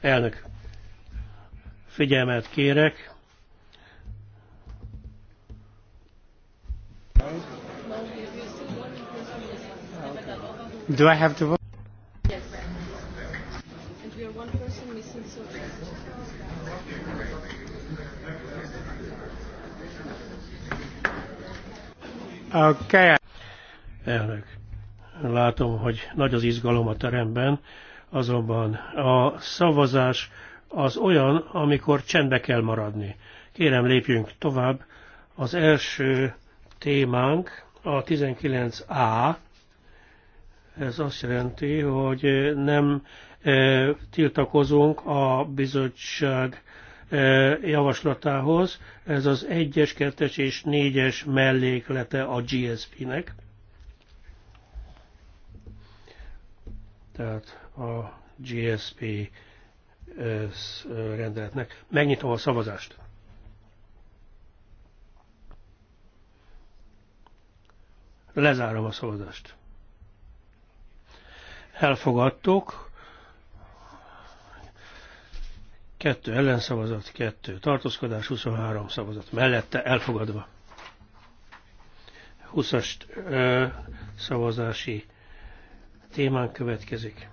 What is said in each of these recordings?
Elnök, figyelmet kérek. Do I have to vote? Yes. And we one person missing, Okay. Elnök, látom, hogy nagy az izgalom a teremben azonban a szavazás az olyan, amikor csendbe kell maradni. Kérem, lépjünk tovább. Az első témánk a 19A. Ez azt jelenti, hogy nem e, tiltakozunk a bizottság e, javaslatához. Ez az 1-es, 2-es és 4-es melléklete a GSP-nek. Tehát a GSP rendeletnek. Megnyitom a szavazást. Lezárom a szavazást. Elfogadtuk. Kettő ellenszavazat, kettő tartózkodás, 23 szavazat mellette elfogadva. 20-as szavazási témán következik.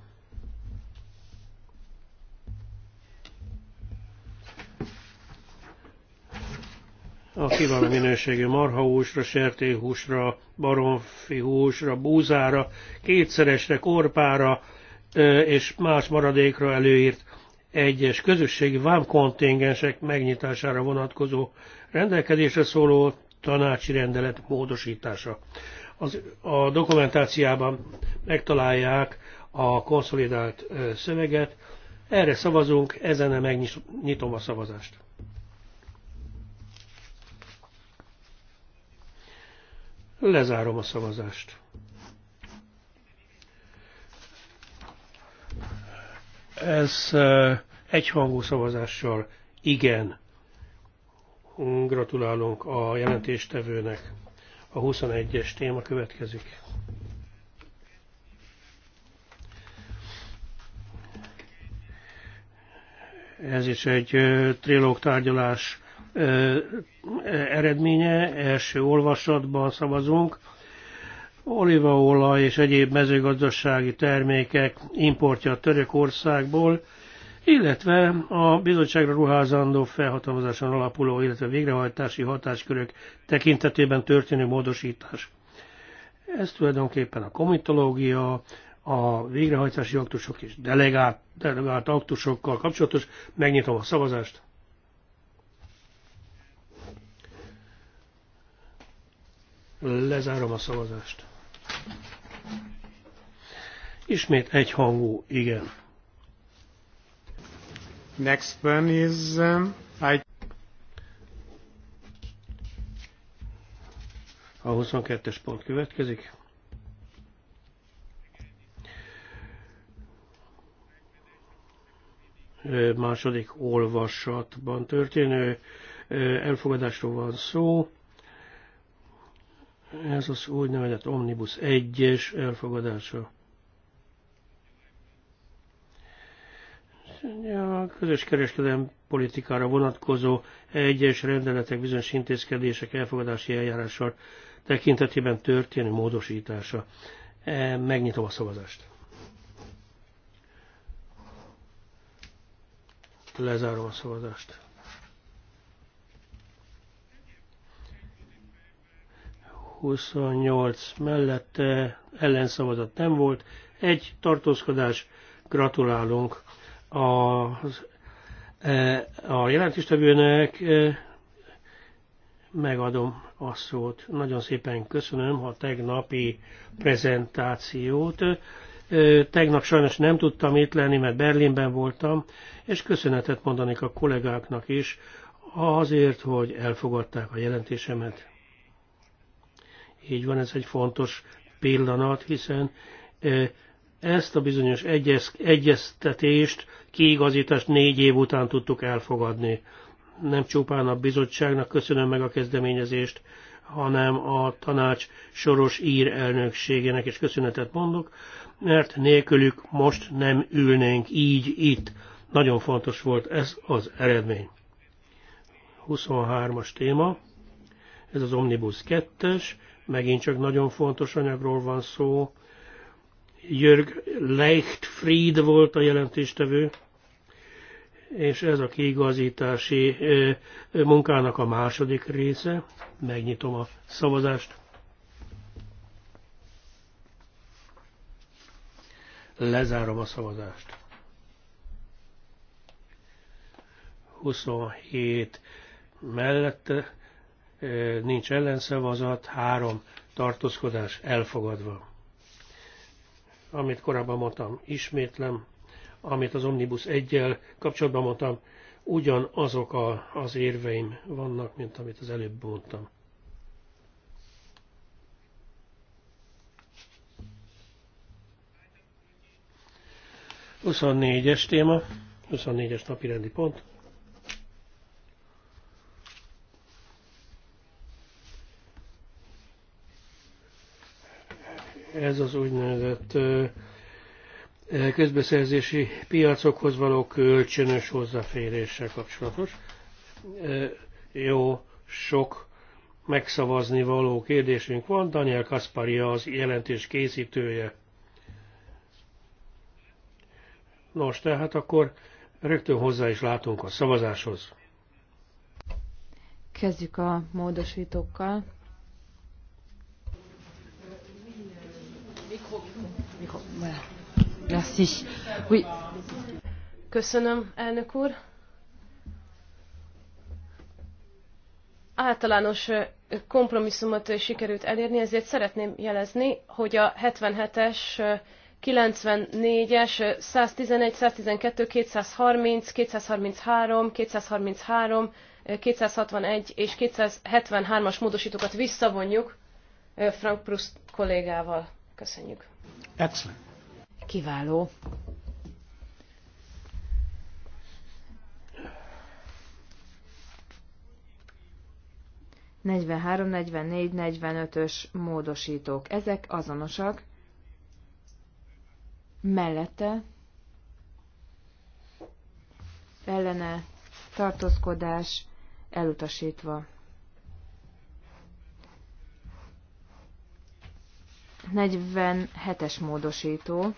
a kiváló minőségű marhahúsra, sertéhúsra, baromfi húsra, búzára, kétszeresre, korpára és más maradékra előírt egyes közösségi vámkontingensek megnyitására vonatkozó rendelkezésre szóló tanácsi rendelet módosítása. Az, a dokumentáciában megtalálják a konszolidált szöveget. Erre szavazunk, ezen megnyitom a szavazást. Lezárom a szavazást. Ez eh, egyhangú szavazással igen. Gratulálunk a jelentéstevőnek. A 21-es téma következik. Ez is egy eh, trilóg tárgyalás eredménye, első olvasatban szavazunk. Olívaolaj és egyéb mezőgazdasági termékek importja a Törökországból, illetve a bizottságra ruházandó felhatalmazáson alapuló, illetve végrehajtási hatáskörök tekintetében történő módosítás. Ez tulajdonképpen a komitológia, a végrehajtási aktusok és delegált, delegált aktusokkal kapcsolatos. Megnyitom a szavazást. Lezárom a szavazást. Ismét egy hangú igen. Next one is um, I... A 22-es pont következik. Második olvasatban történő elfogadásról van szó. Ez az úgynevezett Omnibus 1-es elfogadása. A közös kereskedelem politikára vonatkozó egyes rendeletek bizonyos intézkedések elfogadási eljárással tekintetében történő módosítása. E, megnyitom a szavazást. Lezárom a szavazást. 28 mellette ellenszavazat nem volt, egy tartózkodás, gratulálunk a e, a jelentéstevőnek, e, megadom a szót. Nagyon szépen köszönöm a tegnapi prezentációt. E, tegnap sajnos nem tudtam itt lenni, mert Berlinben voltam, és köszönetet mondanék a kollégáknak is azért, hogy elfogadták a jelentésemet. Így van, ez egy fontos pillanat, hiszen ezt a bizonyos egyez, egyeztetést, kiigazítást négy év után tudtuk elfogadni. Nem csupán a bizottságnak köszönöm meg a kezdeményezést, hanem a tanács soros ír elnökségének is köszönetet mondok, mert nélkülük most nem ülnénk így itt. Nagyon fontos volt ez az eredmény. 23-as téma, ez az Omnibus 2-es, megint csak nagyon fontos anyagról van szó. Jörg Leichtfried volt a jelentéstevő, és ez a kiigazítási munkának a második része. Megnyitom a szavazást. Lezárom a szavazást. 27 mellette nincs ellenszavazat, három tartózkodás elfogadva. Amit korábban mondtam, ismétlem, amit az Omnibus 1 kapcsolatban mondtam, ugyanazok a, az érveim vannak, mint amit az előbb mondtam. Huszonnégyes téma, 24-es napi rendi pont. Ez az úgynevezett közbeszerzési piacokhoz való kölcsönös hozzáféréssel kapcsolatos. Jó, sok megszavazni való kérdésünk van. Daniel Kasparia az jelentés készítője. Nos, tehát akkor rögtön hozzá is látunk a szavazáshoz. Kezdjük a módosítókkal. Köszönöm, elnök úr. Általános kompromisszumot sikerült elérni, ezért szeretném jelezni, hogy a 77-es 94-es, 111, 112, 230, 233, 233, 261 és 273-as módosítókat visszavonjuk Frank Proust kollégával. Köszönjük. Excellent. Kiváló. Negyvenhárom, negyvennégy, negyvenötös módosítók. Ezek azonosak. Mellette ellene tartózkodás elutasítva. 47-es módosító.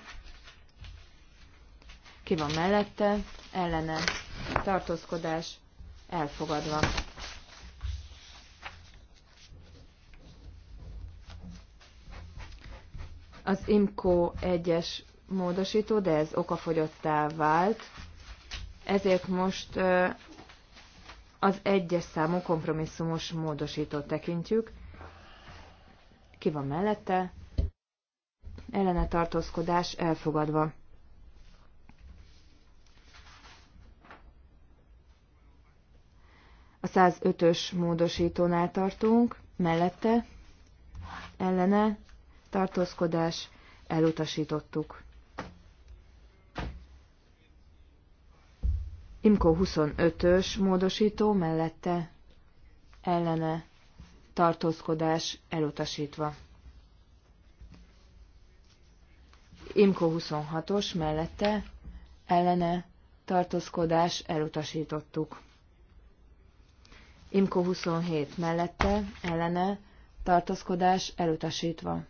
Ki van mellette? Ellene. Tartózkodás elfogadva. Az IMCO 1-es módosító, de ez okafogyottá vált, ezért most az egyes számú kompromisszumos módosítót tekintjük. Ki van mellette? ellene tartózkodás elfogadva. A 105-ös módosítónál tartunk, mellette, ellene, tartózkodás, elutasítottuk. Imko 25-ös módosító mellette, ellene, tartózkodás, elutasítva. Imko 26-os mellette ellene tartózkodás elutasítottuk. Imko 27 mellette ellene tartózkodás elutasítva.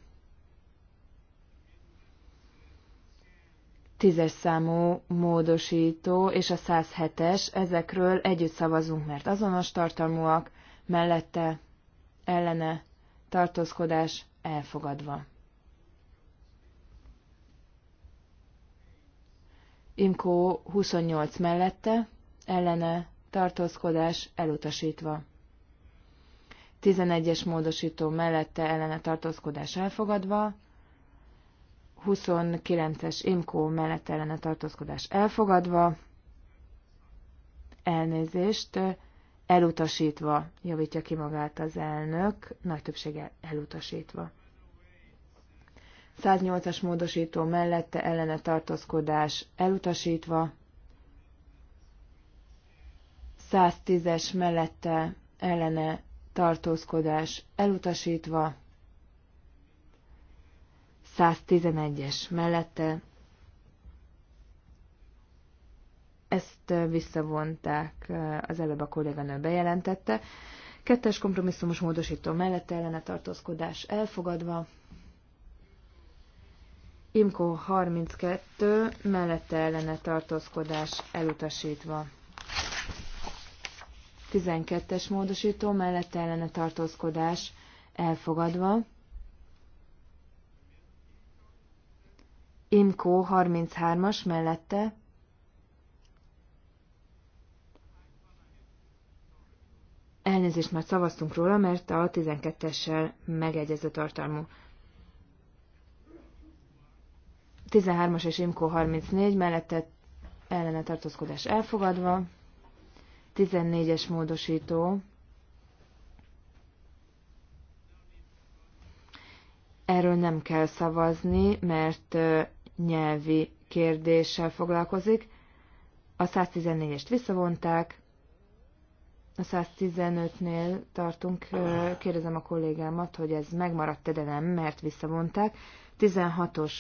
Tízes számú módosító és a 107-es, ezekről együtt szavazunk, mert azonos tartalmúak, mellette ellene tartózkodás elfogadva. Imkó 28 mellette, ellene tartózkodás elutasítva. 11-es módosító mellette ellene tartózkodás elfogadva, 29-es Imkó mellette ellene tartózkodás elfogadva, elnézést, elutasítva, javítja ki magát az elnök, nagy többséggel elutasítva. 108-as módosító mellette ellene tartózkodás elutasítva, 110-es mellette ellene tartózkodás elutasítva, 111-es mellette ezt visszavonták, eh, az előbb a kolléganő bejelentette. Kettes kompromisszumos módosító mellett ellene tartózkodás elfogadva, Imko 32, mellette ellene tartózkodás elutasítva. 12-es módosító, mellette ellene tartózkodás elfogadva. Imko 33-as mellette Elnézést, már szavaztunk róla, mert a 12-essel megegyező tartalmú. 13-as és Imko 34 mellette ellene tartózkodás elfogadva, 14-es módosító, erről nem kell szavazni, mert nyelvi kérdéssel foglalkozik. A 114-est visszavonták, a 115-nél tartunk, kérdezem a kollégámat, hogy ez megmaradt-e, de nem, mert visszavonták. 16-os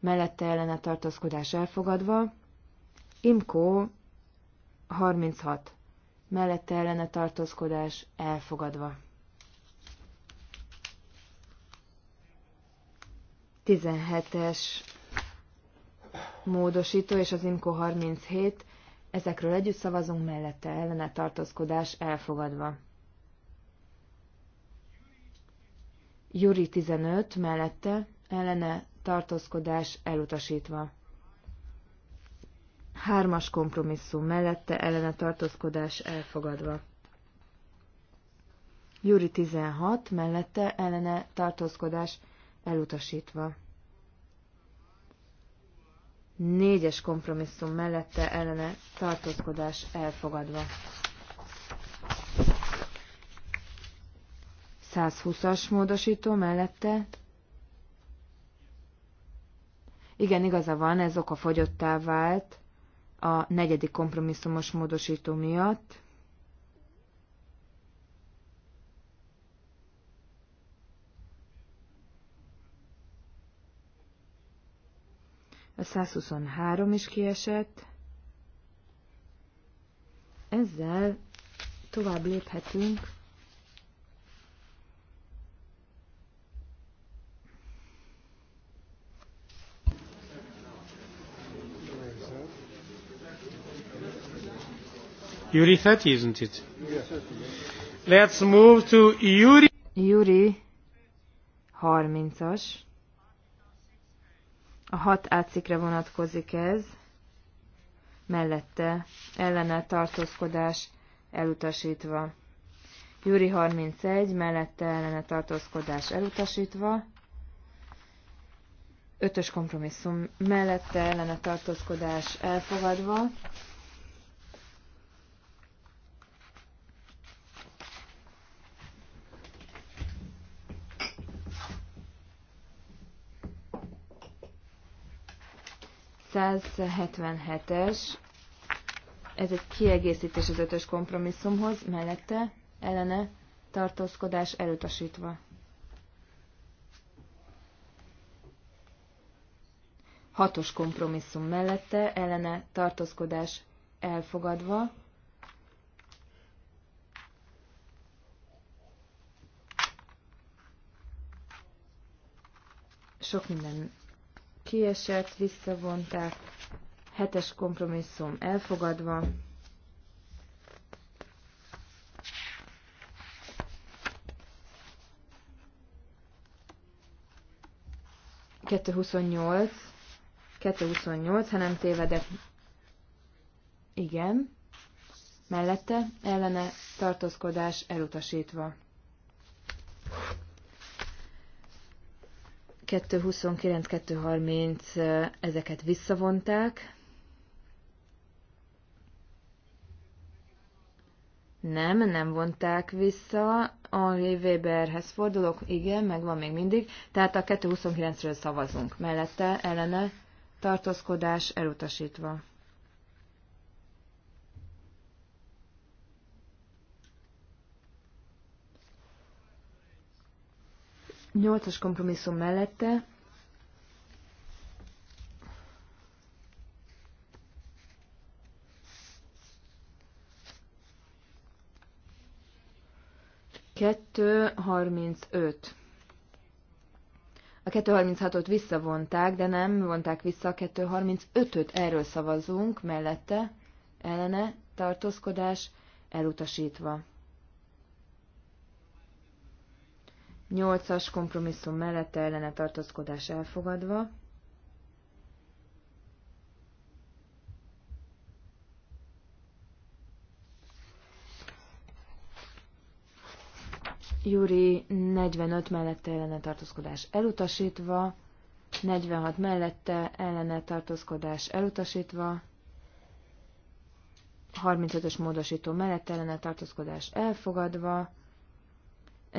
mellette ellene tartózkodás elfogadva, Imkó 36, mellette ellene tartózkodás elfogadva. 17-es módosító és az Imko 37, ezekről együtt szavazunk mellette ellene tartózkodás elfogadva. Juri 15 mellette ellene tartózkodás elutasítva. Hármas kompromisszum mellette ellene tartózkodás elfogadva. Júri 16 mellette ellene tartózkodás elutasítva. Négyes kompromisszum mellette ellene tartózkodás elfogadva. 120-as módosító mellette igen, igaza van, ez fogyottá vált a negyedik kompromisszumos módosító miatt. A 123 is kiesett. Ezzel tovább léphetünk Yuri 30, isn't it? Let's move to Yuri. Yuri 30-as. A hat átszikre vonatkozik ez. Mellette ellene tartózkodás elutasítva. Júri 31, mellette ellene tartózkodás elutasítva. Ötös kompromisszum mellette ellene tartózkodás elfogadva. 177-es, ez egy kiegészítés az ötös kompromisszumhoz, mellette, ellene, tartózkodás elutasítva. Hatos kompromisszum mellette, ellene, tartózkodás elfogadva. Sok minden kiesett, visszavonták, hetes kompromisszum elfogadva. Kettő 28, 228, ha nem tévedek, igen, mellette ellene tartózkodás elutasítva. 229-230 ezeket visszavonták. Nem, nem vonták vissza. A Weberhez fordulok, igen, meg van még mindig. Tehát a 229-ről szavazunk. Mellette ellene tartózkodás elutasítva. Nyolcas kompromisszum mellette Kettő harmincöt. A 236-ot visszavonták, de nem vonták vissza a 235-öt, erről szavazunk, mellette, ellene, tartózkodás, elutasítva. nyolcas kompromisszum mellette ellene tartózkodás elfogadva. Júri 45 mellette ellene tartózkodás elutasítva, 46 mellette ellene tartózkodás elutasítva, 35-ös módosító mellette ellene tartózkodás elfogadva,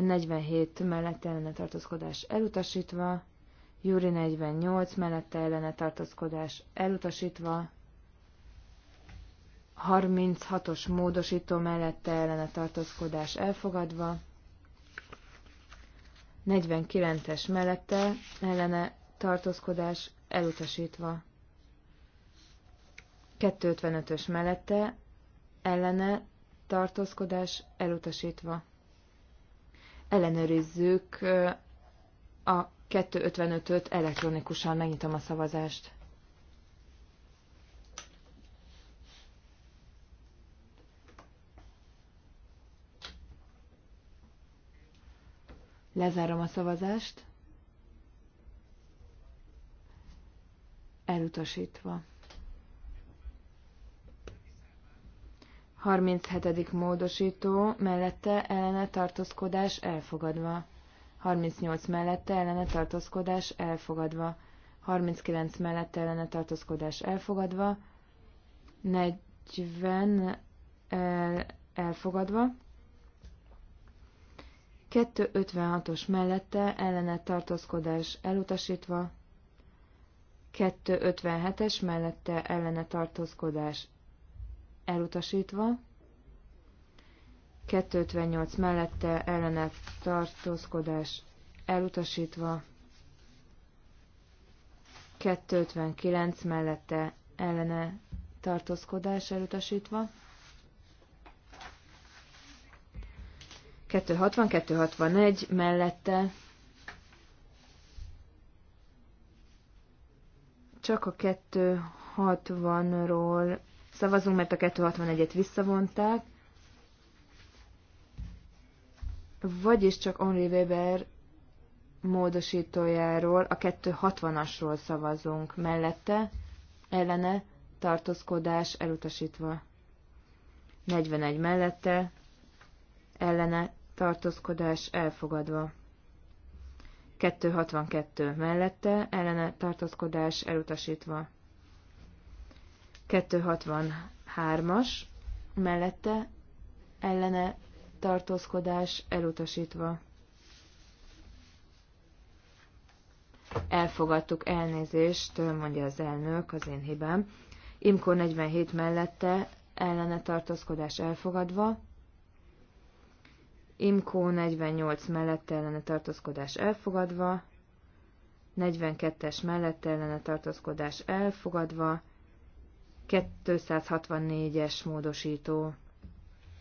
47 mellett ellene tartózkodás elutasítva, Júri 48 mellette ellene tartózkodás elutasítva, 36-os módosító mellette ellene tartózkodás elfogadva, 49-es mellette ellene tartózkodás elutasítva, 255-ös mellette ellene tartózkodás elutasítva ellenőrizzük a 255-öt elektronikusan, megnyitom a szavazást. Lezárom a szavazást. Elutasítva. 37. módosító mellette ellene tartózkodás elfogadva. 38 mellette ellene tartózkodás elfogadva. 39 mellette ellene tartózkodás elfogadva. 40 el, eh, elfogadva. 256-os mellette ellene tartózkodás elutasítva. 257-es mellette ellene tartózkodás elutasítva, 258 mellette ellene tartózkodás elutasítva, 259 mellette ellene tartózkodás elutasítva, 260-261 mellette csak a 260-ról szavazunk, mert a 261-et visszavonták. Vagyis csak Henri Weber módosítójáról, a 260-asról szavazunk mellette, ellene tartózkodás elutasítva. 41 mellette, ellene tartózkodás elfogadva. 262 mellette, ellene tartózkodás elutasítva. 263-as mellette ellene tartózkodás elutasítva. Elfogadtuk elnézést, mondja az elnök, az én hibám. Imko 47 mellette ellene tartózkodás elfogadva. Imkó 48 mellette ellene tartózkodás elfogadva, 42-es mellette ellene tartózkodás elfogadva, 264-es módosító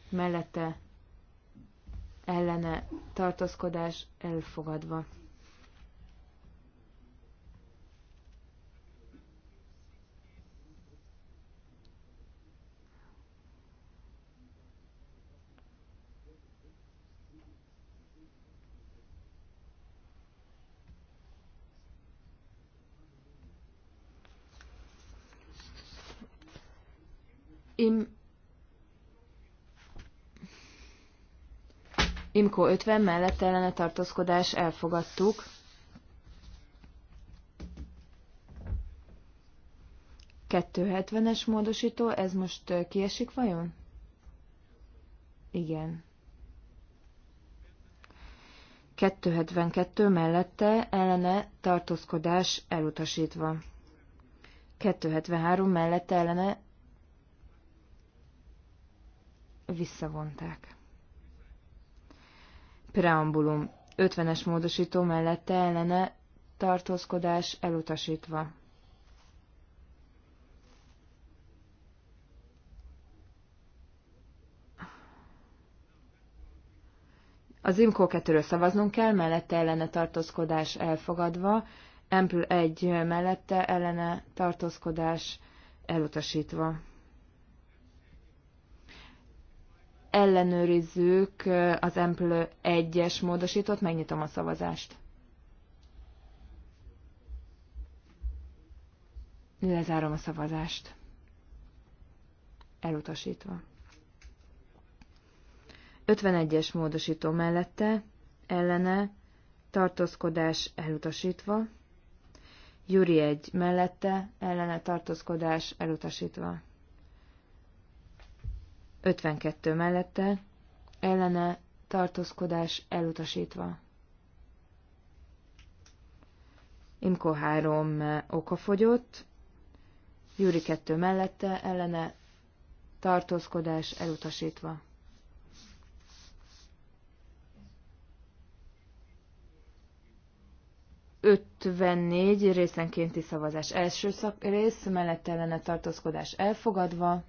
mellette ellene tartózkodás elfogadva. Im... Imko 50 mellett ellene tartózkodás elfogadtuk. es módosító, ez most kiesik vajon? Igen. 272 mellette ellene tartózkodás elutasítva. 273 mellette ellene visszavonták. Preambulum. 50-es módosító mellette ellene tartózkodás elutasítva. Az IMCO 2-ről szavaznunk kell, mellette ellene tartózkodás elfogadva, Ample 1 mellette ellene tartózkodás elutasítva. ellenőrizzük az Empl 1-es módosítót, megnyitom a szavazást. Lezárom a szavazást. Elutasítva. 51-es módosító mellette, ellene, tartózkodás elutasítva. Juri 1 mellette, ellene tartózkodás elutasítva. 52 mellette, ellene tartózkodás elutasítva. Imko 3 eh, okafogyott, Júri 2 mellette, ellene tartózkodás elutasítva. Ötvennégy részenkénti szavazás első szak rész, mellette ellene tartózkodás elfogadva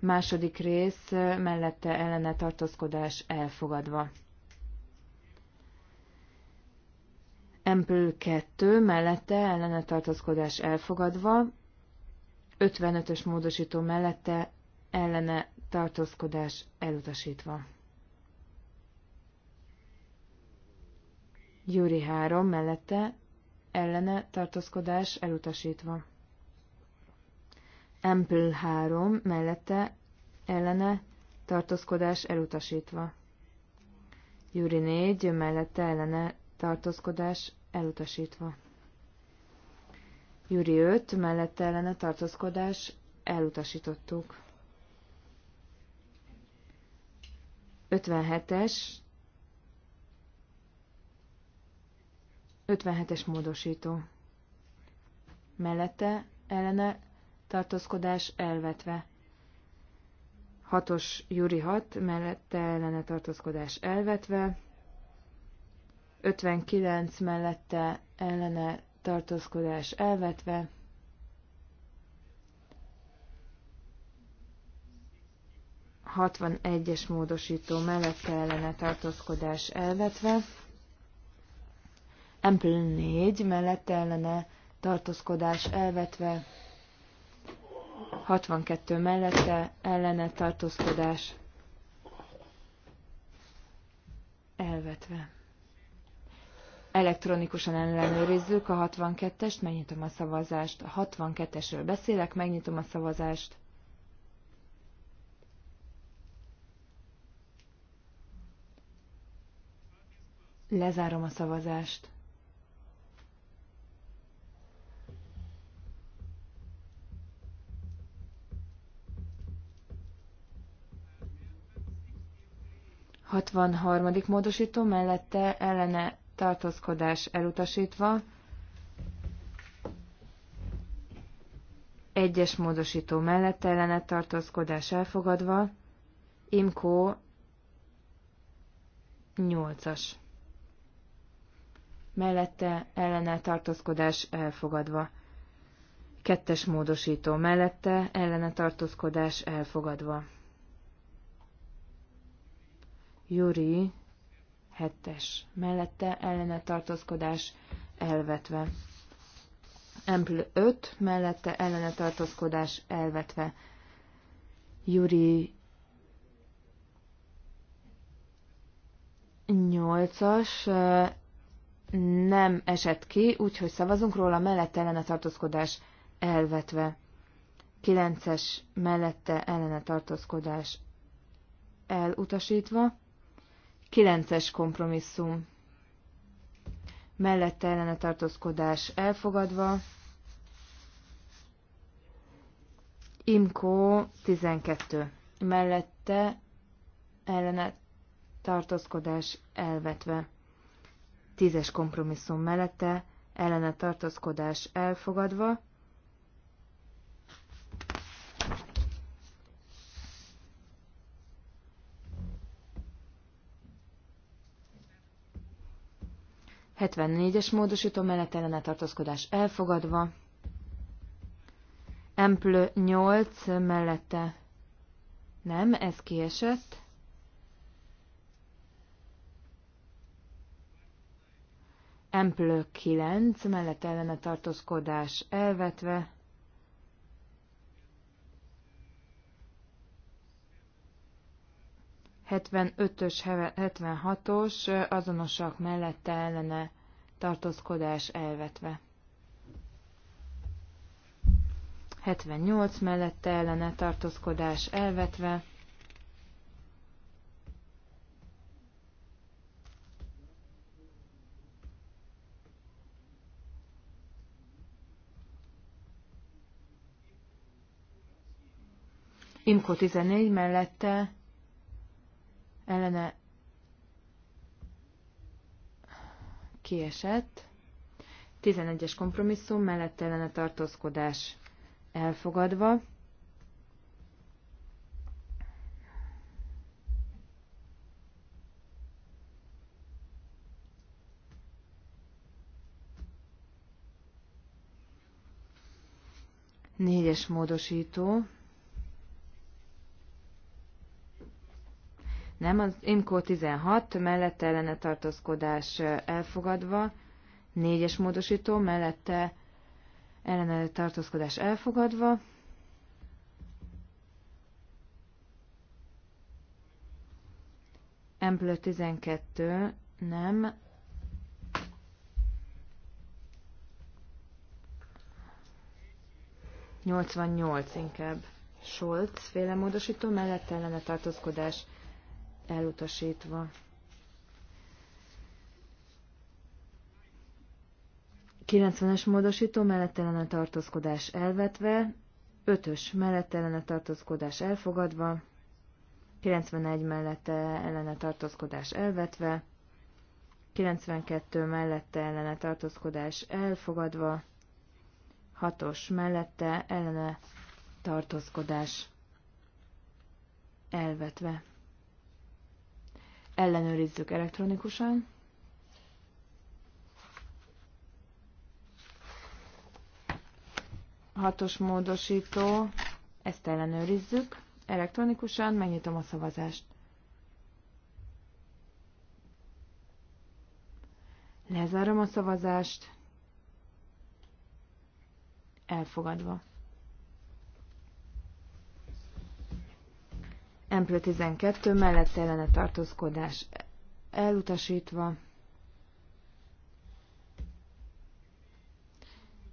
Második rész mellette ellene tartózkodás elfogadva. Empül 2 mellette ellene tartózkodás elfogadva. 55-ös módosító mellette ellene tartózkodás elutasítva. Júri 3 mellette ellene tartózkodás elutasítva. Ample 3 mellette ellene tartózkodás elutasítva. Júri 4 mellette ellene tartózkodás elutasítva. Júri 5 mellette ellene tartózkodás elutasítottuk. 57-es 57-es módosító. Mellette ellene tartózkodás elvetve. 6-os Júri 6 mellette ellene tartózkodás elvetve. 59 mellette ellene tartózkodás elvetve. 61-es módosító mellette ellene tartózkodás elvetve, Ample 4 mellette ellene tartózkodás elvetve, 62 mellette ellene tartózkodás elvetve. Elektronikusan ellenőrizzük a 62-est, megnyitom a szavazást. A 62-esről beszélek, megnyitom a szavazást. Lezárom a szavazást. 63. módosító mellette ellene tartózkodás elutasítva, egyes módosító mellette ellene tartózkodás elfogadva, Imkó 8-as. Mellette ellene tartózkodás elfogadva. Kettes módosító mellette ellene tartózkodás elfogadva. Juri 7-es, mellette ellene tartózkodás elvetve. Empl 5, mellette ellene tartózkodás elvetve. Juri 8-as nem esett ki, úgyhogy szavazunk róla mellette ellene tartózkodás elvetve. 9-es mellette ellene tartózkodás elutasítva. Kilences kompromisszum. Mellette ellene tartózkodás elfogadva. Imko 12. Mellette ellene tartózkodás elvetve. Tízes kompromisszum mellette ellene tartózkodás elfogadva. 74-es módosító mellett ellene tartózkodás elfogadva. Emplő 8 mellette nem, ez kiesett. Emplő 9 mellett ellene tartózkodás elvetve. 75-ös, 76-os azonosak mellette ellene tartózkodás elvetve. 78 mellette ellene tartózkodás elvetve. 14 mellette ellene kiesett. 11-es kompromisszum mellett ellene tartózkodás elfogadva. Négyes módosító Nem, az IMCO 16 mellette ellene tartózkodás elfogadva, négyes módosító mellette ellene tartózkodás elfogadva, Emplő 12, nem. Nyolcvannyolc inkább. Scholz féle módosító mellett ellene tartózkodás elutasítva. 90-es módosító mellettelene tartózkodás elvetve, 5-ös mellettelene tartózkodás elfogadva, 91 mellette ellene tartózkodás elvetve, 92 mellette ellene tartózkodás elfogadva, 6-os mellette ellene tartózkodás elvetve ellenőrizzük elektronikusan. Hatos módosító, ezt ellenőrizzük elektronikusan, megnyitom a szavazást. Lezárom a szavazást. Elfogadva. Ample 12 mellett ellene tartózkodás elutasítva.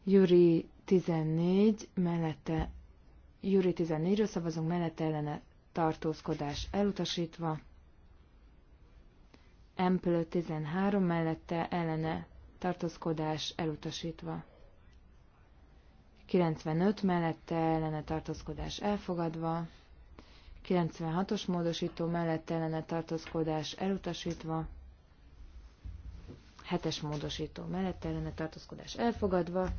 Júri 14 mellette, Júri 14-ről szavazunk mellette ellene tartózkodás elutasítva. Ample 13 mellette ellene tartózkodás elutasítva. 95 mellette ellene tartózkodás elfogadva. 96-os módosító mellett ellene tartózkodás elutasítva, 7-es módosító mellett ellene tartózkodás elfogadva,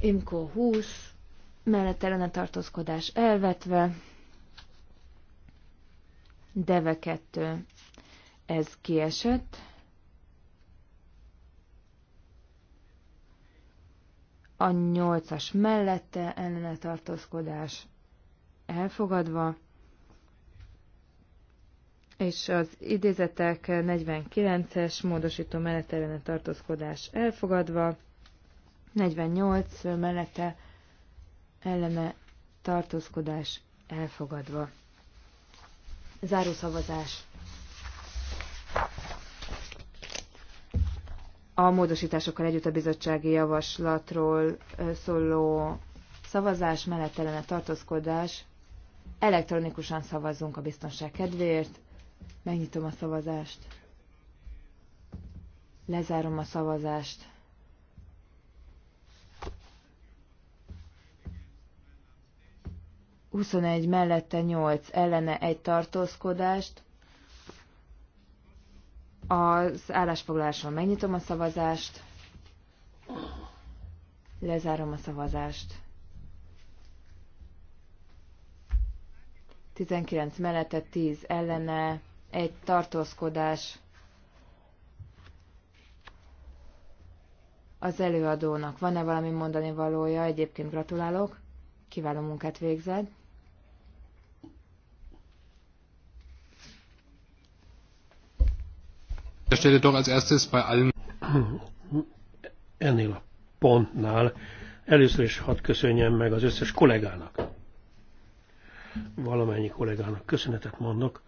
IMCO 20 mellett ellene tartózkodás elvetve, DEVE 2 ez kiesett, a 8-as mellette ellene tartózkodás elfogadva, és az idézetek 49-es módosító mellettelene tartózkodás elfogadva, 48 mellette ellene tartózkodás elfogadva. Zárószavazás. A módosításokkal együtt a bizottsági javaslatról szóló szavazás mellett ellene tartózkodás. Elektronikusan szavazunk a biztonság kedvéért. Megnyitom a szavazást. Lezárom a szavazást. Huszonegy mellette nyolc ellene egy tartózkodást. Az állásfoglalásról megnyitom a szavazást. Lezárom a szavazást. 19 mellette, 10 ellene, egy tartózkodás az előadónak. Van-e valami mondani valója? Egyébként gratulálok. Kiváló munkát végzed. ennél a pontnál először is hadd köszönjem meg az összes kollégának. Valamennyi kollégának köszönetet mondok,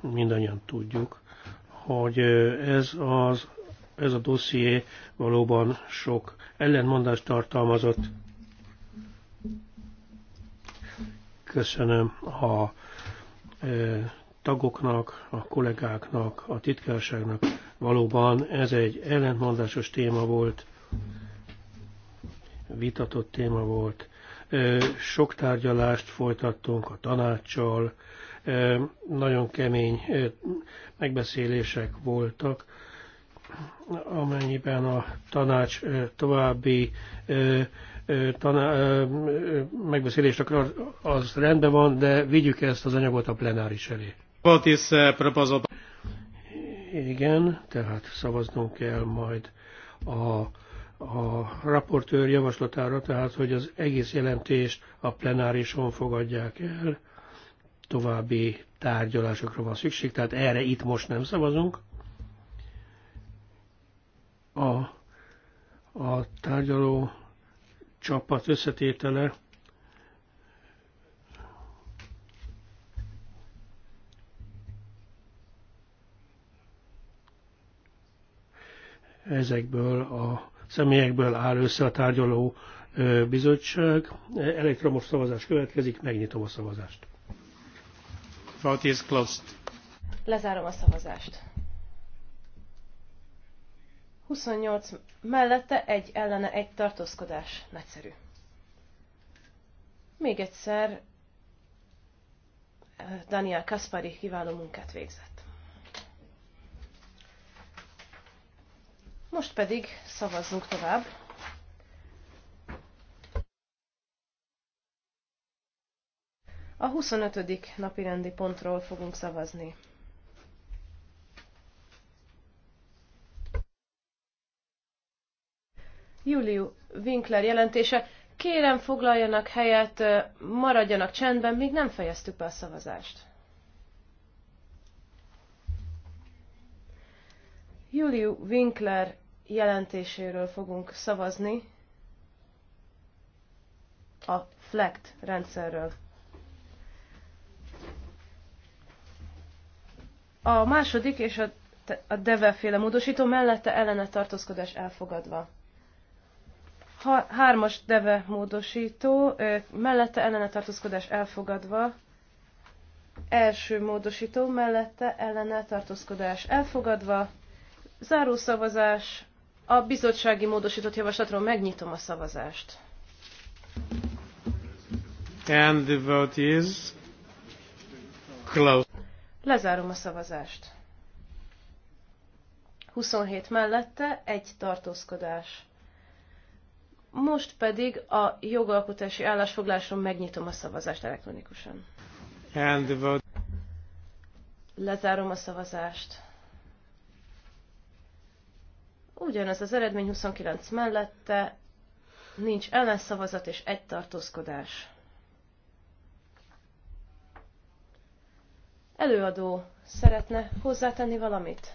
mindannyian tudjuk, hogy ez, az, ez a dosszié valóban sok ellentmondást tartalmazott. Köszönöm a tagoknak, a kollégáknak, a titkárságnak. Valóban ez egy ellentmondásos téma volt, vitatott téma volt. Sok tárgyalást folytattunk a tanácssal, nagyon kemény megbeszélések voltak, amennyiben a tanács további taná, megbeszélést akar, az rendben van, de vigyük ezt az anyagot a plenáris elé. Igen, tehát szavaznunk kell majd a, a raportőr javaslatára, tehát hogy az egész jelentést a plenárison fogadják el további tárgyalásokra van szükség, tehát erre itt most nem szavazunk. A, a tárgyaló csapat összetétele ezekből a személyekből áll össze a tárgyaló bizottság. Elektromos szavazás következik, megnyitom a szavazást. Vote is closed. Lezárom a szavazást. 28 mellette egy ellene egy tartózkodás. Nagyszerű. Még egyszer eh, Daniel Kaspari kiváló munkát végzett. Most pedig szavazzunk tovább. A 25. napirendi pontról fogunk szavazni. Juliu Winkler jelentése. Kérem, foglaljanak helyet, maradjanak csendben, még nem fejeztük be a szavazást. Juliu Winkler jelentéséről fogunk szavazni a FLECT rendszerről. A második és a, a develféle módosító mellette ellene tartózkodás elfogadva. Ha, hármas Deve módosító mellette ellene tartózkodás elfogadva. Első módosító mellette ellene tartózkodás elfogadva. Záró szavazás. A bizottsági módosított javaslatról megnyitom a szavazást. And the vote is closed. Lezárom a szavazást. 27 mellette egy tartózkodás. Most pedig a jogalkotási állásfoglásról megnyitom a szavazást elektronikusan. And vote. Lezárom a szavazást. Ugyanaz az eredmény 29 mellette, nincs ellenszavazat és egy tartózkodás. Előadó szeretne hozzátenni valamit?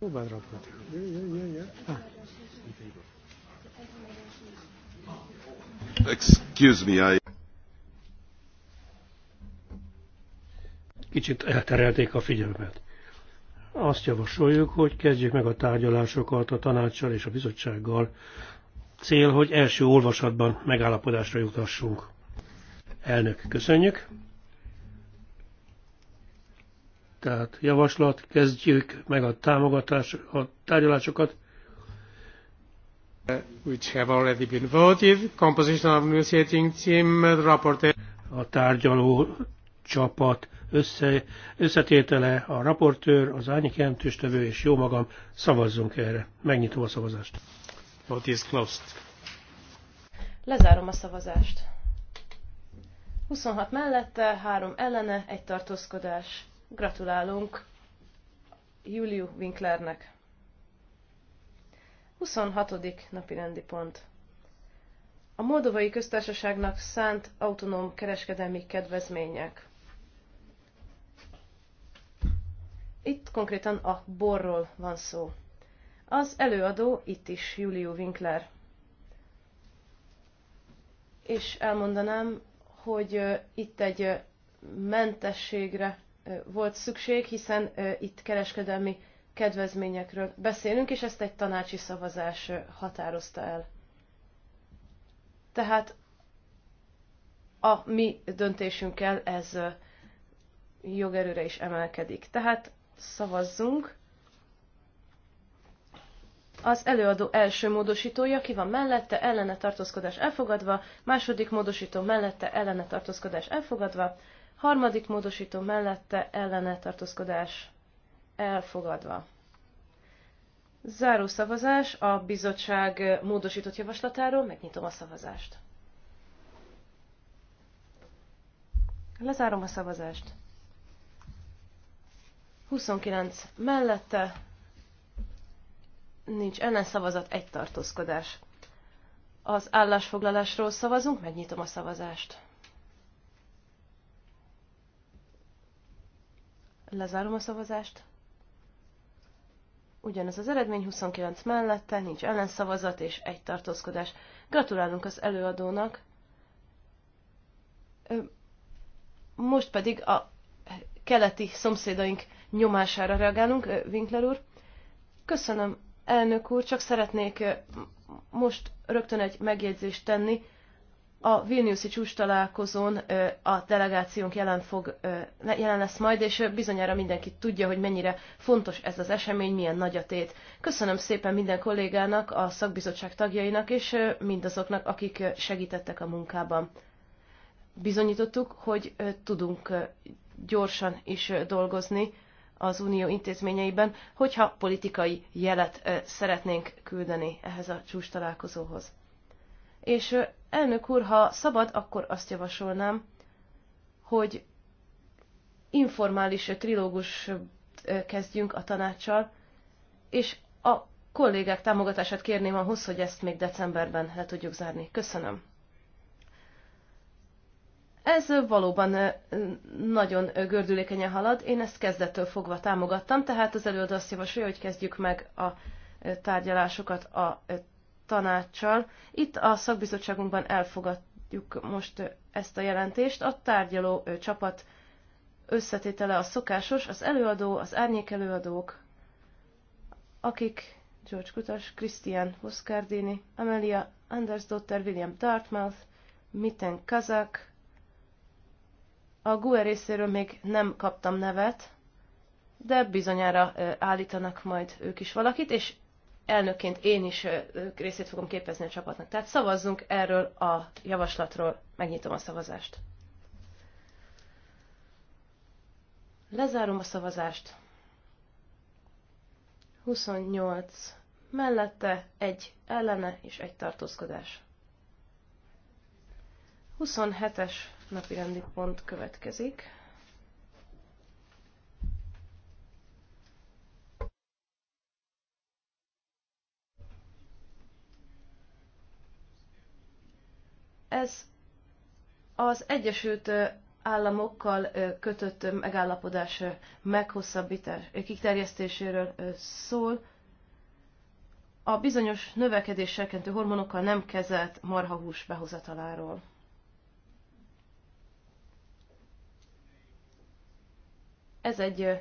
Ah. Excuse me, I... Kicsit elterelték a figyelmet. Azt javasoljuk, hogy kezdjük meg a tárgyalásokat a tanácssal és a bizottsággal. Cél, hogy első olvasatban megállapodásra jutassunk. Elnök, köszönjük. Tehát javaslat, kezdjük meg a támogatás, a tárgyalásokat. Which have already been voted. Composition of negotiating team, rapporteur. A tárgyaló csapat össze, összetétele, a raportőr, az árnyék jelentőstevő és jó magam, szavazzunk erre. Megnyitom a szavazást. Vote is closed. Lezárom a szavazást. 26 mellette, 3 ellene, egy tartózkodás. Gratulálunk Juliu Winklernek. 26. napi rendi pont. A Moldovai Köztársaságnak szánt autonóm kereskedelmi kedvezmények. Itt konkrétan a borról van szó. Az előadó itt is Juliu Winkler. És elmondanám, hogy itt egy mentességre volt szükség, hiszen itt kereskedelmi kedvezményekről beszélünk, és ezt egy tanácsi szavazás határozta el. Tehát a mi döntésünkkel ez jogerőre is emelkedik. Tehát szavazzunk az előadó első módosítója ki van mellette, ellene tartózkodás elfogadva, második módosító mellette, ellene tartózkodás elfogadva, harmadik módosító mellette, ellene tartózkodás elfogadva. Záró szavazás a bizottság módosított javaslatáról, megnyitom a szavazást. Lezárom a szavazást. 29 mellette, Nincs ellenszavazat, egy tartózkodás. Az állásfoglalásról szavazunk, megnyitom a szavazást. Lezárom a szavazást. Ugyanez az eredmény 29 mellette, nincs ellenszavazat és egy tartózkodás. Gratulálunk az előadónak. Most pedig a keleti szomszédaink nyomására reagálunk, Winkler úr. Köszönöm Elnök úr, csak szeretnék most rögtön egy megjegyzést tenni. A Vilniuszi csúcs találkozón a delegációnk jelen, fog, jelen lesz majd, és bizonyára mindenki tudja, hogy mennyire fontos ez az esemény, milyen nagy a tét. Köszönöm szépen minden kollégának, a szakbizottság tagjainak, és mindazoknak, akik segítettek a munkában. Bizonyítottuk, hogy tudunk gyorsan is dolgozni, az unió intézményeiben, hogyha politikai jelet szeretnénk küldeni ehhez a csúcs találkozóhoz. És elnök úr, ha szabad, akkor azt javasolnám, hogy informális trilógus kezdjünk a tanácssal, és a kollégák támogatását kérném ahhoz, hogy ezt még decemberben le tudjuk zárni. Köszönöm. Ez valóban nagyon gördülékenyen halad, én ezt kezdettől fogva támogattam, tehát az előadó azt javasolja, hogy kezdjük meg a tárgyalásokat a tanácssal. Itt a szakbizottságunkban elfogadjuk most ezt a jelentést. A tárgyaló csapat összetétele a szokásos, az előadó, az árnyék előadók, akik George Kutas, Christian Huszkárdini, Amelia Andersdotter, William Dartmouth, Mitten Kazak, a GUE részéről még nem kaptam nevet, de bizonyára állítanak majd ők is valakit, és elnökként én is részét fogom képezni a csapatnak. Tehát szavazzunk erről a javaslatról. Megnyitom a szavazást. Lezárom a szavazást. 28 mellette, egy ellene és egy tartózkodás. 27-es napirendi pont következik. Ez az Egyesült Államokkal kötött megállapodás meghosszabbítás, kiterjesztéséről szól. A bizonyos növekedés serkentő hormonokkal nem kezelt marhahús behozataláról. Ez egy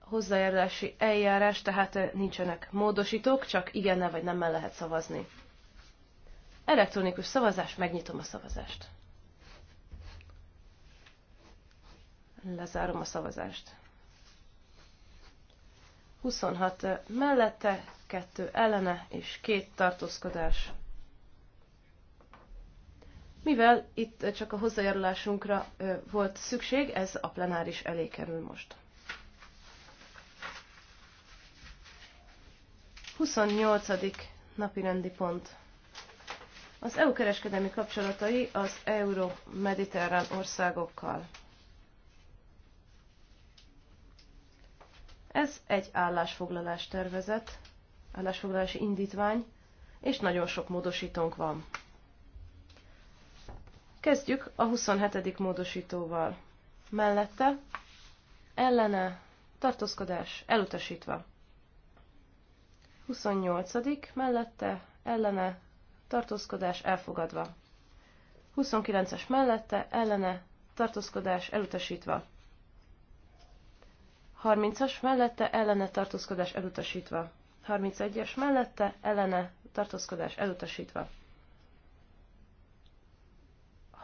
hozzájárulási eljárás, tehát nincsenek módosítók, csak igen-e vagy nemmel lehet szavazni. Elektronikus szavazás, megnyitom a szavazást. Lezárom a szavazást. 26 mellette, 2 ellene és 2 tartózkodás mivel itt csak a hozzájárulásunkra volt szükség, ez a plenáris elé kerül most. 28. napi rendi pont. Az EU kereskedelmi kapcsolatai az euró-mediterrán országokkal. Ez egy állásfoglalás tervezet, állásfoglalási indítvány, és nagyon sok módosítónk van. Kezdjük a 27. módosítóval. Mellette, ellene, tartózkodás, elutasítva. 28. mellette, ellene, tartózkodás, elfogadva. 29-es mellette, ellene, tartózkodás, elutasítva. 30-as mellette, ellene, tartózkodás, elutasítva. 31-es mellette, ellene, tartózkodás, elutasítva.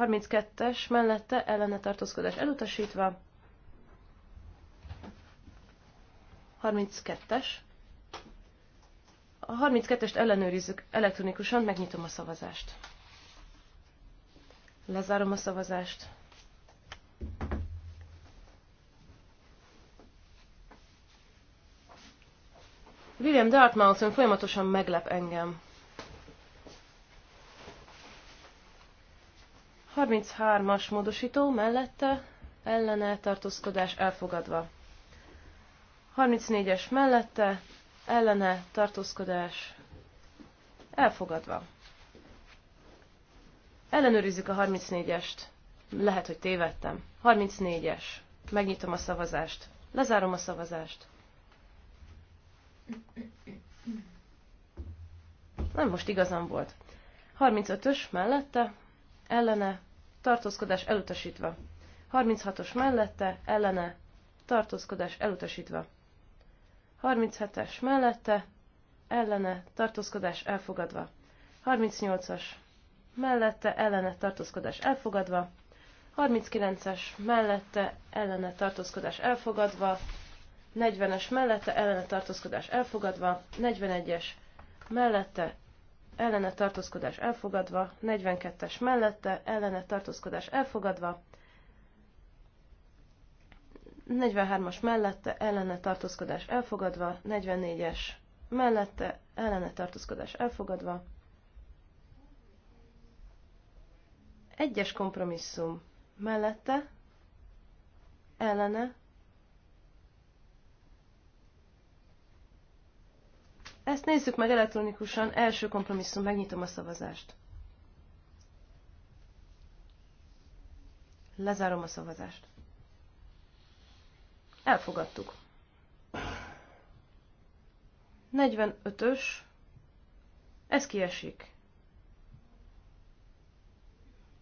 32-es mellette ellene tartózkodás elutasítva. 32-es. A 32-est ellenőrizzük elektronikusan, megnyitom a szavazást. Lezárom a szavazást. William Dartmouth folyamatosan meglep engem. 33-as módosító mellette ellene tartózkodás elfogadva. 34-es mellette ellene tartózkodás elfogadva. Ellenőrizzük a 34-est. Lehet, hogy tévedtem. 34-es. Megnyitom a szavazást. Lezárom a szavazást. Nem most igazam volt. 35-ös mellette, ellene, tartózkodás elutasítva. 36-os mellette, ellene, tartózkodás elutasítva. 37-es mellette, ellene, tartózkodás elfogadva. 38-as mellette, ellene, tartózkodás elfogadva. 39-es mellette, ellene, tartózkodás elfogadva. 40-es mellette, ellene, tartózkodás elfogadva. 41-es mellette, ellene tartózkodás elfogadva, 42-es mellette, ellene tartózkodás elfogadva, 43-as mellette, ellene tartózkodás elfogadva, 44-es mellette, ellene tartózkodás elfogadva, egyes kompromisszum mellette, ellene Ezt nézzük meg elektronikusan, első kompromisszum, megnyitom a szavazást. Lezárom a szavazást. Elfogadtuk. 45-ös. Ez kiesik.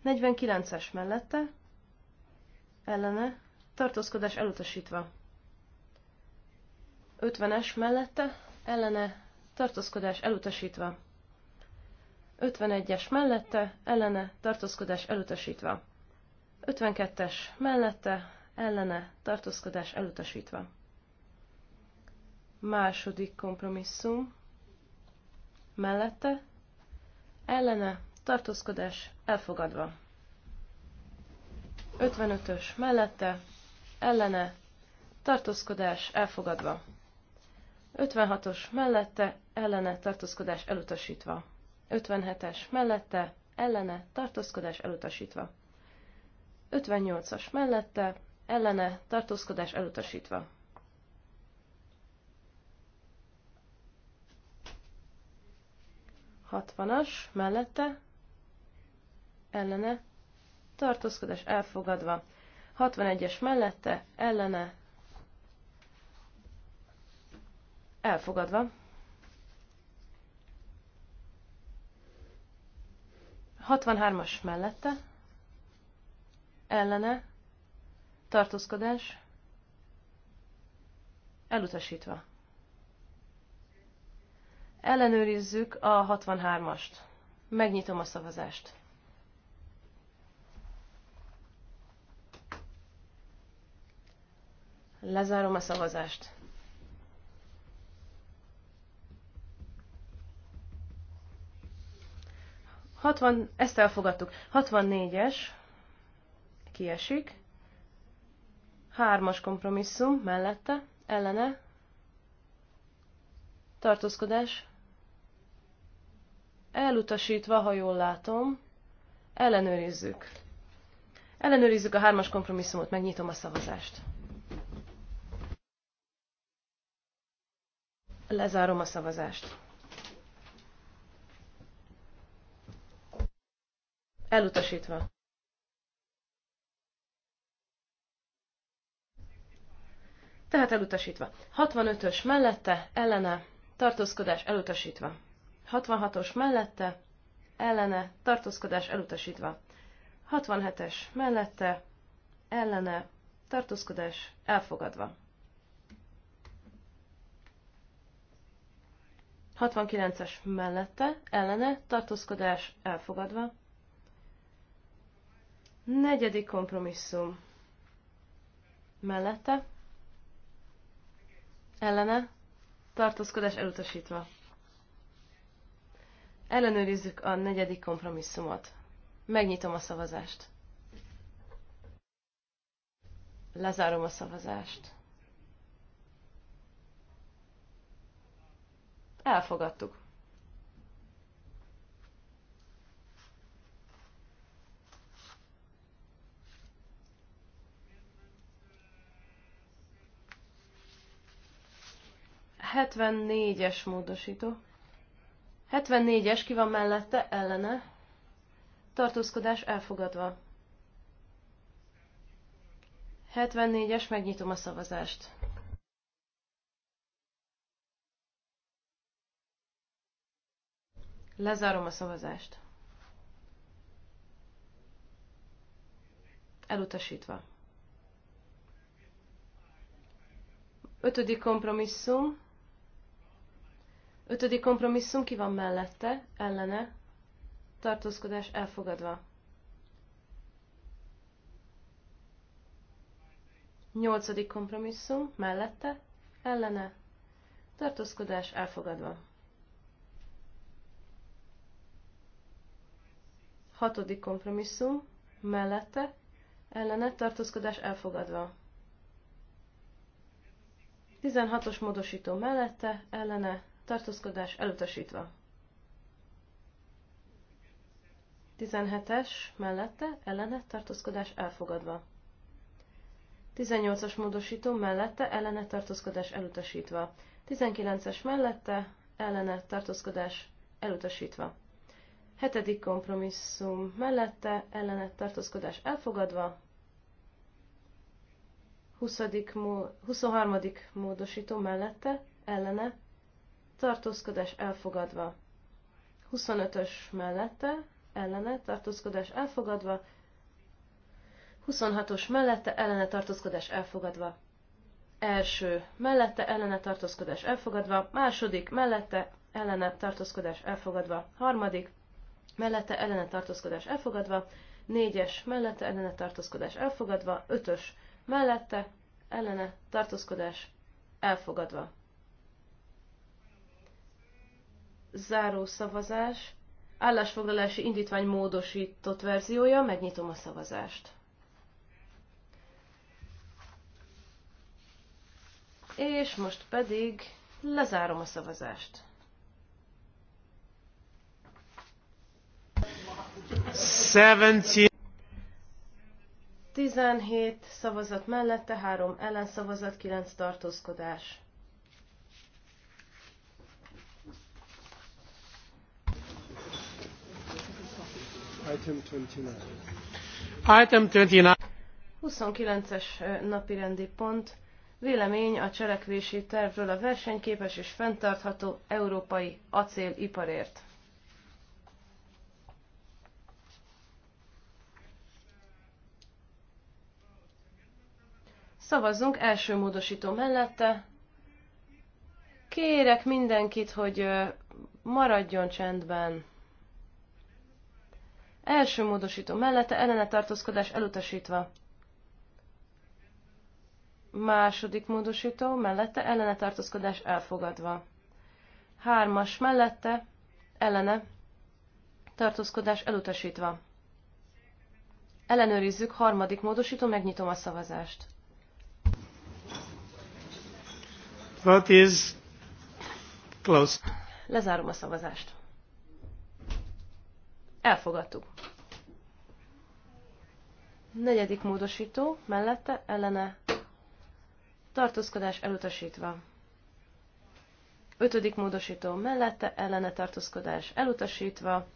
49-es mellette. Ellene. Tartózkodás elutasítva. 50-es mellette. Ellene tartózkodás elutasítva. 51-es mellette, ellene, tartózkodás elutasítva. 52-es mellette, ellene, tartózkodás elutasítva. Második kompromisszum. Mellette, ellene, tartózkodás elfogadva. 55-ös mellette, ellene, tartózkodás elfogadva. 56-os mellette, ellene tartózkodás elutasítva. 57-es mellette, ellene tartózkodás elutasítva. 58-as mellette, ellene tartózkodás elutasítva. Hatvanas, mellette, ellene, tartózkodás elfogadva. 61-es mellette, ellene, Elfogadva. 63-as mellette. Ellene. Tartózkodás. Elutasítva. Ellenőrizzük a 63-ast. Megnyitom a szavazást. Lezárom a szavazást. 60, ezt elfogadtuk. 64-es kiesik. Hármas kompromisszum mellette, ellene. Tartózkodás. Elutasítva, ha jól látom, ellenőrizzük. Ellenőrizzük a hármas kompromisszumot, megnyitom a szavazást. Lezárom a szavazást. Elutasítva. Tehát elutasítva. 65-ös mellette, ellene, tartózkodás elutasítva. 66-os mellette, ellene, tartózkodás elutasítva. 67-es mellette, ellene, tartózkodás elfogadva. 69-es mellette, ellene, tartózkodás elfogadva. Negyedik kompromisszum. Mellette. Ellene. Tartózkodás elutasítva. Ellenőrizzük a negyedik kompromisszumot. Megnyitom a szavazást. Lezárom a szavazást. Elfogadtuk. 74-es módosító. 74-es ki van mellette, ellene. Tartózkodás elfogadva. 74-es, megnyitom a szavazást. Lezárom a szavazást. Elutasítva. Ötödik kompromisszum. Ötödik kompromisszum ki van mellette, ellene, tartózkodás elfogadva. Nyolcadik kompromisszum mellette, ellene, tartózkodás elfogadva. Hatodik kompromisszum mellette, ellene, tartózkodás elfogadva. 16-os módosító mellette, ellene, tartózkodás elutasítva. 17-es mellette ellene tartózkodás elfogadva. 18-as módosító mellette ellene tartózkodás elutasítva. 19-es mellette ellene tartózkodás elutasítva. 7. kompromisszum mellette ellene tartózkodás elfogadva. 20. 23. módosító mellette ellene tartózkodás elfogadva. 25-ös mellette, ellene, tartózkodás elfogadva. 26-os mellette, ellene, tartózkodás elfogadva. Első mellette, ellene, tartózkodás elfogadva. Második mellette, ellene, tartózkodás elfogadva. Harmadik mellette, ellene, tartózkodás elfogadva. Négyes mellette, ellene, tartózkodás elfogadva. Ötös mellette, ellene, tartózkodás elfogadva. záró szavazás, állásfoglalási indítvány módosított verziója, megnyitom a szavazást. És most pedig lezárom a szavazást. Seventeen. 17 szavazat mellette, 3 ellenszavazat, 9 tartózkodás. Item 29. 29. 29-es napirendi pont. Vélemény a cselekvési tervről a versenyképes és fenntartható európai acéliparért. Szavazzunk első módosító mellette. Kérek mindenkit, hogy maradjon csendben. Első módosító mellette ellene tartózkodás elutasítva. Második módosító mellette ellene tartózkodás elfogadva. Hármas mellette ellene tartózkodás elutasítva. Ellenőrizzük, harmadik módosító, megnyitom a szavazást. What is closed? Lezárom a szavazást. Elfogadtuk. Negyedik módosító, mellette, ellene, tartózkodás elutasítva. Ötödik módosító, mellette, ellene, tartózkodás elutasítva.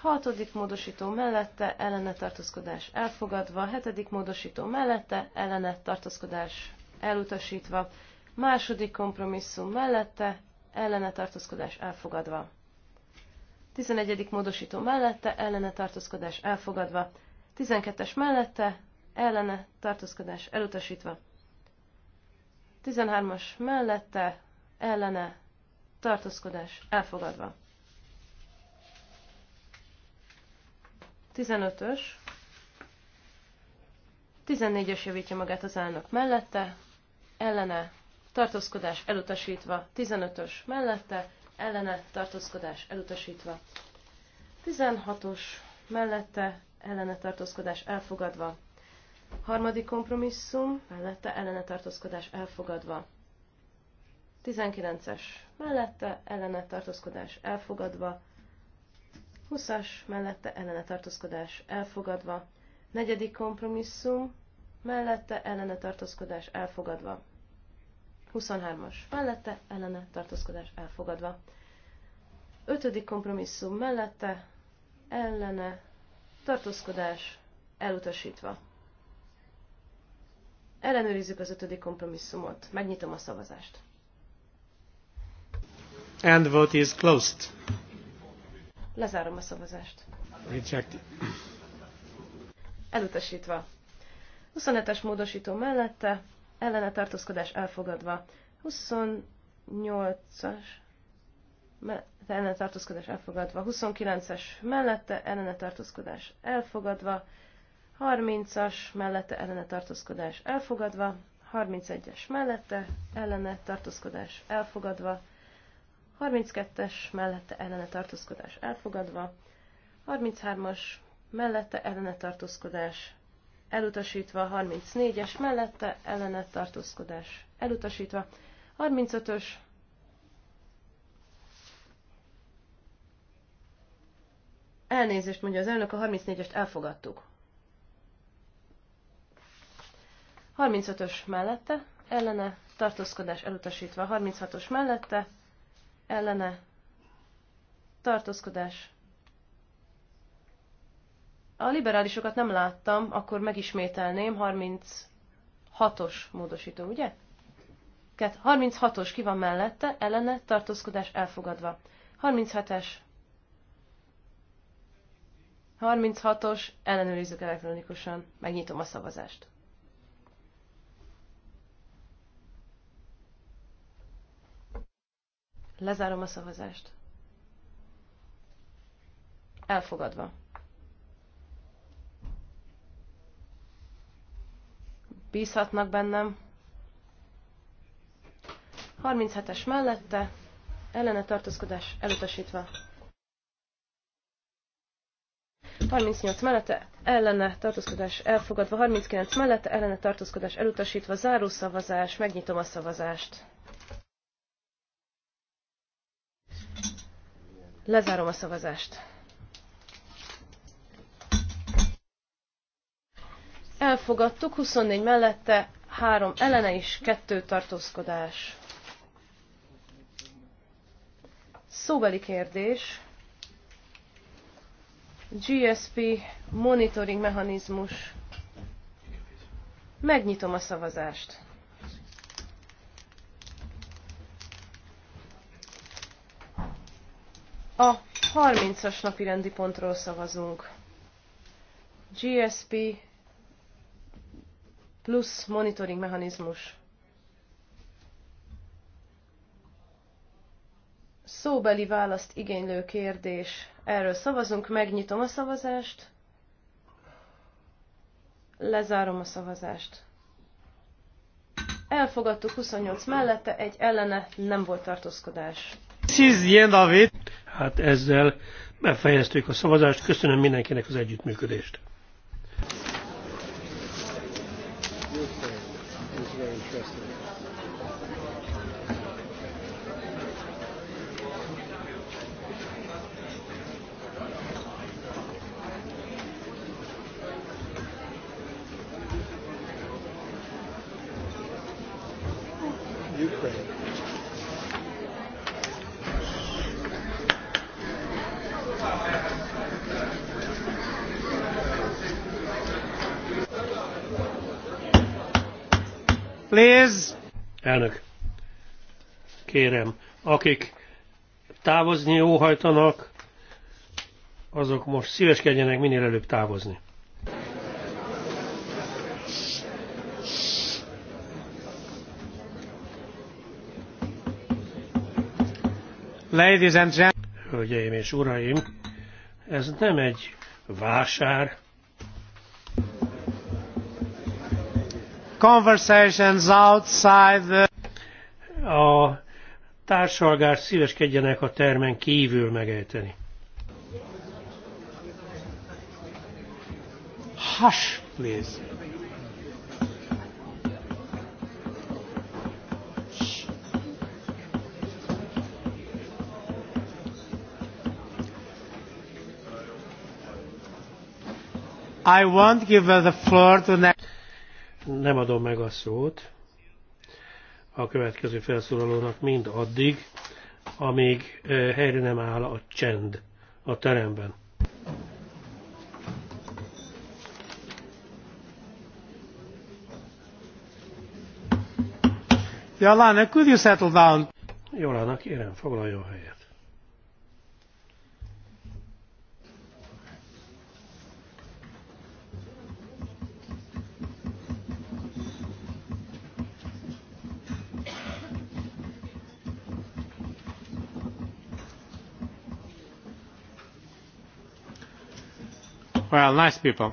Hatodik módosító mellette ellene tartózkodás elfogadva, hetedik módosító mellette ellene tartózkodás elutasítva, második kompromisszum mellette ellene tartózkodás elfogadva. 11. módosító mellette, ellene tartózkodás elfogadva. 12-es mellette, ellene tartózkodás elutasítva. 13-as mellette, ellene tartózkodás elfogadva. 15-ös. 14-ös javítja magát az elnök mellette, ellene tartózkodás elutasítva. 15-ös mellette, ellene tartózkodás elutasítva. 16-os mellette ellene tartózkodás elfogadva. Harmadik kompromisszum mellette ellene tartózkodás elfogadva. 19-es mellette ellene tartózkodás elfogadva. 20-as mellette ellene tartózkodás elfogadva. Negyedik kompromisszum mellette ellene tartózkodás elfogadva. 23-as mellette, ellene tartózkodás elfogadva. 5. kompromisszum mellette, ellene tartózkodás elutasítva. Ellenőrizzük az ötödik kompromisszumot. Megnyitom a szavazást. And the vote is closed. Lezárom a szavazást. Rejected. Elutasítva. 27-es módosító mellette, ellene tartózkodás elfogadva. 28-as mellette ellene tartózkodás elfogadva. 29-es mellette ellene tartózkodás elfogadva. 30-as mellette ellene tartózkodás elfogadva. 31-es mellette ellene tartózkodás elfogadva. 32-es mellette ellene tartózkodás elfogadva. 33-as mellette ellene tartózkodás elutasítva 34-es mellette, ellenet tartózkodás elutasítva 35-ös Elnézést mondja az elnök, a 34-est elfogadtuk. 35-ös mellette, ellene, tartózkodás elutasítva. 36-os mellette, ellene, tartózkodás a liberálisokat nem láttam, akkor megismételném, 36-os módosító, ugye? 36-os ki van mellette, ellene, tartózkodás elfogadva. 37-es. 36-os, ellenőrizzük elektronikusan, megnyitom a szavazást. Lezárom a szavazást. Elfogadva. bízhatnak bennem. 37-es mellette, ellene tartózkodás elutasítva. 38 mellette, ellene tartózkodás elfogadva, 39 mellette, ellene tartózkodás elutasítva, záró szavazás, megnyitom a szavazást. Lezárom a szavazást. Elfogadtuk, 24 mellette, 3 ellene és 2 tartózkodás. Szóbeli kérdés. GSP monitoring mechanizmus. Megnyitom a szavazást. A 30-as napi rendi pontról szavazunk. GSP plusz monitoring mechanizmus. Szóbeli választ igénylő kérdés. Erről szavazunk, megnyitom a szavazást, lezárom a szavazást. Elfogadtuk 28 mellette, egy ellene nem volt tartózkodás. Hát ezzel befejeztük a szavazást. Köszönöm mindenkinek az együttműködést. Köszönöm. kérem, akik távozni óhajtanak, azok most szíveskedjenek minél előbb távozni. Ladies and gentlemen. Hölgyeim és uraim, ez nem egy vásár. Conversations outside the... A társalgást szíveskedjenek a termen kívül megejteni. Hush, please. I won't give the floor to... Nem adom meg a szót a következő felszólalónak mind addig, amíg eh, helyre nem áll a csend a teremben. Jalana, could you settle down? Jolana, kérem, foglaljon helyet. Well, nice people.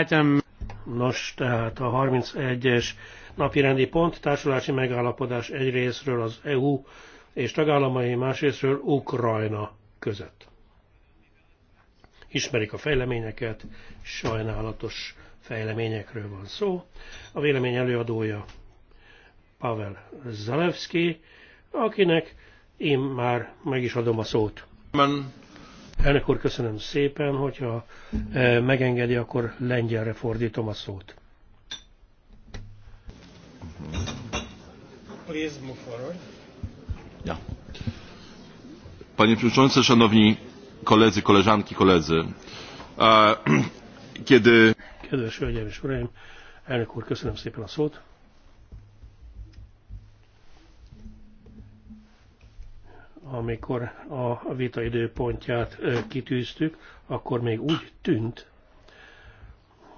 Item... Nos, tehát a 31-es napirendi pont, társulási megállapodás egy az EU és tagállamai másrésztről Ukrajna között. Ismerik a fejleményeket, sajnálatos fejleményekről van szó. A vélemény előadója Pavel Zalewski, akinek én már meg is adom a szót. Man. Elnök úr, köszönöm szépen, hogyha e, megengedi, akkor lengyelre fordítom a szót. Ja. Panie Przewodniczący, Szanowni Koledzy, Koleżanki, Koledzy. E, kiedy... Kedves Hölgyeim és Uraim, elnök úr, köszönöm szépen a szót. amikor a vita időpontját kitűztük, akkor még úgy tűnt,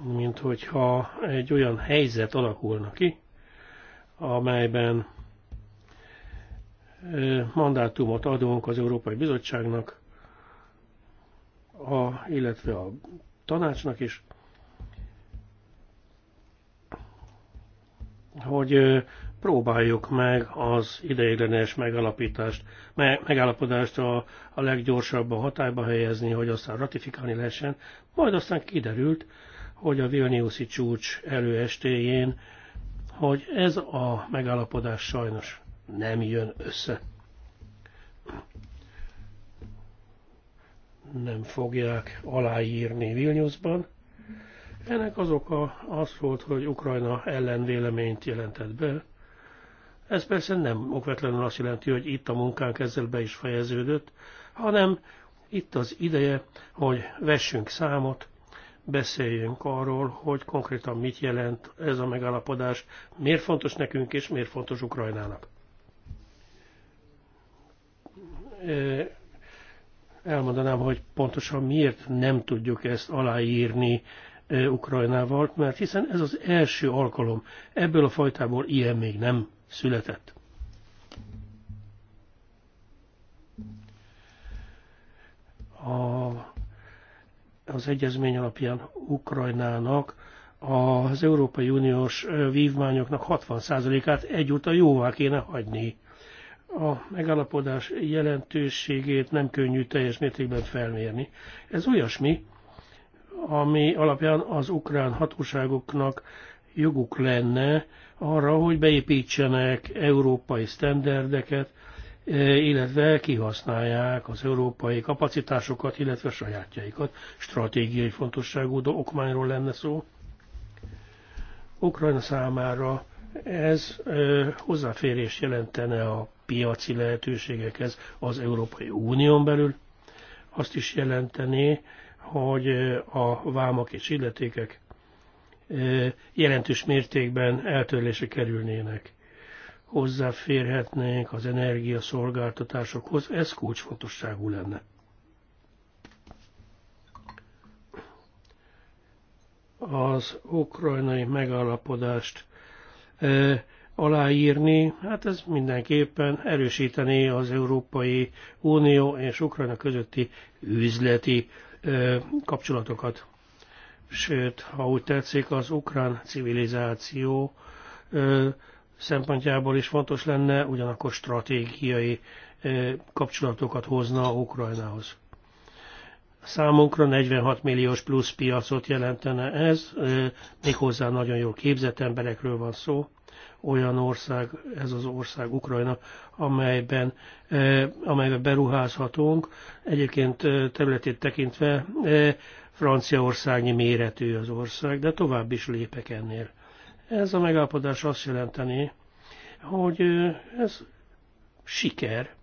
mint egy olyan helyzet alakulna ki, amelyben mandátumot adunk az Európai Bizottságnak, a, illetve a tanácsnak is, hogy próbáljuk meg az ideiglenes megalapítást, me, megállapodást a, a leggyorsabban hatályba helyezni, hogy aztán ratifikálni lehessen. Majd aztán kiderült, hogy a Vilniuszi csúcs előestéjén, hogy ez a megállapodás sajnos nem jön össze. Nem fogják aláírni Vilniuszban. Ennek az oka az volt, hogy Ukrajna ellen véleményt jelentett be, ez persze nem okvetlenül azt jelenti, hogy itt a munkánk ezzel be is fejeződött, hanem itt az ideje, hogy vessünk számot, beszéljünk arról, hogy konkrétan mit jelent ez a megállapodás, miért fontos nekünk és miért fontos Ukrajnának. Elmondanám, hogy pontosan miért nem tudjuk ezt aláírni Ukrajnával, mert hiszen ez az első alkalom. Ebből a fajtából ilyen még nem született. A, az egyezmény alapján Ukrajnának az Európai Uniós vívmányoknak 60%-át egyúttal jóvá kéne hagyni. A megállapodás jelentőségét nem könnyű teljes mértékben felmérni. Ez olyasmi, ami alapján az ukrán hatóságoknak joguk lenne arra, hogy beépítsenek európai sztenderdeket, eh, illetve kihasználják az európai kapacitásokat, illetve sajátjaikat. Stratégiai fontosságú okmányról lenne szó. Ukrajna számára ez eh, hozzáférés jelentene a piaci lehetőségekhez az Európai Unión belül. Azt is jelenteni, hogy eh, a vámok és illetékek jelentős mértékben eltörlése kerülnének. Hozzáférhetnénk az energiaszolgáltatásokhoz, ez kulcsfontosságú lenne. Az ukrajnai megállapodást aláírni, hát ez mindenképpen erősítené az Európai Unió és Ukrajna közötti üzleti kapcsolatokat sőt, ha úgy tetszik, az ukrán civilizáció szempontjából is fontos lenne, ugyanakkor stratégiai kapcsolatokat hozna a Ukrajnához. Számunkra 46 milliós plusz piacot jelentene ez, méghozzá nagyon jól képzett emberekről van szó. Olyan ország, ez az ország Ukrajna, amelyben, amelyben beruházhatunk. Egyébként területét tekintve franciaországnyi méretű az ország, de tovább is lépek ennél. Ez a megállapodás azt jelenteni, hogy ez siker.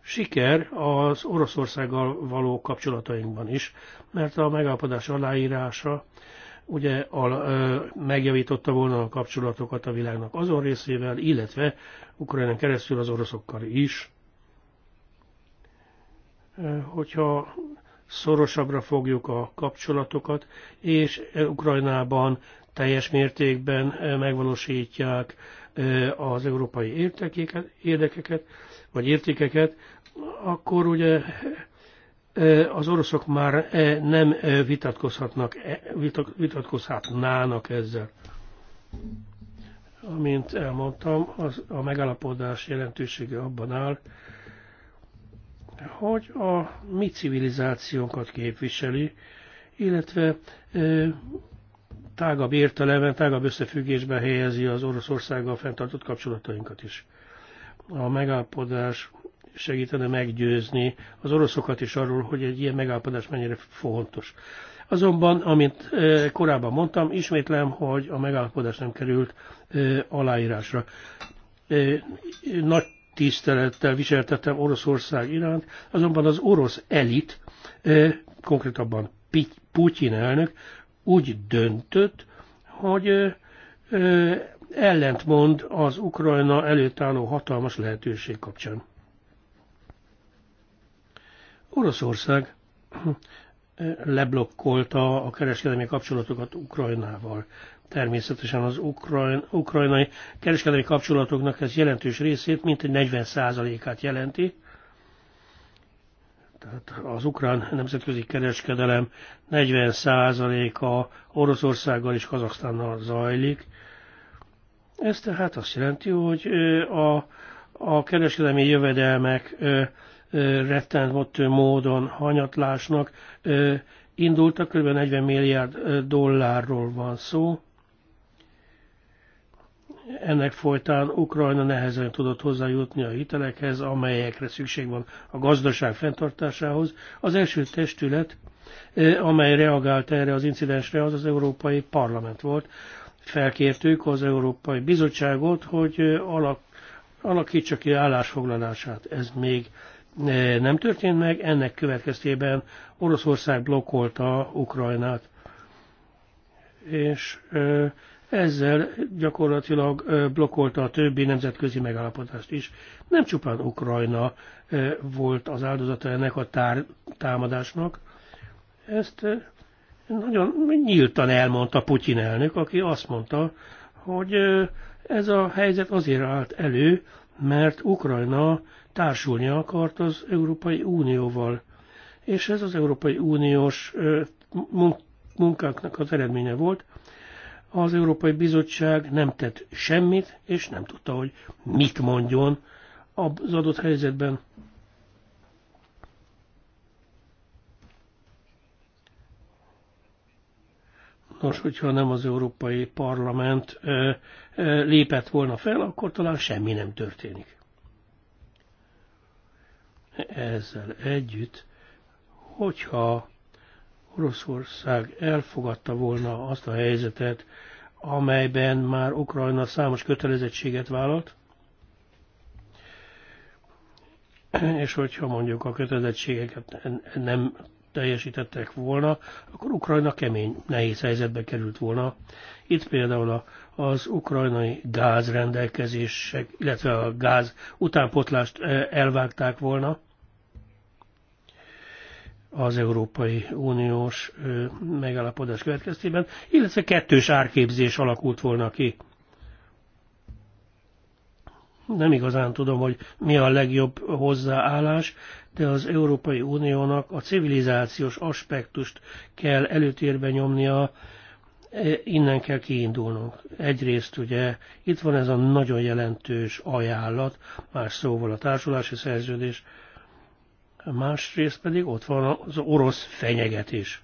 Siker az Oroszországgal való kapcsolatainkban is, mert a megállapodás aláírása ugye a, ö, megjavította volna a kapcsolatokat a világnak azon részével, illetve Ukrajnán keresztül az oroszokkal is. Hogyha szorosabbra fogjuk a kapcsolatokat, és eh, Ukrajnában teljes mértékben eh, megvalósítják eh, az európai érdekeket, vagy értékeket, akkor ugye az oroszok már nem vitatkozhatnak, vitatkozhatnának ezzel. Amint elmondtam, az, a megállapodás jelentősége abban áll, hogy a mi civilizációnkat képviseli, illetve tágabb értelemben, tágabb összefüggésben helyezi az Oroszországgal fenntartott kapcsolatainkat is. A megállapodás segítene meggyőzni az oroszokat is arról, hogy egy ilyen megállapodás mennyire fontos. Azonban, amint korábban mondtam, ismétlem, hogy a megállapodás nem került aláírásra. Nagy tisztelettel viseltettem Oroszország iránt, azonban az orosz elit, konkrétabban Putyin elnök úgy döntött, hogy ellentmond az Ukrajna előtt álló hatalmas lehetőség kapcsán. Oroszország leblokkolta a kereskedelmi kapcsolatokat Ukrajnával. Természetesen az ukrajn, ukrajnai kereskedelmi kapcsolatoknak ez jelentős részét, mint egy 40%-át jelenti. Tehát az ukrán nemzetközi kereskedelem 40%-a Oroszországgal és Kazaksztánnal zajlik. Ez tehát azt jelenti, hogy a, a kereskedelmi jövedelmek rettentő módon hanyatlásnak indultak, kb. 40 milliárd dollárról van szó. Ennek folytán Ukrajna nehezen tudott hozzájutni a hitelekhez, amelyekre szükség van a gazdaság fenntartásához. Az első testület, e, amely reagált erre az incidensre, az az Európai Parlament volt. Felkértük az Európai Bizottságot, hogy e, alak, alakítsa ki állásfoglalását. Ez még e, nem történt meg, ennek következtében Oroszország blokkolta Ukrajnát. És ezzel gyakorlatilag blokkolta a többi nemzetközi megállapodást is. Nem csupán Ukrajna volt az áldozata ennek a tár támadásnak, ezt nagyon nyíltan elmondta Putyin elnök, aki azt mondta, hogy ez a helyzet azért állt elő, mert Ukrajna társulni akart az Európai Unióval. És ez az Európai Uniós munkáknak az eredménye volt, az Európai Bizottság nem tett semmit, és nem tudta, hogy mit mondjon az adott helyzetben. Nos, hogyha nem az Európai Parlament ö, ö, lépett volna fel, akkor talán semmi nem történik. Ezzel együtt, hogyha Oroszország elfogadta volna azt a helyzetet, amelyben már Ukrajna számos kötelezettséget vállalt, és hogyha mondjuk a kötelezettségeket nem teljesítettek volna, akkor Ukrajna kemény, nehéz helyzetbe került volna. Itt például az ukrajnai gázrendelkezések, illetve a gáz utánpotlást e, elvágták volna, az Európai Uniós megállapodás következtében, illetve kettős árképzés alakult volna ki. Nem igazán tudom, hogy mi a legjobb hozzáállás, de az Európai Uniónak a civilizációs aspektust kell előtérbe nyomnia, e, innen kell kiindulnunk. Egyrészt ugye itt van ez a nagyon jelentős ajánlat, más szóval a társulási szerződés, másrészt pedig ott van az orosz fenyegetés.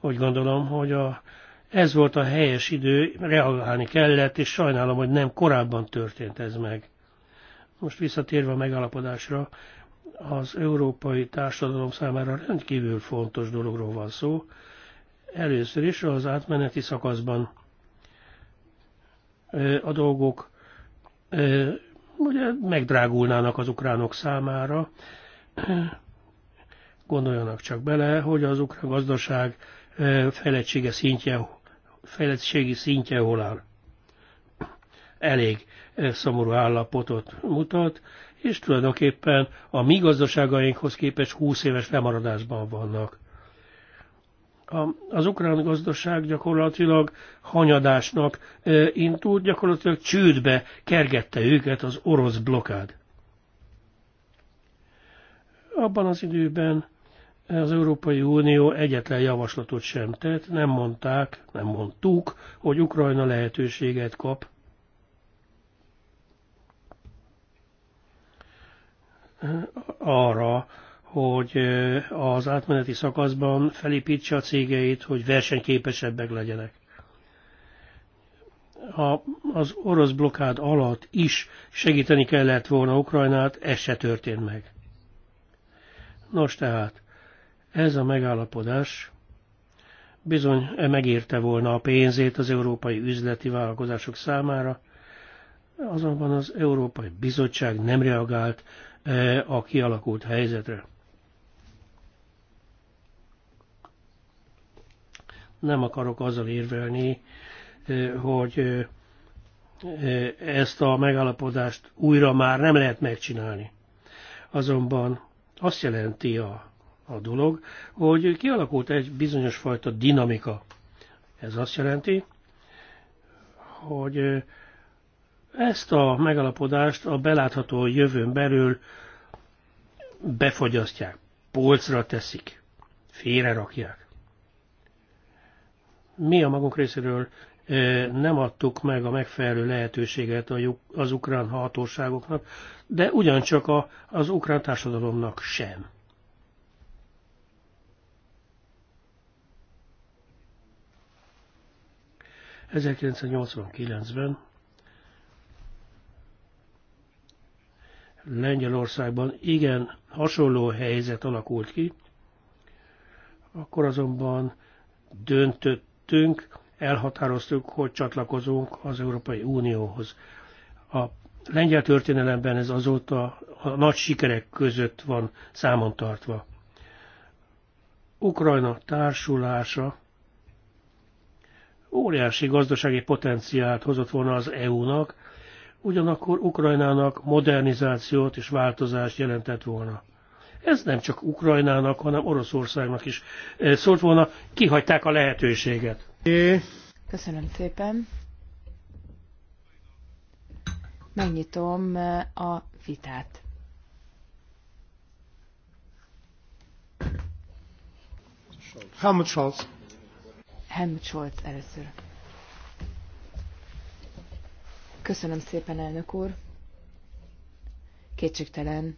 Úgy gondolom, hogy a, ez volt a helyes idő, reagálni kellett, és sajnálom, hogy nem korábban történt ez meg. Most visszatérve a megállapodásra, az európai társadalom számára rendkívül fontos dologról van szó. Először is az átmeneti szakaszban a dolgok ugye megdrágulnának az ukránok számára, Gondoljanak csak bele, hogy az ukrán gazdaság fejlettsége szintje, fejlettségi szintje hol áll. Elég szomorú állapotot mutat, és tulajdonképpen a mi gazdaságainkhoz képest 20 éves lemaradásban vannak. A, az ukrán gazdaság gyakorlatilag hanyadásnak e, intult, gyakorlatilag csődbe kergette őket az orosz blokád. Abban az időben az Európai Unió egyetlen javaslatot sem tett, nem mondták, nem mondtuk, hogy Ukrajna lehetőséget kap. Arra, hogy az átmeneti szakaszban felépítse a cégeit, hogy versenyképesebbek legyenek. ha az orosz blokád alatt is segíteni kellett volna Ukrajnát, ez se történt meg. Nos tehát, ez a megállapodás bizony megérte volna a pénzét az európai üzleti vállalkozások számára, azonban az Európai Bizottság nem reagált e, a kialakult helyzetre. Nem akarok azzal érvelni, e, hogy e, ezt a megállapodást újra már nem lehet megcsinálni. Azonban azt jelenti a, a dolog, hogy kialakult egy bizonyos fajta dinamika. Ez azt jelenti, hogy ezt a megalapodást a belátható jövőn belül befogyasztják, polcra teszik, félre rakják. Mi a magunk részéről nem adtuk meg a megfelelő lehetőséget az ukrán hatóságoknak, de ugyancsak az ukrán társadalomnak sem. ...1989-ben Lengyelországban igen hasonló helyzet alakult ki, akkor azonban döntöttünk, elhatároztuk, hogy csatlakozunk az Európai Unióhoz. A lengyel történelemben ez azóta a nagy sikerek között van számon tartva. Ukrajna társulása óriási gazdasági potenciált hozott volna az EU-nak, ugyanakkor Ukrajnának modernizációt és változást jelentett volna. Ez nem csak Ukrajnának, hanem Oroszországnak is szólt volna, kihagyták a lehetőséget. Köszönöm szépen. Megnyitom eh, a vitát. Helmut Scholz. Helmut Scholz először. Köszönöm szépen, elnök úr. Kétségtelen,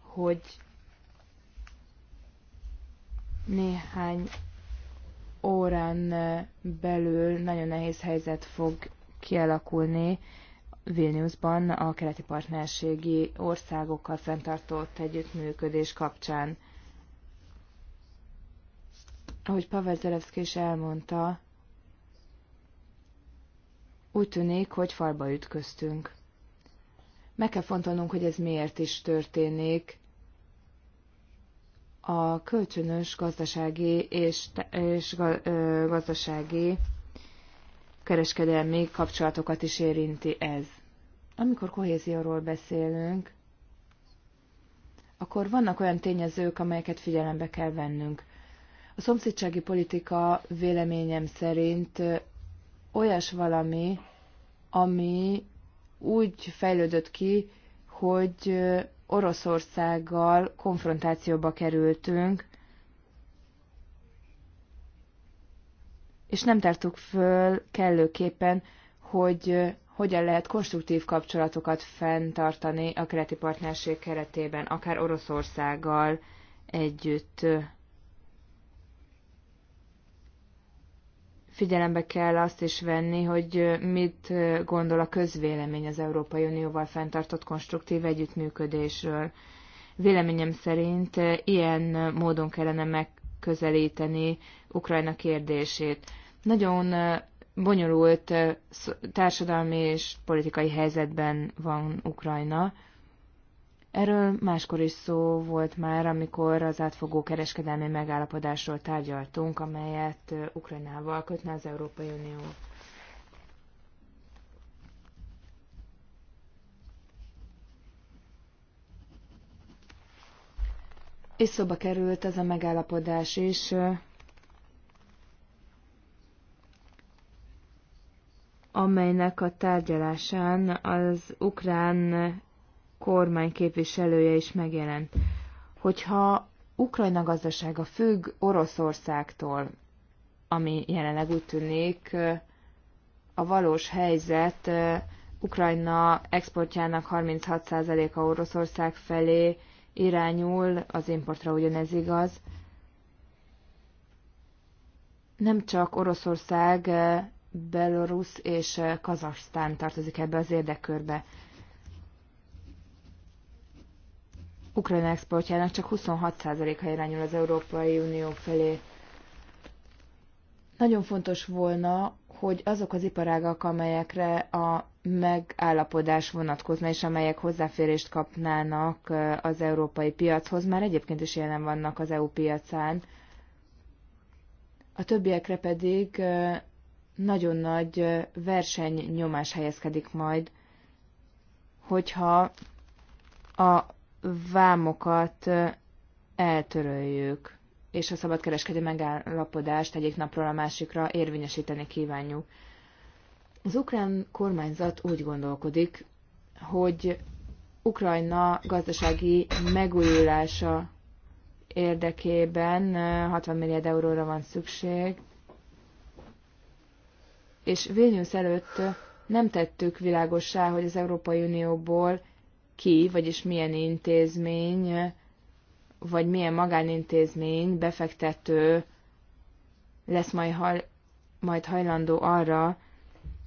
hogy néhány órán belül nagyon nehéz helyzet fog kialakulni Vilniusban a keleti partnerségi országokkal fenntartott együttműködés kapcsán. Ahogy Pavel Zelevszki is elmondta, úgy tűnik, hogy falba ütköztünk. Meg kell fontolnunk, hogy ez miért is történik, a kölcsönös gazdasági és, és gazdasági kereskedelmi kapcsolatokat is érinti ez. Amikor kohézióról beszélünk, akkor vannak olyan tényezők, amelyeket figyelembe kell vennünk. A szomszédsági politika véleményem szerint olyas valami, ami úgy fejlődött ki, hogy Oroszországgal konfrontációba kerültünk, és nem tártuk föl kellőképpen, hogy hogyan lehet konstruktív kapcsolatokat fenntartani a keleti partnerség keretében, akár Oroszországgal együtt. figyelembe kell azt is venni, hogy mit gondol a közvélemény az Európai Unióval fenntartott konstruktív együttműködésről. Véleményem szerint ilyen módon kellene megközelíteni Ukrajna kérdését. Nagyon bonyolult társadalmi és politikai helyzetben van Ukrajna, Erről máskor is szó volt már, amikor az átfogó kereskedelmi megállapodásról tárgyaltunk, amelyet Ukrajnával kötne az Európai Unió. És szóba került az a megállapodás is, amelynek a tárgyalásán az ukrán kormány képviselője is megjelent. Hogyha Ukrajna gazdasága függ Oroszországtól, ami jelenleg úgy tűnik, a valós helyzet Ukrajna exportjának 36%-a Oroszország felé irányul, az importra ugyanez igaz. Nem csak Oroszország, Belarus és Kazahsztán tartozik ebbe az érdekörbe. Ukrajna exportjának csak 26%-a irányul az Európai Unió felé. Nagyon fontos volna, hogy azok az iparágak, amelyekre a megállapodás vonatkozna, és amelyek hozzáférést kapnának az európai piachoz, már egyébként is jelen vannak az EU piacán. A többiekre pedig nagyon nagy versenynyomás helyezkedik majd, hogyha a vámokat eltöröljük, és a szabadkereskedő megállapodást egyik napról a másikra érvényesíteni kívánjuk. Az ukrán kormányzat úgy gondolkodik, hogy Ukrajna gazdasági megújulása érdekében 60 milliárd euróra van szükség, és Vilnius előtt nem tettük világossá, hogy az Európai Unióból ki, vagyis milyen intézmény, vagy milyen magánintézmény, befektető lesz majd, haj, majd hajlandó arra,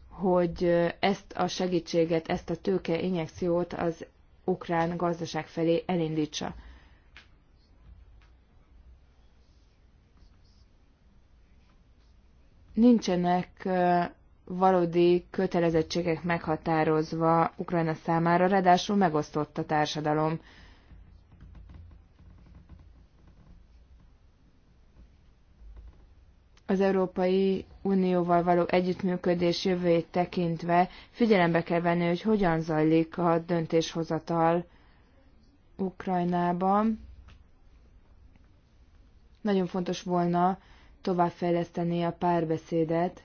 hogy ezt a segítséget, ezt a tőke injekciót az ukrán gazdaság felé elindítsa. Nincsenek valódi kötelezettségek meghatározva Ukrajna számára, ráadásul megosztott a társadalom. Az Európai Unióval való együttműködés jövőjét tekintve figyelembe kell venni, hogy hogyan zajlik a döntéshozatal Ukrajnában. Nagyon fontos volna továbbfejleszteni a párbeszédet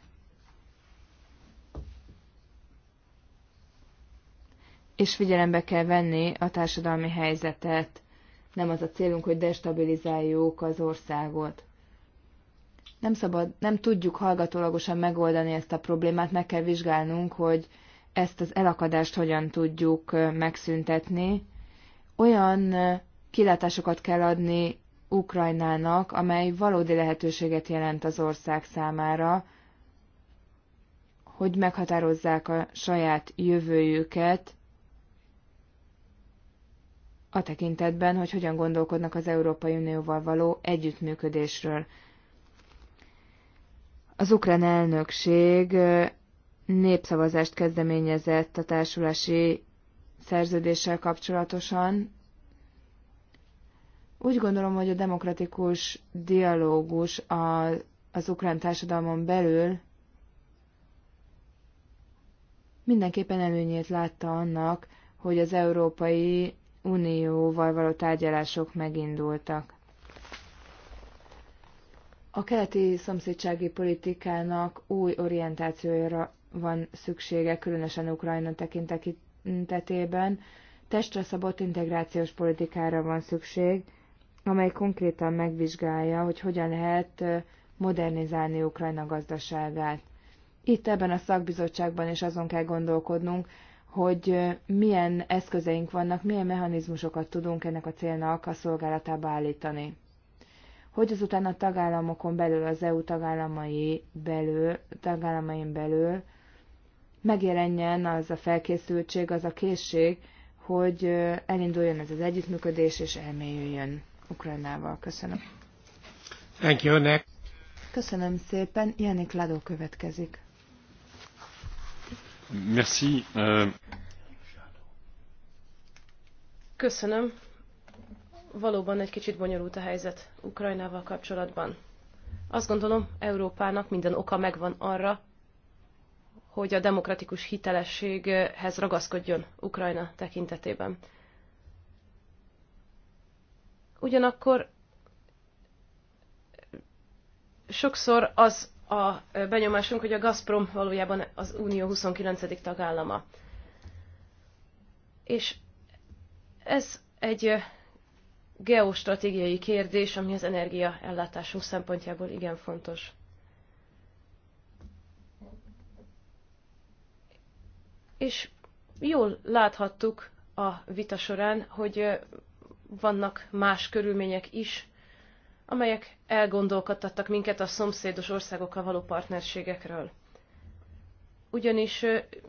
és figyelembe kell venni a társadalmi helyzetet. Nem az a célunk, hogy destabilizáljuk az országot. Nem szabad, nem tudjuk hallgatólagosan megoldani ezt a problémát, meg kell vizsgálnunk, hogy ezt az elakadást hogyan tudjuk megszüntetni. Olyan kilátásokat kell adni Ukrajnának, amely valódi lehetőséget jelent az ország számára, hogy meghatározzák a saját jövőjüket, a tekintetben, hogy hogyan gondolkodnak az Európai Unióval való együttműködésről. Az ukrán elnökség népszavazást kezdeményezett a társulási szerződéssel kapcsolatosan. Úgy gondolom, hogy a demokratikus dialógus a, az ukrán társadalmon belül mindenképpen előnyét látta annak, hogy az Európai Unióval való tárgyalások megindultak. A keleti szomszédsági politikának új orientációra van szüksége, különösen Ukrajna tekintetében. Testre szabott integrációs politikára van szükség, amely konkrétan megvizsgálja, hogy hogyan lehet modernizálni Ukrajna gazdaságát. Itt ebben a szakbizottságban is azon kell gondolkodnunk, hogy milyen eszközeink vannak, milyen mechanizmusokat tudunk ennek a célnak a szolgálatába állítani. Hogy azután a tagállamokon belül, az EU tagállamai belül, tagállamain belül megjelenjen az a felkészültség, az a készség, hogy elinduljon ez az együttműködés, és elmélyüljön Ukrajnával. Köszönöm. Thank you, Nick. Köszönöm szépen. Janik Ladó következik. Euh, Köszönöm. Valóban egy kicsit bonyolult a helyzet Ukrajnával kapcsolatban. Azt gondolom, Európának minden oka megvan arra, hogy a demokratikus hitelességhez ragaszkodjon Ukrajna tekintetében. Ugyanakkor sokszor az a benyomásunk, hogy a Gazprom valójában az Unió 29. tagállama. És ez egy geostratégiai kérdés, ami az energiaellátásunk szempontjából igen fontos. És jól láthattuk a vita során, hogy vannak más körülmények is, amelyek elgondolkodtattak minket a szomszédos országokkal való partnerségekről. Ugyanis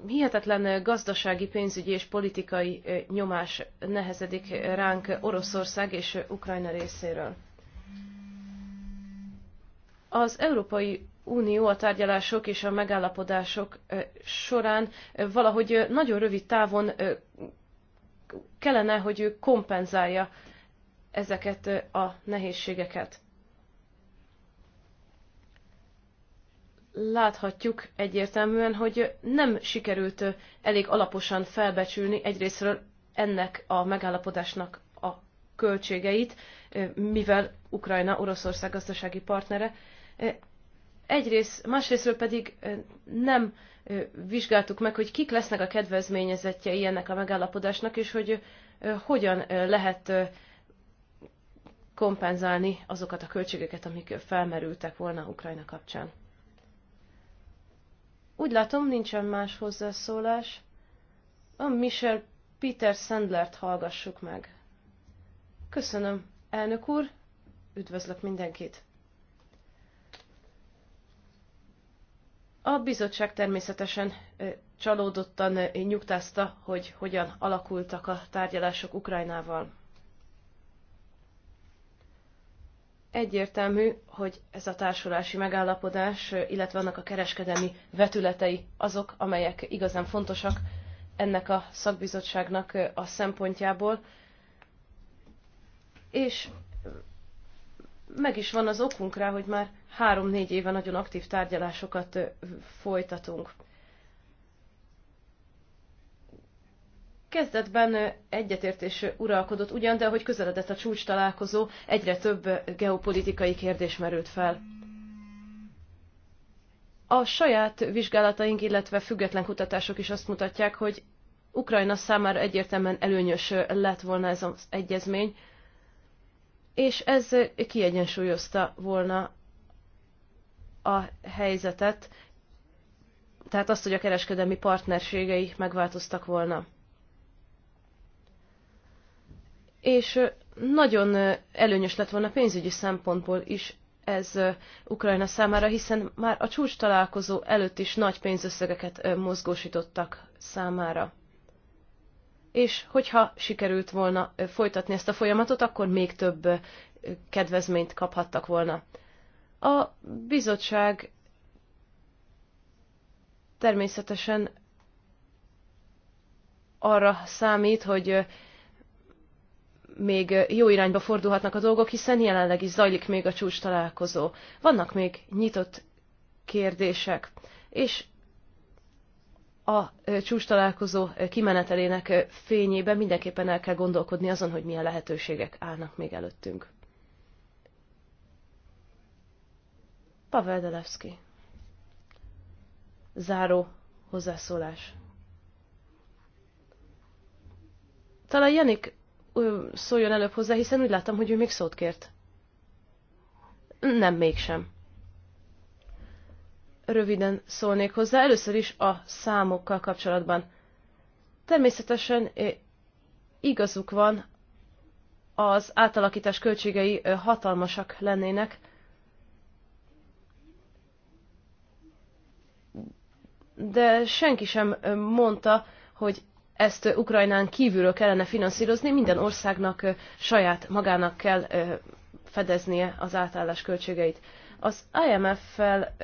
hihetetlen gazdasági, pénzügyi és politikai nyomás nehezedik ránk Oroszország és Ukrajna részéről. Az Európai Unió a tárgyalások és a megállapodások során valahogy nagyon rövid távon kellene, hogy kompenzálja ezeket a nehézségeket. Láthatjuk egyértelműen, hogy nem sikerült elég alaposan felbecsülni egyrésztről ennek a megállapodásnak a költségeit, mivel Ukrajna Oroszország gazdasági partnere. Egyrészt, másrésztről pedig nem vizsgáltuk meg, hogy kik lesznek a kedvezményezettjei ennek a megállapodásnak, és hogy hogyan lehet kompenzálni azokat a költségeket, amik felmerültek volna Ukrajna kapcsán. Úgy látom, nincsen más hozzászólás. A Michel Peter Sandlert hallgassuk meg. Köszönöm, elnök úr, üdvözlök mindenkit. A bizottság természetesen csalódottan nyugtázta, hogy hogyan alakultak a tárgyalások Ukrajnával. Egyértelmű, hogy ez a társulási megállapodás, illetve annak a kereskedelmi vetületei azok, amelyek igazán fontosak ennek a szakbizottságnak a szempontjából. És meg is van az okunk rá, hogy már három-négy éve nagyon aktív tárgyalásokat folytatunk. Kezdetben egyetértés uralkodott ugyan, de ahogy közeledett a csúcs találkozó, egyre több geopolitikai kérdés merült fel. A saját vizsgálataink, illetve független kutatások is azt mutatják, hogy Ukrajna számára egyértelműen előnyös lett volna ez az egyezmény, és ez kiegyensúlyozta volna a helyzetet, tehát azt, hogy a kereskedelmi partnerségei megváltoztak volna és nagyon előnyös lett volna pénzügyi szempontból is ez Ukrajna számára, hiszen már a csúcs találkozó előtt is nagy pénzösszegeket mozgósítottak számára. És hogyha sikerült volna folytatni ezt a folyamatot, akkor még több kedvezményt kaphattak volna. A bizottság természetesen arra számít, hogy még jó irányba fordulhatnak a dolgok, hiszen jelenleg is zajlik még a csúcs találkozó. Vannak még nyitott kérdések, és a csúcs találkozó kimenetelének fényében mindenképpen el kell gondolkodni azon, hogy milyen lehetőségek állnak még előttünk. Pavel Delevski. Záró hozzászólás. Talán Janik szóljon előbb hozzá, hiszen úgy láttam, hogy ő még szót kért. Nem, mégsem. Röviden szólnék hozzá, először is a számokkal kapcsolatban. Természetesen igazuk van, az átalakítás költségei hatalmasak lennének, de senki sem mondta, hogy ezt Ukrajnán kívülről kellene finanszírozni, minden országnak saját magának kell fedeznie az átállás költségeit. Az IMF-fel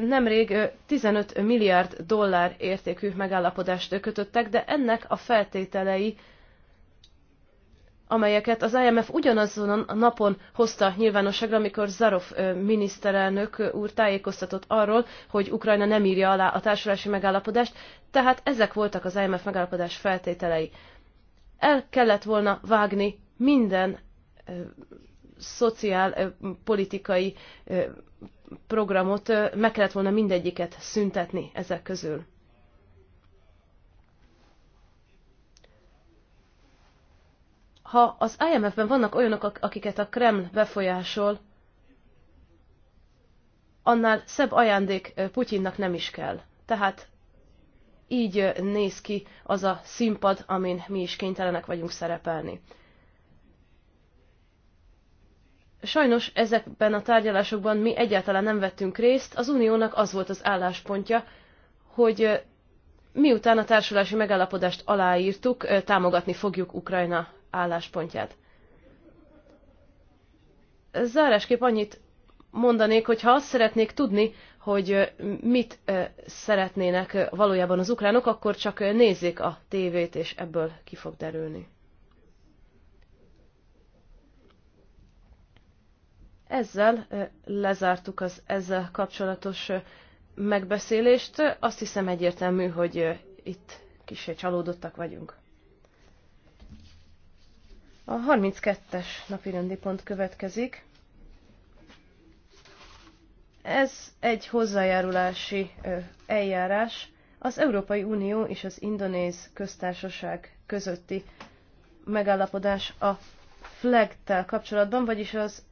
nemrég 15 milliárd dollár értékű megállapodást kötöttek, de ennek a feltételei amelyeket az IMF ugyanazon a napon hozta nyilvánosságra, amikor Zarov miniszterelnök úr tájékoztatott arról, hogy Ukrajna nem írja alá a társulási megállapodást, tehát ezek voltak az IMF megállapodás feltételei. El kellett volna vágni minden szociálpolitikai programot, meg kellett volna mindegyiket szüntetni ezek közül. ha az IMF-ben vannak olyanok, akiket a Kreml befolyásol, annál szebb ajándék Putyinnak nem is kell. Tehát így néz ki az a színpad, amin mi is kénytelenek vagyunk szerepelni. Sajnos ezekben a tárgyalásokban mi egyáltalán nem vettünk részt, az uniónak az volt az álláspontja, hogy miután a társulási megállapodást aláírtuk, támogatni fogjuk Ukrajna álláspontját. Zárásképp annyit mondanék, hogy ha azt szeretnék tudni, hogy mit szeretnének valójában az ukránok, akkor csak nézzék a tévét, és ebből ki fog derülni. Ezzel lezártuk az ezzel kapcsolatos megbeszélést. Azt hiszem egyértelmű, hogy itt kicsit csalódottak vagyunk. A 32-es napirendi pont következik. Ez egy hozzájárulási eljárás az Európai Unió és az Indonéz köztársaság közötti megállapodás a FLEG-tel kapcsolatban, vagyis az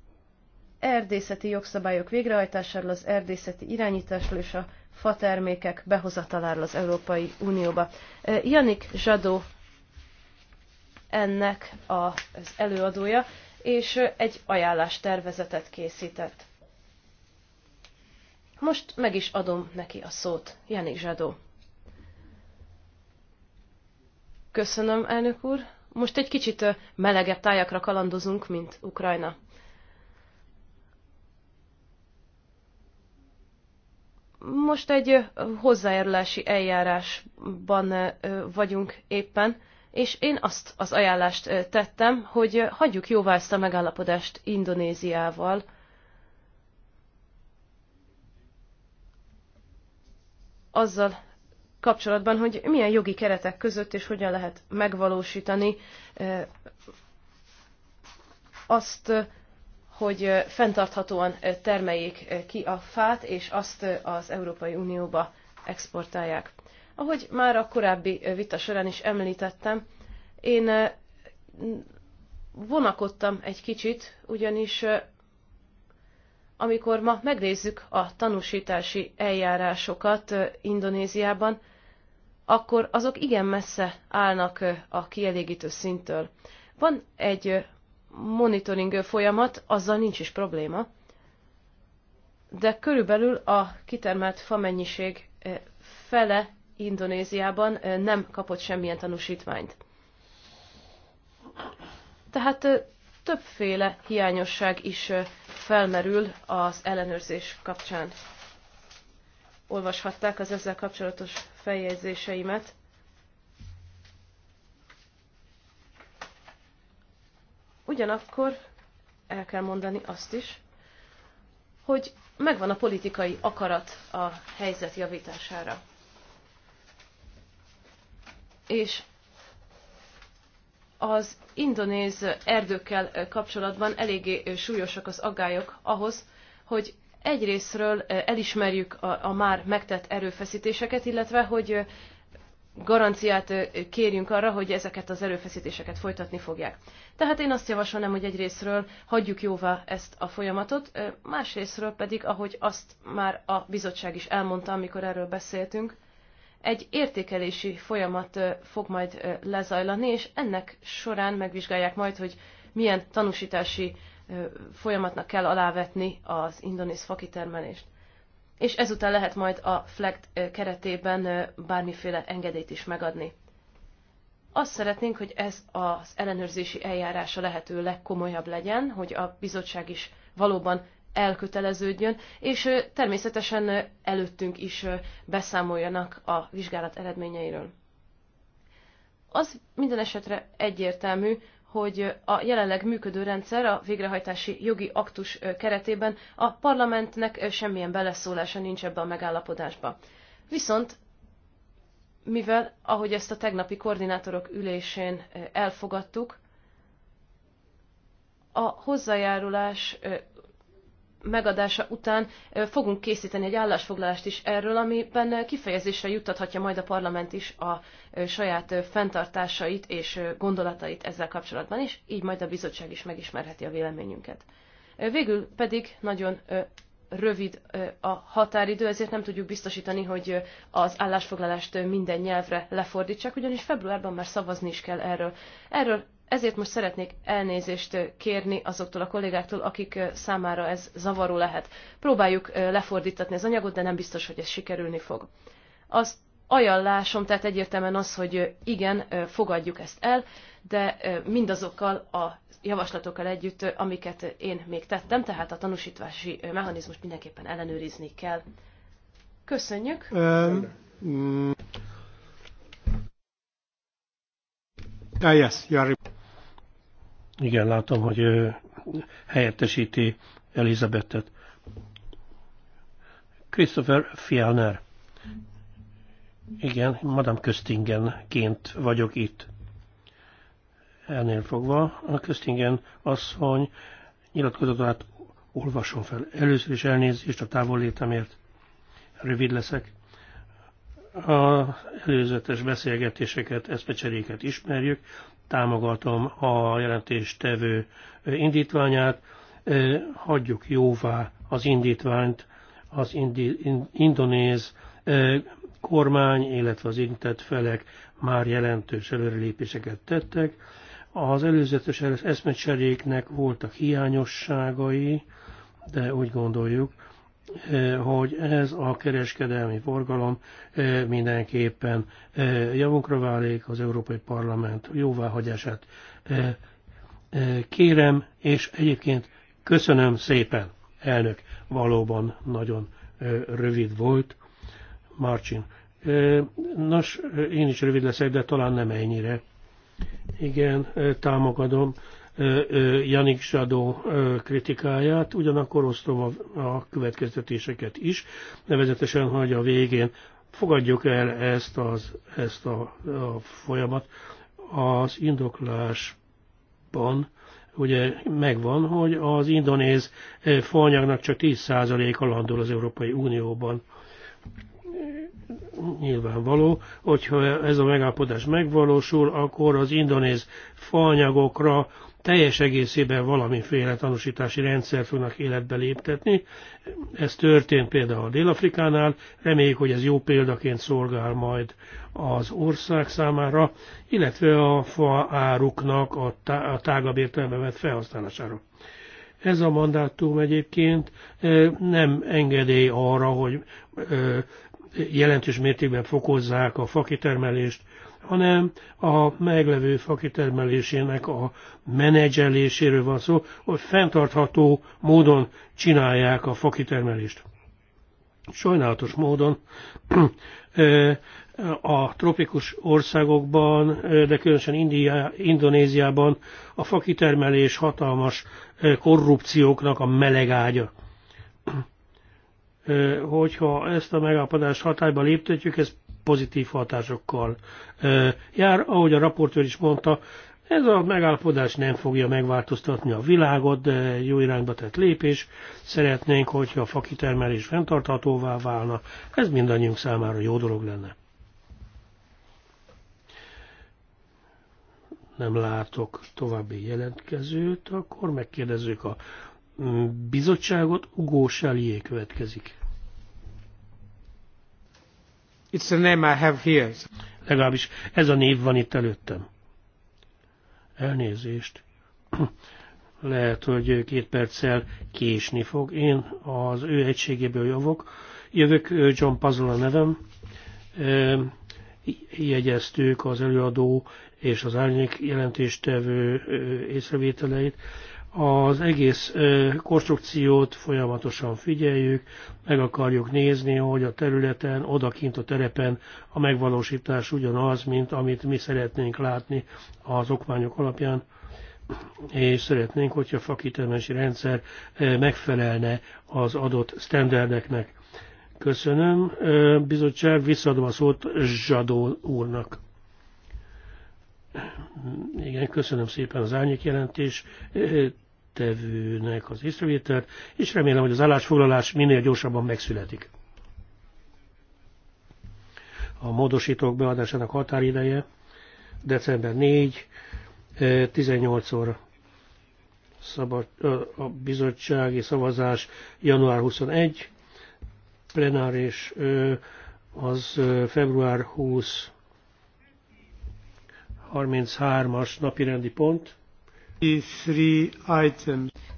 erdészeti jogszabályok végrehajtásáról, az erdészeti irányításról és a fa termékek behozataláról az Európai Unióba. Janik Zsadó ennek az előadója, és egy ajánlás tervezetet készített. Most meg is adom neki a szót, Janik Zsadó. Köszönöm, elnök úr. Most egy kicsit melegebb tájakra kalandozunk, mint Ukrajna. Most egy hozzájárulási eljárásban vagyunk éppen és én azt az ajánlást tettem, hogy hagyjuk jóvá ezt a megállapodást Indonéziával. Azzal kapcsolatban, hogy milyen jogi keretek között és hogyan lehet megvalósítani azt, hogy fenntarthatóan termeljék ki a fát, és azt az Európai Unióba exportálják. Ahogy már a korábbi vita során is említettem, én vonakodtam egy kicsit, ugyanis amikor ma megnézzük a tanúsítási eljárásokat Indonéziában, akkor azok igen messze állnak a kielégítő szinttől. Van egy monitoring folyamat, azzal nincs is probléma, de körülbelül a kitermelt mennyiség fele Indonéziában nem kapott semmilyen tanúsítványt. Tehát többféle hiányosság is felmerül az ellenőrzés kapcsán. Olvashatták az ezzel kapcsolatos feljegyzéseimet. Ugyanakkor el kell mondani azt is, hogy megvan a politikai akarat a helyzet javítására és az indonéz erdőkkel kapcsolatban eléggé súlyosak az aggályok ahhoz, hogy egyrésztről elismerjük a, a már megtett erőfeszítéseket, illetve hogy garanciát kérjünk arra, hogy ezeket az erőfeszítéseket folytatni fogják. Tehát én azt javasolnám, hogy egyrésztről hagyjuk jóvá ezt a folyamatot, másrésztről pedig, ahogy azt már a bizottság is elmondta, amikor erről beszéltünk, egy értékelési folyamat fog majd lezajlani, és ennek során megvizsgálják majd, hogy milyen tanúsítási folyamatnak kell alávetni az indonéz fakitermelést. És ezután lehet majd a FLECT keretében bármiféle engedélyt is megadni. Azt szeretnénk, hogy ez az ellenőrzési eljárása lehető legkomolyabb legyen, hogy a bizottság is valóban elköteleződjön, és természetesen előttünk is beszámoljanak a vizsgálat eredményeiről. Az minden esetre egyértelmű, hogy a jelenleg működő rendszer a végrehajtási jogi aktus keretében a parlamentnek semmilyen beleszólása nincs ebbe a megállapodásba. Viszont mivel, ahogy ezt a tegnapi koordinátorok ülésén elfogadtuk, a hozzájárulás megadása után fogunk készíteni egy állásfoglalást is erről, amiben kifejezésre juttathatja majd a parlament is a saját fenntartásait és gondolatait ezzel kapcsolatban is, így majd a bizottság is megismerheti a véleményünket. Végül pedig nagyon rövid a határidő, ezért nem tudjuk biztosítani, hogy az állásfoglalást minden nyelvre lefordítsák, ugyanis februárban már szavazni is kell erről. Erről ezért most szeretnék elnézést kérni azoktól a kollégáktól, akik számára ez zavaró lehet. Próbáljuk lefordítatni az anyagot, de nem biztos, hogy ez sikerülni fog. Az ajánlásom tehát egyértelműen az, hogy igen, fogadjuk ezt el, de mindazokkal a javaslatokkal együtt, amiket én még tettem, tehát a tanúsítási mechanizmust mindenképpen ellenőrizni kell. Köszönjük! Um, yes, you are... Igen, látom, hogy helyettesíti Elizabetet. Christopher Fjellner. Igen, Madame Köstingenként vagyok itt. Ennél fogva a Köstingen asszony nyilatkozatát olvasom fel. Először is elnézést a távollétemért. Rövid leszek. Az előzetes beszélgetéseket, eszpecseréket ismerjük támogatom a jelentéstevő indítványát, hagyjuk jóvá az indítványt az indi, indonéz kormány, illetve az intett felek már jelentős előrelépéseket tettek. Az előzetes eszmecseréknek voltak hiányosságai, de úgy gondoljuk, Eh, hogy ez a kereskedelmi forgalom eh, mindenképpen eh, javunkra válik, az Európai Parlament jóváhagyását kérem, és egyébként köszönöm szépen, elnök, valóban nagyon rövid volt, Marcin. Nos, én is rövid leszek, de talán nem ennyire. Igen, támogatom Janik Sadó kritikáját, ugyanakkor osztom a következtetéseket is, nevezetesen, hogy a végén fogadjuk el ezt, az, ezt a, a folyamat. Az indoklásban ugye megvan, hogy az indonéz faanyagnak csak 10%-a landol az Európai Unióban. Nyilvánvaló, hogyha ez a megállapodás megvalósul, akkor az indonéz faanyagokra teljes egészében valamiféle tanúsítási rendszer fognak életbe léptetni. Ez történt például Dél-Afrikánál, reméljük, hogy ez jó példaként szolgál majd az ország számára, illetve a fa áruknak a, tá- a tágabb értelembe vett felhasználására. Ez a mandátum egyébként nem engedély arra, hogy jelentős mértékben fokozzák a fakitermelést, hanem a meglevő fakitermelésének a menedzseléséről van szó, hogy fenntartható módon csinálják a fakitermelést. Sajnálatos módon a tropikus országokban, de különösen India, Indonéziában a fakitermelés hatalmas korrupcióknak a melegágya hogyha ezt a megállapodást hatályba léptetjük, ez pozitív hatásokkal jár. Ahogy a raportőr is mondta, ez a megállapodás nem fogja megváltoztatni a világot, de jó irányba tett lépés. Szeretnénk, hogyha a fakitermelés fenntarthatóvá válna. Ez mindannyiunk számára jó dolog lenne. Nem látok további jelentkezőt, akkor megkérdezzük a mm, bizottságot. Ugó Selié következik. It's the name I have here. Legalábbis ez a név van itt előttem. Elnézést. Lehet, hogy két perccel késni fog. Én az ő egységéből jövök. Jövök, John Puzzle a nevem. Jegyeztük az előadó és az árnyék jelentéstevő észrevételeit az egész konstrukciót folyamatosan figyeljük, meg akarjuk nézni, hogy a területen, odakint a terepen a megvalósítás ugyanaz, mint amit mi szeretnénk látni az okmányok alapján, és szeretnénk, hogyha a fakitermelési rendszer megfelelne az adott sztenderdeknek. Köszönöm. Bizottság, visszadom a szót Zsadó úrnak. Igen, köszönöm szépen az árnyék jelentés jelentéstevőnek az észrevételt, és remélem, hogy az állásfoglalás minél gyorsabban megszületik. A módosítók beadásának határideje december 4, 18 óra. Szabad, a bizottsági szavazás január 21, plenáris az február 20 33-as napirendi pont.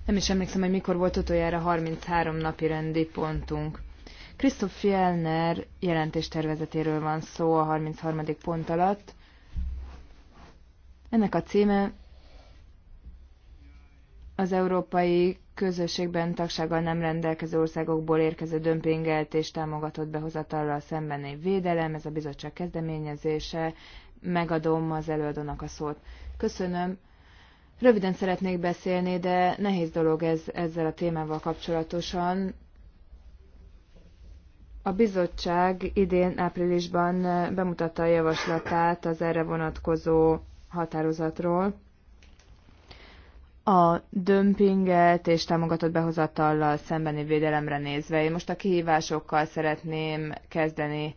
Nem is emlékszem, hogy mikor volt utoljára 33 napi rendi pontunk. Christoph Fjellner jelentéstervezetéről van szó a 33. pont alatt. Ennek a címe az európai közösségben tagsággal nem rendelkező országokból érkező dömpingelt és támogatott behozatallal szembeni védelem, ez a bizottság kezdeményezése. Megadom az előadónak a szót. Köszönöm. Röviden szeretnék beszélni, de nehéz dolog ez ezzel a témával kapcsolatosan. A bizottság idén áprilisban bemutatta a javaslatát az erre vonatkozó határozatról. A dömpinget és támogatott behozatallal szembeni védelemre nézve, én most a kihívásokkal szeretném kezdeni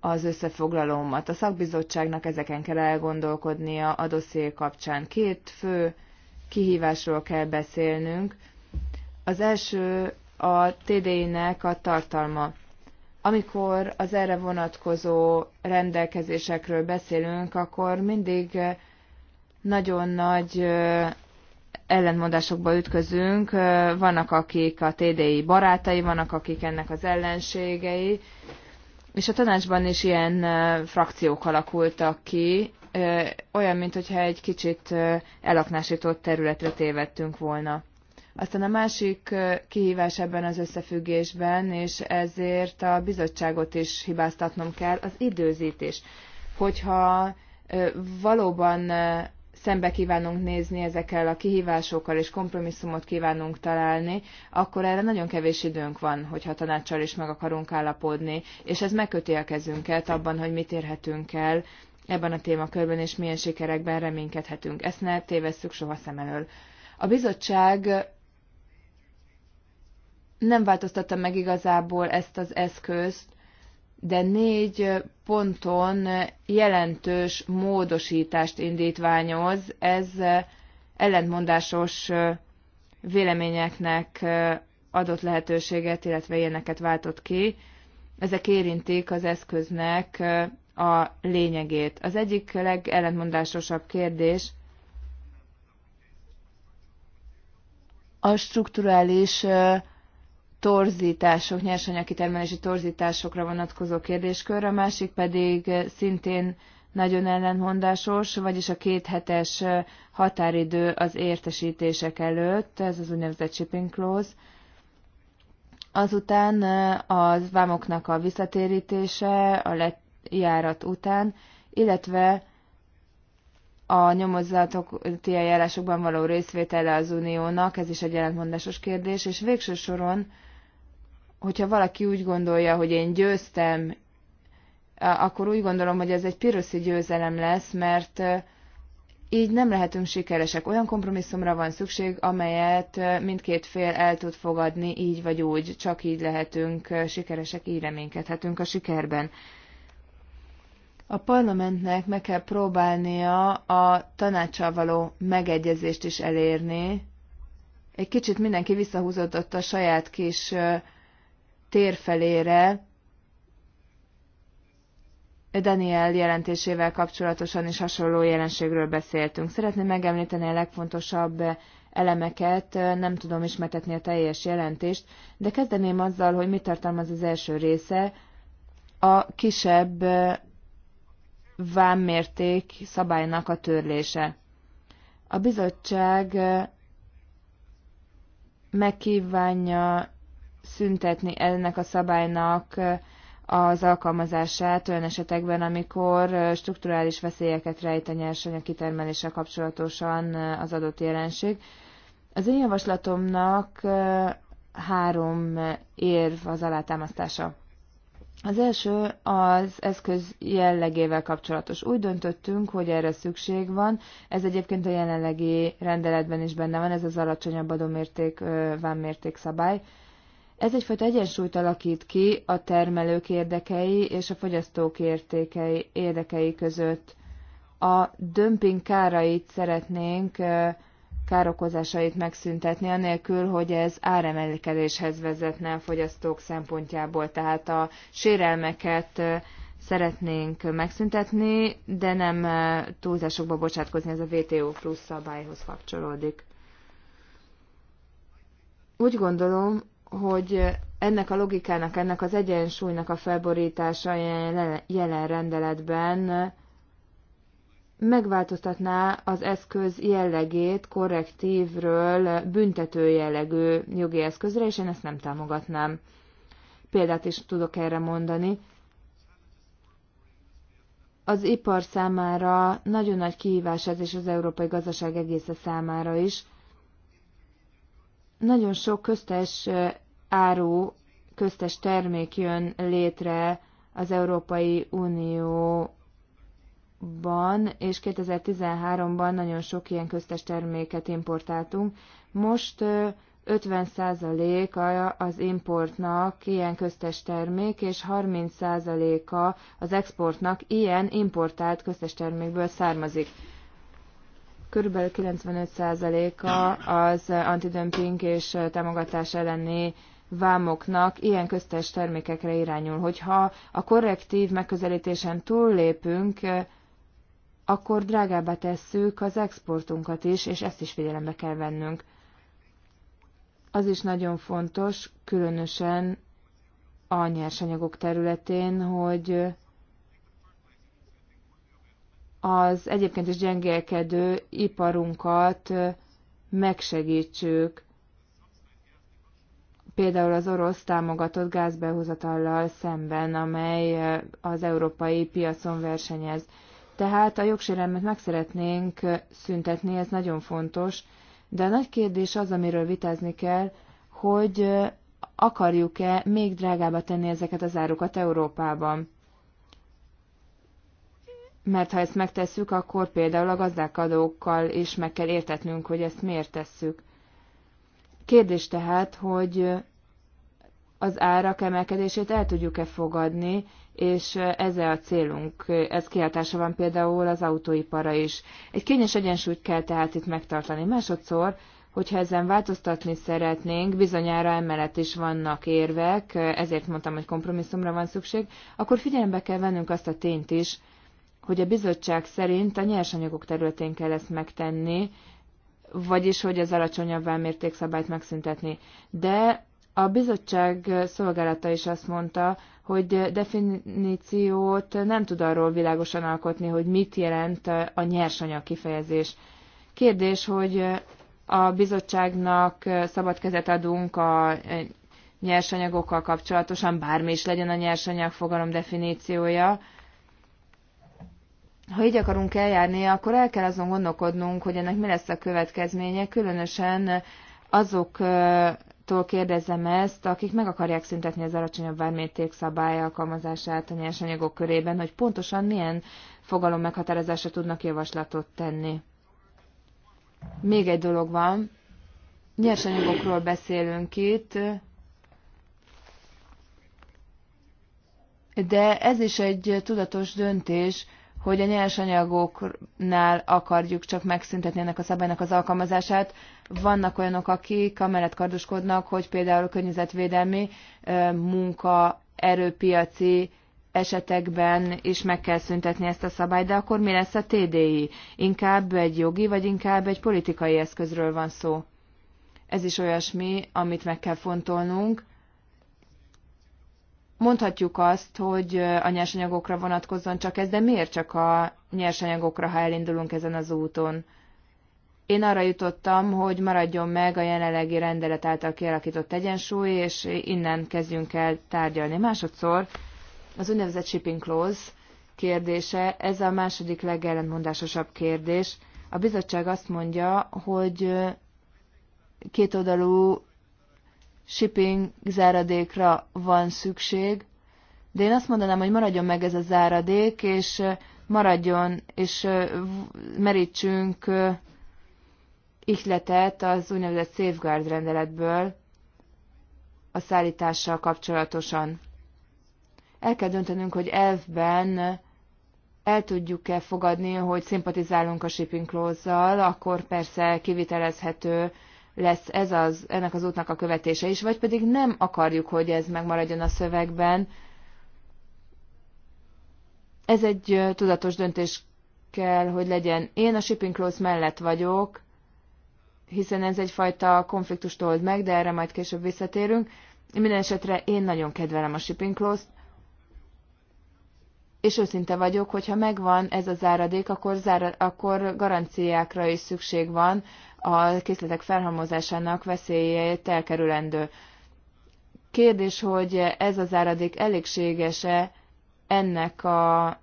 az összefoglalómat. A szakbizottságnak ezeken kell elgondolkodnia a dosszié kapcsán. Két fő kihívásról kell beszélnünk. Az első a TDI-nek a tartalma. Amikor az erre vonatkozó rendelkezésekről beszélünk, akkor mindig nagyon nagy ellentmondásokba ütközünk. Vannak, akik a TDI barátai, vannak, akik ennek az ellenségei, és a tanácsban is ilyen frakciók alakultak ki, olyan, mintha egy kicsit elaknásított területre tévedtünk volna. Aztán a másik kihívás ebben az összefüggésben, és ezért a bizottságot is hibáztatnom kell, az időzítés. Hogyha valóban szembe kívánunk nézni ezekkel a kihívásokkal, és kompromisszumot kívánunk találni, akkor erre nagyon kevés időnk van, hogyha tanácssal is meg akarunk állapodni, és ez megköti a kezünket abban, hogy mit érhetünk el ebben a témakörben, és milyen sikerekben reménykedhetünk. Ezt ne tévesszük soha szem elől. A bizottság nem változtatta meg igazából ezt az eszközt, de négy ponton jelentős módosítást indítványoz. Ez ellentmondásos véleményeknek adott lehetőséget, illetve ilyeneket váltott ki. Ezek érintik az eszköznek a lényegét. Az egyik legellentmondásosabb kérdés a strukturális torzítások, nyersanyagkitermelési torzításokra vonatkozó kérdéskör, a másik pedig szintén nagyon ellenhondásos, vagyis a két hetes határidő az értesítések előtt, ez az úgynevezett shipping clause. Azután eh, az vámoknak a visszatérítése a lejárat után, illetve a nyomozatok eljárásokban való részvétele az uniónak, ez is egy ellentmondásos kérdés, és végső soron hogyha valaki úgy gondolja, hogy én győztem, akkor úgy gondolom, hogy ez egy piroszi győzelem lesz, mert így nem lehetünk sikeresek. Olyan kompromisszumra van szükség, amelyet mindkét fél el tud fogadni, így vagy úgy. Csak így lehetünk sikeresek, így reménykedhetünk a sikerben. A parlamentnek meg kell próbálnia a tanácsal való megegyezést is elérni. Egy kicsit mindenki visszahúzódott a saját kis tér felére Daniel jelentésével kapcsolatosan is hasonló jelenségről beszéltünk. Szeretném megemlíteni a legfontosabb elemeket, nem tudom ismertetni a teljes jelentést, de kezdeném azzal, hogy mit tartalmaz az első része, a kisebb vámmérték szabálynak a törlése. A bizottság megkívánja szüntetni ennek a szabálynak az alkalmazását olyan esetekben, amikor strukturális veszélyeket rejt a nyersanyag kitermelése kapcsolatosan az adott jelenség. Az én javaslatomnak három érv az alátámasztása. Az első az eszköz jellegével kapcsolatos. Úgy döntöttünk, hogy erre szükség van. Ez egyébként a jelenlegi rendeletben is benne van, ez az alacsonyabb adomérték, vámmérték szabály. Ez egyfajta egyensúlyt alakít ki a termelők érdekei és a fogyasztók értékei, érdekei között. A dömping kárait szeretnénk, károkozásait megszüntetni, anélkül, hogy ez áremelkedéshez vezetne a fogyasztók szempontjából. Tehát a sérelmeket szeretnénk megszüntetni, de nem túlzásokba bocsátkozni, ez a WTO plusz szabályhoz kapcsolódik. Úgy gondolom, hogy ennek a logikának, ennek az egyensúlynak a felborítása jelen rendeletben megváltoztatná az eszköz jellegét korrektívről büntető jellegű jogi eszközre, és én ezt nem támogatnám. Példát is tudok erre mondani. Az ipar számára nagyon nagy kihívás ez, és az európai gazdaság egésze számára is – nagyon sok köztes áru, köztes termék jön létre az Európai Unió ban és 2013-ban nagyon sok ilyen köztes terméket importáltunk. Most 50%-a az importnak ilyen köztes termék, és 30%-a az exportnak ilyen importált köztes termékből származik körülbelül 95%-a az antidömping és támogatás elleni vámoknak ilyen köztes termékekre irányul. Hogyha a korrektív megközelítésen túllépünk, akkor drágábbá tesszük az exportunkat is, és ezt is figyelembe kell vennünk. Az is nagyon fontos, különösen a nyersanyagok területén, hogy az egyébként is gyengelkedő iparunkat megsegítsük, például az orosz támogatott gázbehozatallal szemben, amely az európai piacon versenyez. Tehát a jogsérelmet meg szeretnénk szüntetni, ez nagyon fontos, de a nagy kérdés az, amiről vitázni kell, hogy akarjuk-e még drágába tenni ezeket az árukat Európában mert ha ezt megtesszük, akkor például a gazdálkodókkal is meg kell értetnünk, hogy ezt miért tesszük. Kérdés tehát, hogy az árak emelkedését el tudjuk-e fogadni, és ez a célunk. Ez kiáltása van például az autóipara is. Egy kényes egyensúlyt kell tehát itt megtartani. Másodszor, hogyha ezen változtatni szeretnénk, bizonyára emellett is vannak érvek, ezért mondtam, hogy kompromisszumra van szükség, akkor figyelembe kell vennünk azt a tényt is, hogy a bizottság szerint a nyersanyagok területén kell ezt megtenni, vagyis hogy az alacsonyabb szabályt megszüntetni. De a bizottság szolgálata is azt mondta, hogy definíciót nem tud arról világosan alkotni, hogy mit jelent a nyersanyag kifejezés. Kérdés, hogy a bizottságnak szabad kezet adunk a nyersanyagokkal kapcsolatosan, bármi is legyen a nyersanyag fogalom definíciója, ha így akarunk eljárni, akkor el kell azon gondolkodnunk, hogy ennek mi lesz a következménye, különösen azoktól kérdezem ezt, akik meg akarják szüntetni az alacsonyabb vármérték szabály alkalmazását a nyersanyagok körében, hogy pontosan milyen fogalom meghatározásra tudnak javaslatot tenni. Még egy dolog van, nyersanyagokról beszélünk itt, de ez is egy tudatos döntés, hogy a nyersanyagoknál akarjuk csak megszüntetni ennek a szabálynak az alkalmazását. Vannak olyanok, akik amellett kardoskodnak, hogy például a környezetvédelmi munka erőpiaci esetekben is meg kell szüntetni ezt a szabályt, de akkor mi lesz a TDI? Inkább egy jogi, vagy inkább egy politikai eszközről van szó? Ez is olyasmi, amit meg kell fontolnunk, mondhatjuk azt, hogy a nyersanyagokra vonatkozzon csak ez, de miért csak a nyersanyagokra, ha elindulunk ezen az úton? Én arra jutottam, hogy maradjon meg a jelenlegi rendelet által kialakított egyensúly, és innen kezdjünk el tárgyalni. Másodszor az úgynevezett shipping clause kérdése, ez a második legellentmondásosabb kérdés. A bizottság azt mondja, hogy kétoldalú shipping záradékra van szükség, de én azt mondanám, hogy maradjon meg ez a záradék, és maradjon, és merítsünk ihletet az úgynevezett safeguard rendeletből a szállítással kapcsolatosan. El kell döntenünk, hogy elfben el tudjuk-e fogadni, hogy szimpatizálunk a shipping clause akkor persze kivitelezhető lesz ez az, ennek az útnak a követése is, vagy pedig nem akarjuk, hogy ez megmaradjon a szövegben. Ez egy tudatos döntés kell, hogy legyen. Én a shipping clause mellett vagyok, hiszen ez egyfajta konfliktust old meg, de erre majd később visszatérünk. Minden esetre én nagyon kedvelem a shipping clause és őszinte vagyok, hogyha megvan ez a záradék, akkor, zára, akkor garanciákra is szükség van a készletek felhalmozásának veszélyét elkerülendő. Kérdés, hogy ez az áradék elégséges-e ennek a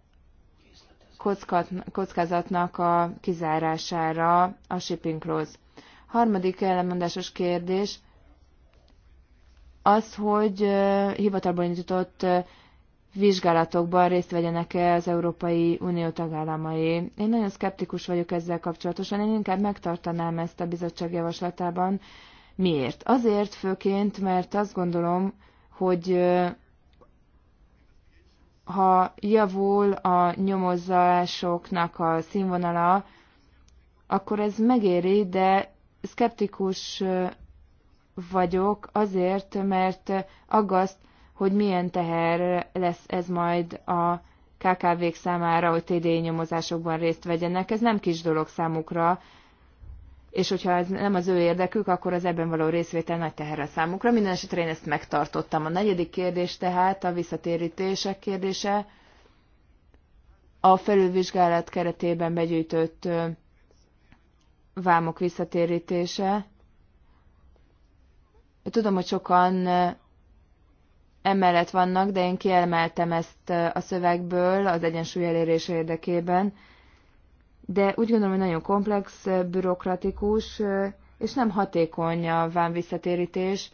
kockázatnak a kizárására a shipping clause. Harmadik ellenmondásos kérdés az, hogy hivatalban indított vizsgálatokban részt vegyenek-e az Európai Unió tagállamai. Én nagyon szkeptikus vagyok ezzel kapcsolatosan, én inkább megtartanám ezt a bizottság javaslatában. Miért? Azért főként, mert azt gondolom, hogy ha javul a nyomozásoknak a színvonala, akkor ez megéri, de szkeptikus vagyok azért, mert aggaszt, hogy milyen teher lesz ez majd a KKV-k számára, hogy TD nyomozásokban részt vegyenek. Ez nem kis dolog számukra, és hogyha ez nem az ő érdekük, akkor az ebben való részvétel nagy teher a számukra. Minden esetre én ezt megtartottam. A negyedik kérdés tehát a visszatérítések kérdése. A felülvizsgálat keretében begyűjtött vámok visszatérítése. Tudom, hogy sokan emellett vannak, de én kiemeltem ezt a szövegből az egyensúly elérése érdekében. De úgy gondolom, hogy nagyon komplex, bürokratikus, és nem hatékony a vámvisszatérítés,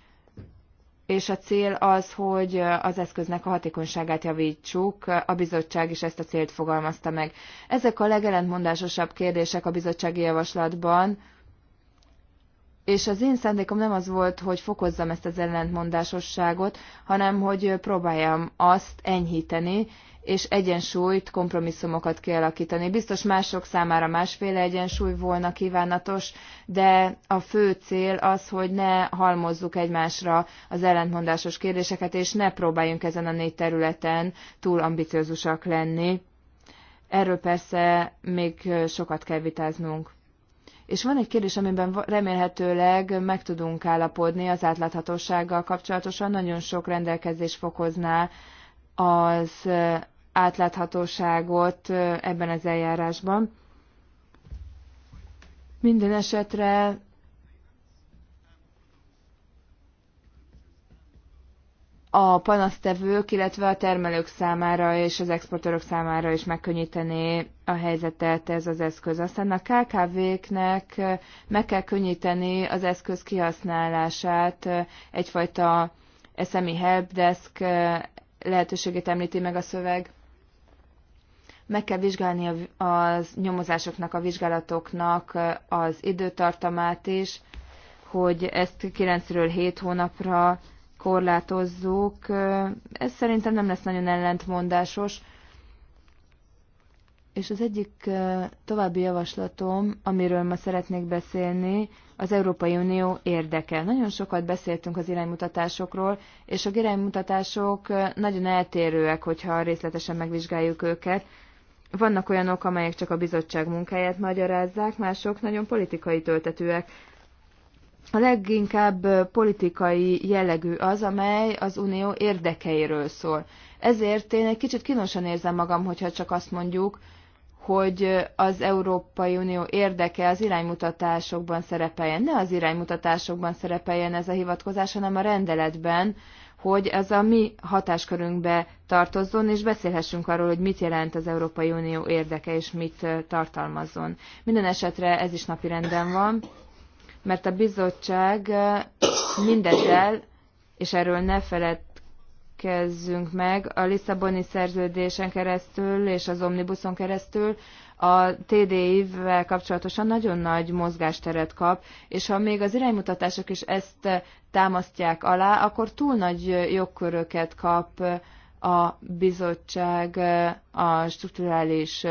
és a cél az, hogy az eszköznek a hatékonyságát javítsuk, a bizottság is ezt a célt fogalmazta meg. Ezek a legelentmondásosabb kérdések a bizottsági javaslatban, és az én szándékom nem az volt, hogy fokozzam ezt az ellentmondásosságot, hanem hogy próbáljam azt enyhíteni, és egyensúlyt, kompromisszumokat kialakítani. Biztos mások számára másféle egyensúly volna kívánatos, de a fő cél az, hogy ne halmozzuk egymásra az ellentmondásos kérdéseket, és ne próbáljunk ezen a négy területen túl ambiciózusak lenni. Erről persze még sokat kell vitáznunk. És van egy kérdés, amiben remélhetőleg meg tudunk állapodni az átláthatósággal kapcsolatosan. Nagyon sok rendelkezés fokozná az átláthatóságot ebben az eljárásban. Minden esetre a panasztevők, illetve a termelők számára és az exportőrök számára is megkönnyítené a helyzetet ez az eszköz. Aztán a KKV-knek eh, meg kell könnyíteni az eszköz kihasználását, eh, egyfajta SME helpdesk eh, lehetőségét említi meg a szöveg. Meg kell vizsgálni a, a nyomozásoknak, a vizsgálatoknak az időtartamát is, hogy ezt 9-ről 7 hónapra korlátozzuk. Ez szerintem nem lesz nagyon ellentmondásos. És az egyik további javaslatom, amiről ma szeretnék beszélni, az Európai Unió érdeke. Nagyon sokat beszéltünk az iránymutatásokról, és a iránymutatások nagyon eltérőek, hogyha részletesen megvizsgáljuk őket. Vannak olyanok, amelyek csak a bizottság munkáját magyarázzák, mások nagyon politikai töltetőek. A leginkább politikai jellegű az, amely az unió érdekeiről szól. Ezért én egy kicsit kínosan érzem magam, hogyha csak azt mondjuk, hogy az Európai Unió érdeke az iránymutatásokban szerepeljen. Ne az iránymutatásokban szerepeljen ez a hivatkozás, hanem a rendeletben, hogy ez a mi hatáskörünkbe tartozzon, és beszélhessünk arról, hogy mit jelent az Európai Unió érdeke, és mit tartalmazzon. Minden esetre ez is napirenden van mert a bizottság mindezzel, és erről ne feledkezzünk meg, a Lisszaboni szerződésen keresztül és az Omnibuson keresztül a TDI-vel kapcsolatosan nagyon nagy mozgásteret kap, és ha még az iránymutatások is ezt támasztják alá, akkor túl nagy jogköröket kap a bizottság a strukturális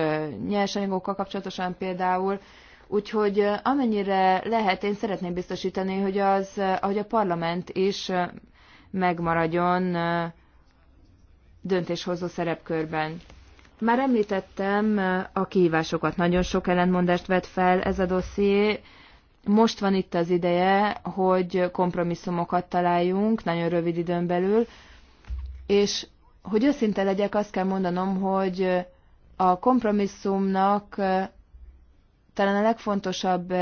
nyersanyagokkal kapcsolatosan például, Úgyhogy amennyire lehet, én szeretném biztosítani, hogy, az, hogy a parlament is megmaradjon döntéshozó szerepkörben. Már említettem a kihívásokat, nagyon sok ellentmondást vet fel ez a dosszié. Most van itt az ideje, hogy kompromisszumokat találjunk nagyon rövid időn belül, és hogy őszinte legyek, azt kell mondanom, hogy a kompromisszumnak talán a legfontosabb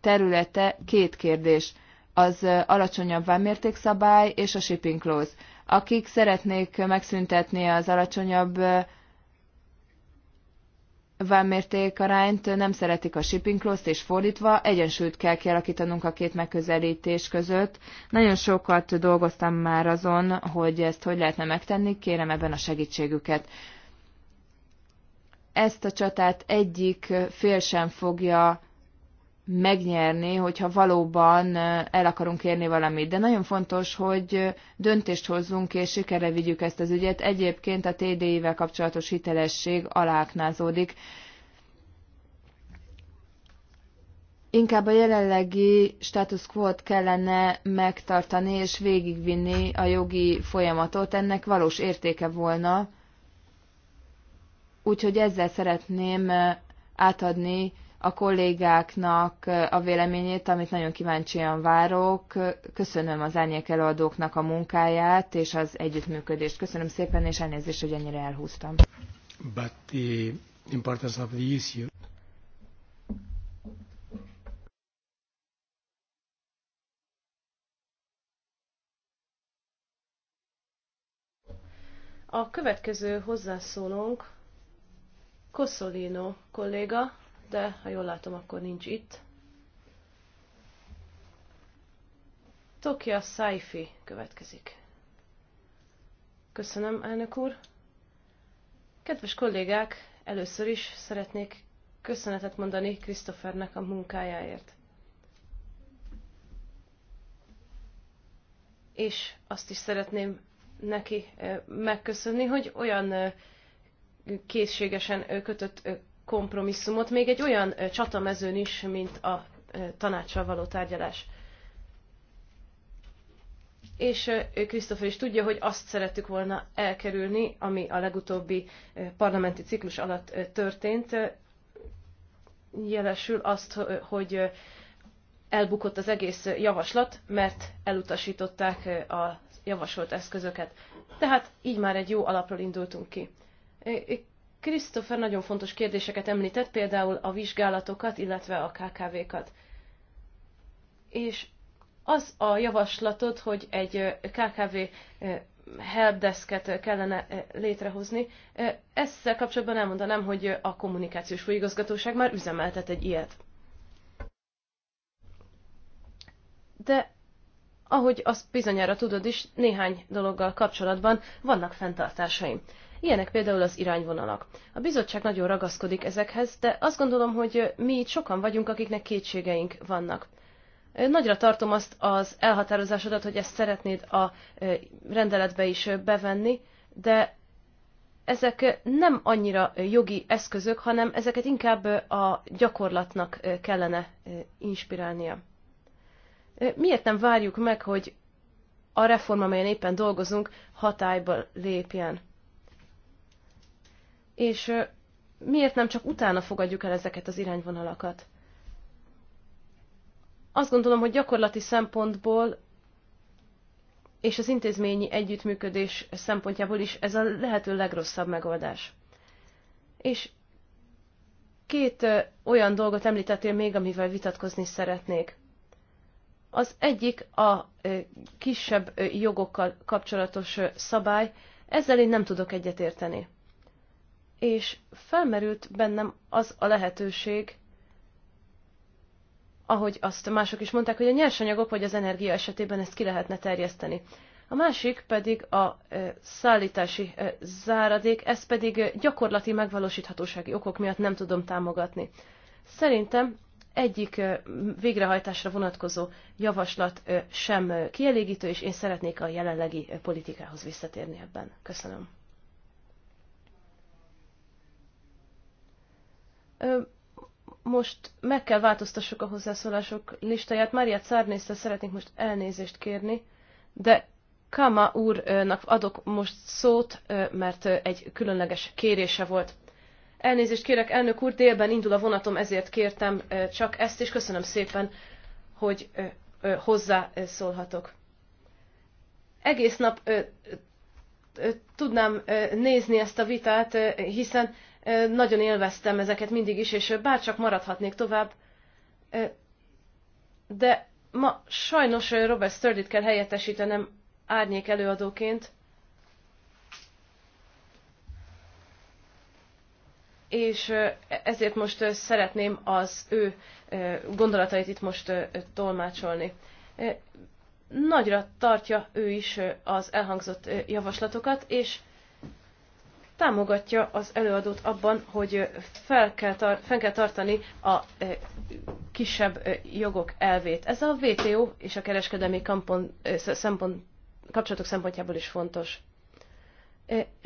területe két kérdés. Az alacsonyabb vámértékszabály és a shipping clause. Akik szeretnék megszüntetni az alacsonyabb vámérték arányt, nem szeretik a shipping clause-t, és fordítva egyensúlyt kell kialakítanunk a két megközelítés között. Nagyon sokat dolgoztam már azon, hogy ezt hogy lehetne megtenni, kérem ebben a segítségüket ezt a csatát egyik fél sem fogja megnyerni, hogyha valóban el akarunk érni valamit. De nagyon fontos, hogy döntést hozzunk és sikerre vigyük ezt az ügyet. Egyébként a TDI-vel kapcsolatos hitelesség aláknázódik. Inkább a jelenlegi status quo-t kellene megtartani és végigvinni a jogi folyamatot. Ennek valós értéke volna, Úgyhogy ezzel szeretném átadni a kollégáknak a véleményét, amit nagyon kíváncsian várok. Köszönöm az árnyék előadóknak a munkáját és az együttműködést. Köszönöm szépen, és elnézést, hogy ennyire elhúztam. But the importance of the issue. A következő hozzászólónk Kosszolino kolléga, de ha jól látom, akkor nincs itt. Tokia Saifi következik. Köszönöm, elnök úr. Kedves kollégák, először is szeretnék köszönetet mondani Krisztofernek a munkájáért. És azt is szeretném neki eh, megköszönni, hogy olyan eh, készségesen kötött kompromisszumot, még egy olyan csatamezőn is, mint a tanácssal való tárgyalás. És Krisztófer is tudja, hogy azt szerettük volna elkerülni, ami a legutóbbi parlamenti ciklus alatt történt. Jelesül azt, hogy elbukott az egész javaslat, mert elutasították a javasolt eszközöket. Tehát így már egy jó alapról indultunk ki. Christopher nagyon fontos kérdéseket említett, például a vizsgálatokat, illetve a KKV-kat. És az a javaslatod, hogy egy KKV helpdesket kellene létrehozni. Ezzel kapcsolatban elmondanám, hogy a kommunikációs főigazgatóság már üzemeltet egy ilyet. De ahogy azt bizonyára tudod is, néhány dologgal kapcsolatban vannak fenntartásaim. Ilyenek például az irányvonalak. A bizottság nagyon ragaszkodik ezekhez, de azt gondolom, hogy mi itt sokan vagyunk, akiknek kétségeink vannak. Nagyra tartom azt az elhatározásodat, hogy ezt szeretnéd a rendeletbe is bevenni, de ezek nem annyira jogi eszközök, hanem ezeket inkább a gyakorlatnak kellene inspirálnia. Miért nem várjuk meg, hogy a reform, amelyen éppen dolgozunk, hatályba lépjen? És miért nem csak utána fogadjuk el ezeket az irányvonalakat? Azt gondolom, hogy gyakorlati szempontból és az intézményi együttműködés szempontjából is ez a lehető legrosszabb megoldás. És két olyan dolgot említettél még, amivel vitatkozni szeretnék. Az egyik a kisebb jogokkal kapcsolatos szabály, ezzel én nem tudok egyetérteni és felmerült bennem az a lehetőség, ahogy azt mások is mondták, hogy a nyersanyagok vagy az energia esetében ezt ki lehetne terjeszteni. A másik pedig a szállítási záradék, ez pedig gyakorlati megvalósíthatósági okok miatt nem tudom támogatni. Szerintem egyik végrehajtásra vonatkozó javaslat sem kielégítő, és én szeretnék a jelenlegi politikához visszatérni ebben. Köszönöm. most meg kell változtassuk a hozzászólások listáját. Mária Szárnésztel szeretnénk most elnézést kérni, de Kama úrnak adok most szót, mert egy különleges kérése volt. Elnézést kérek, elnök úr, délben indul a vonatom, ezért kértem csak ezt, és köszönöm szépen, hogy hozzászólhatok. Egész nap tudnám nézni ezt a vitát, hiszen nagyon élveztem ezeket mindig is, és bárcsak maradhatnék tovább. De ma sajnos Robert Sturdit kell helyettesítenem árnyék előadóként. És e-, ezért most szeretném az ő gondolatait itt most tolmácsolni. Nagyra tartja ő is az elhangzott javaslatokat, és támogatja az előadót abban, hogy fel kell tar- fenn kell tartani a kisebb jogok elvét. Ez a WTO és a kereskedelmi kampon, szempont, kapcsolatok szempontjából is fontos.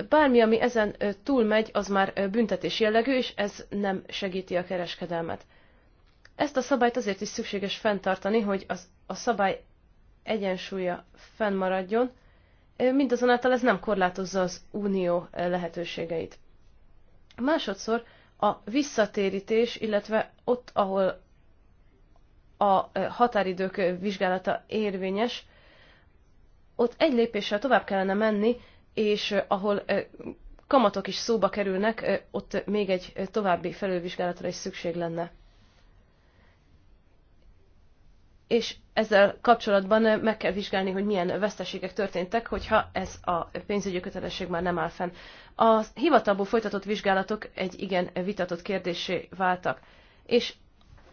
Bármi, ami ezen túlmegy, az már büntetés jellegű, és ez nem segíti a kereskedelmet. Ezt a szabályt azért is szükséges fenntartani, hogy az, a szabály egyensúlya fennmaradjon, mindazonáltal ez nem korlátozza az unió lehetőségeit. Másodszor a visszatérítés, illetve ott, ahol a határidők vizsgálata érvényes, ott egy lépéssel tovább kellene menni, és ahol kamatok is szóba kerülnek, ott még egy további felülvizsgálatra is szükség lenne és ezzel kapcsolatban meg kell vizsgálni, hogy milyen veszteségek történtek, hogyha ez a pénzügyi kötelesség már nem áll fenn. A hivatalból folytatott vizsgálatok egy igen vitatott kérdésé váltak, és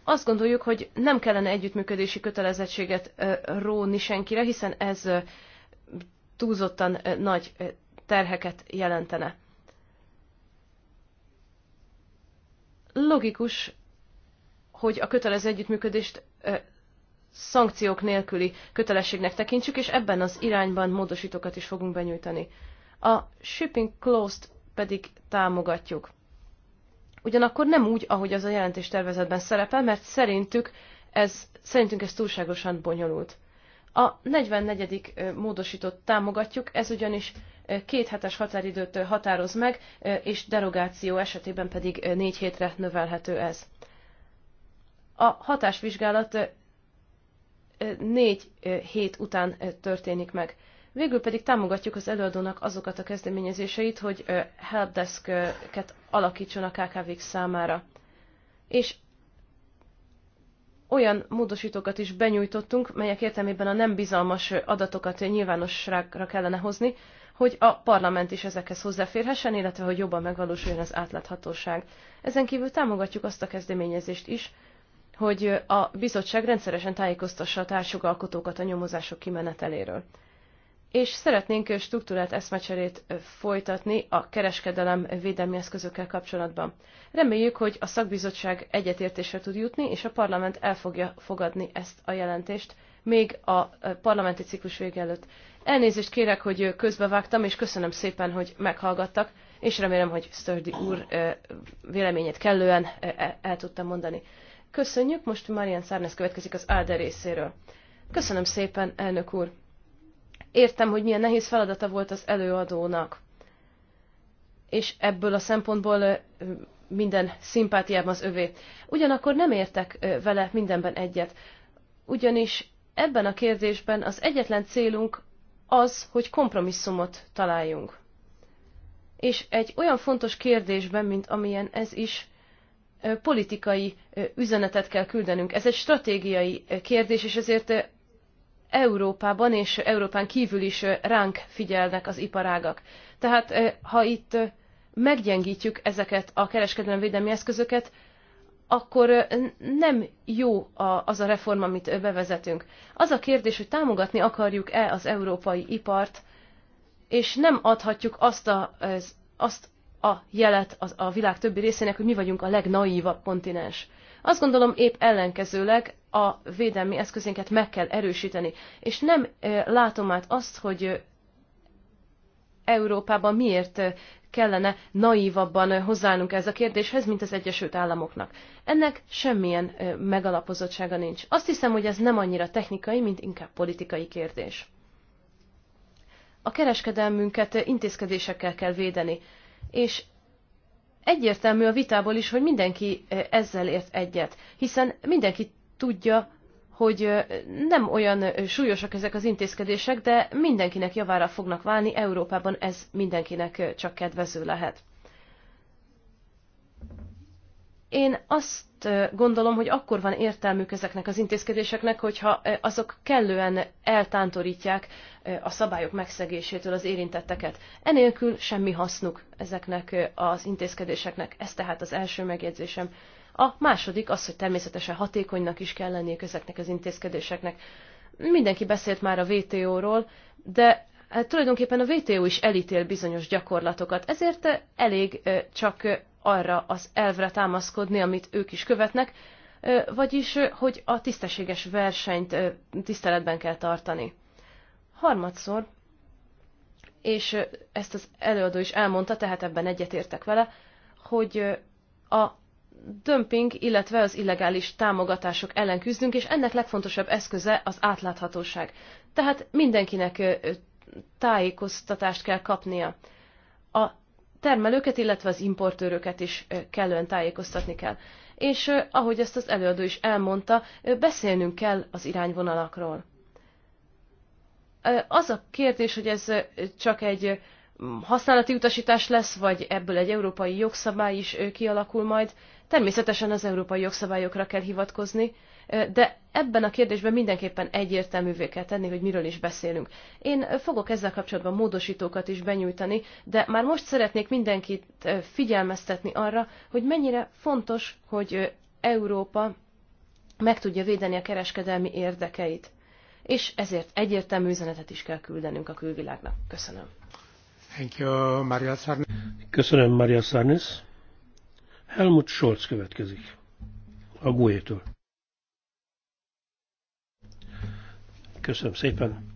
azt gondoljuk, hogy nem kellene együttműködési kötelezettséget róni senkire, hiszen ez túlzottan nagy terheket jelentene. Logikus, hogy a kötelező együttműködést szankciók nélküli kötelességnek tekintsük, és ebben az irányban módosítókat is fogunk benyújtani. A shipping closed pedig támogatjuk. Ugyanakkor nem úgy, ahogy az a jelentés tervezetben szerepel, mert szerintük ez, szerintünk ez túlságosan bonyolult. A 44. módosított támogatjuk, ez ugyanis két hetes határidőt határoz meg, és derogáció esetében pedig négy hétre növelhető ez. A hatásvizsgálat négy hét után történik meg. Végül pedig támogatjuk az előadónak azokat a kezdeményezéseit, hogy helpdesk-ket alakítson a KKV-k számára. És olyan módosítókat is benyújtottunk, melyek értelmében a nem bizalmas adatokat nyilvánosságra kellene hozni, hogy a parlament is ezekhez hozzáférhessen, illetve hogy jobban megvalósuljon az átláthatóság. Ezen kívül támogatjuk azt a kezdeményezést is, hogy a bizottság rendszeresen tájékoztassa a társjogalkotókat a nyomozások kimeneteléről. És szeretnénk struktúrált eszmecserét folytatni a kereskedelem védelmi eszközökkel kapcsolatban. Reméljük, hogy a szakbizottság egyetértésre tud jutni, és a parlament el fogja fogadni ezt a jelentést, még a parlamenti ciklus vége előtt. Elnézést kérek, hogy közbevágtam, és köszönöm szépen, hogy meghallgattak, és remélem, hogy Sturdy úr véleményét kellően e-, el tudtam mondani. Köszönjük, most Marian Szárnes következik az Áde részéről. Köszönöm szépen, elnök úr. Értem, hogy milyen nehéz feladata volt az előadónak. És ebből a szempontból minden szimpátiám az övé. Ugyanakkor nem értek vele mindenben egyet. Ugyanis ebben a kérdésben az egyetlen célunk az, hogy kompromisszumot találjunk. És egy olyan fontos kérdésben, mint amilyen ez is, politikai üzenetet kell küldenünk. Ez egy stratégiai kérdés, és ezért Európában és Európán kívül is ránk figyelnek az iparágak. Tehát ha itt meggyengítjük ezeket a kereskedelmi védelmi eszközöket, akkor nem jó az a reform, amit bevezetünk. Az a kérdés, hogy támogatni akarjuk-e az európai ipart, és nem adhatjuk azt, a, azt a jelet az, a világ többi részének, hogy mi vagyunk a legnaívabb kontinens. Azt gondolom épp ellenkezőleg a védelmi eszközénket meg kell erősíteni, és nem látom át azt, hogy Európában miért kellene naívabban hozzáállnunk ez a kérdéshez, mint az Egyesült Államoknak. Ennek semmilyen megalapozottsága nincs. Azt hiszem, hogy ez nem annyira technikai, mint inkább politikai kérdés. A kereskedelmünket intézkedésekkel kell védeni és egyértelmű a vitából is, hogy mindenki ezzel ért egyet, hiszen mindenki tudja, hogy nem olyan súlyosak ezek az intézkedések, de mindenkinek javára fognak válni, Európában ez mindenkinek csak kedvező lehet. Én azt azt gondolom, hogy akkor van értelmük ezeknek az intézkedéseknek, hogyha azok kellően eltántorítják a szabályok megszegésétől az érintetteket. Enélkül semmi hasznuk ezeknek az intézkedéseknek. Ez tehát az első megjegyzésem. A második az, hogy természetesen hatékonynak is kell lenniük ezeknek az intézkedéseknek. Mindenki beszélt már a VTO-ról, de hát tulajdonképpen a VTO is elítél bizonyos gyakorlatokat, ezért elég csak arra az elvre támaszkodni, amit ők is követnek, vagyis, hogy a tisztességes versenyt tiszteletben kell tartani. Harmadszor, és ezt az előadó is elmondta, tehát ebben egyetértek vele, hogy a dömping, illetve az illegális támogatások ellen küzdünk, és ennek legfontosabb eszköze az átláthatóság. Tehát mindenkinek tájékoztatást kell kapnia. A termelőket, illetve az importőröket is kellően tájékoztatni kell. És ahogy ezt az előadó is elmondta, beszélnünk kell az irányvonalakról. Az a kérdés, hogy ez csak egy használati utasítás lesz, vagy ebből egy európai jogszabály is kialakul majd, természetesen az európai jogszabályokra kell hivatkozni, de ebben a kérdésben mindenképpen egyértelművé kell tenni, hogy miről is beszélünk. Én fogok ezzel kapcsolatban módosítókat is benyújtani, de már most szeretnék mindenkit figyelmeztetni arra, hogy mennyire fontos, hogy Európa meg tudja védeni a kereskedelmi érdekeit. És ezért egyértelmű üzenetet is kell küldenünk a külvilágnak. Köszönöm. Thank you, Maria Sarnes. Köszönöm, Maria Sarnes. Helmut Scholz következik. A Guétől. Köszönöm szépen.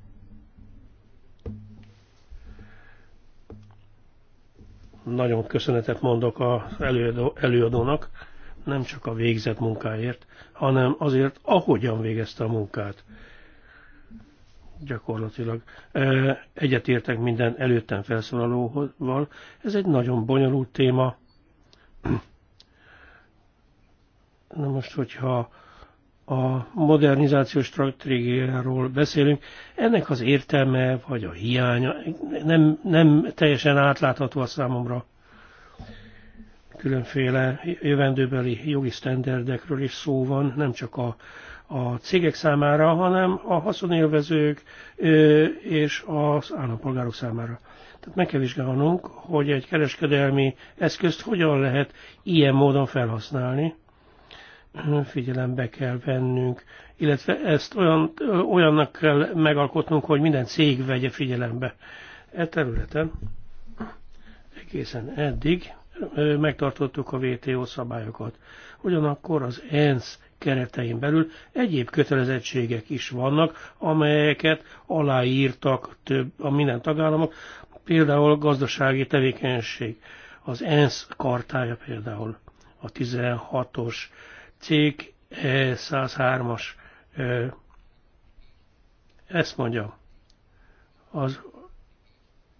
Nagyon köszönetet mondok az előadó, előadónak, nem csak a végzett munkáért, hanem azért, ahogyan végezte a munkát. Gyakorlatilag egyetértek minden előttem felszólalóval. Ez egy nagyon bonyolult téma. Na most, hogyha a modernizációs stratégiáról beszélünk, ennek az értelme vagy a hiánya nem, nem teljesen átlátható a számomra. Különféle jövendőbeli jogi sztenderdekről is szó van, nem csak a, a cégek számára, hanem a haszonélvezők ö, és az állampolgárok számára. Tehát meg kell vizsgálnunk, hogy egy kereskedelmi eszközt hogyan lehet ilyen módon felhasználni figyelembe kell vennünk, illetve ezt olyan, olyannak kell megalkotnunk, hogy minden cég vegye figyelembe. E területen egészen eddig megtartottuk a WTO szabályokat. Ugyanakkor az ENSZ keretein belül egyéb kötelezettségek is vannak, amelyeket aláírtak több a minden tagállamok, például gazdasági tevékenység, az ENSZ kartája például, a 16-os cikk 103-as eh, eh, ezt mondja. Az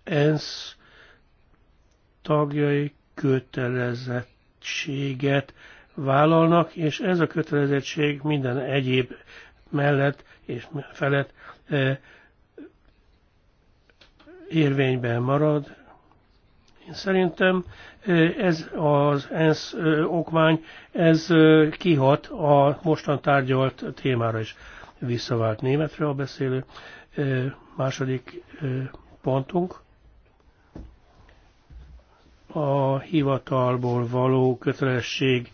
ENSZ tagjai kötelezettséget vállalnak, és ez a kötelezettség minden egyéb mellett és felett eh, érvényben marad, én szerintem ez az ENSZ okmány, ez kihat a mostan tárgyalt témára is. Visszavált németre a beszélő. Második pontunk a hivatalból való kötelesség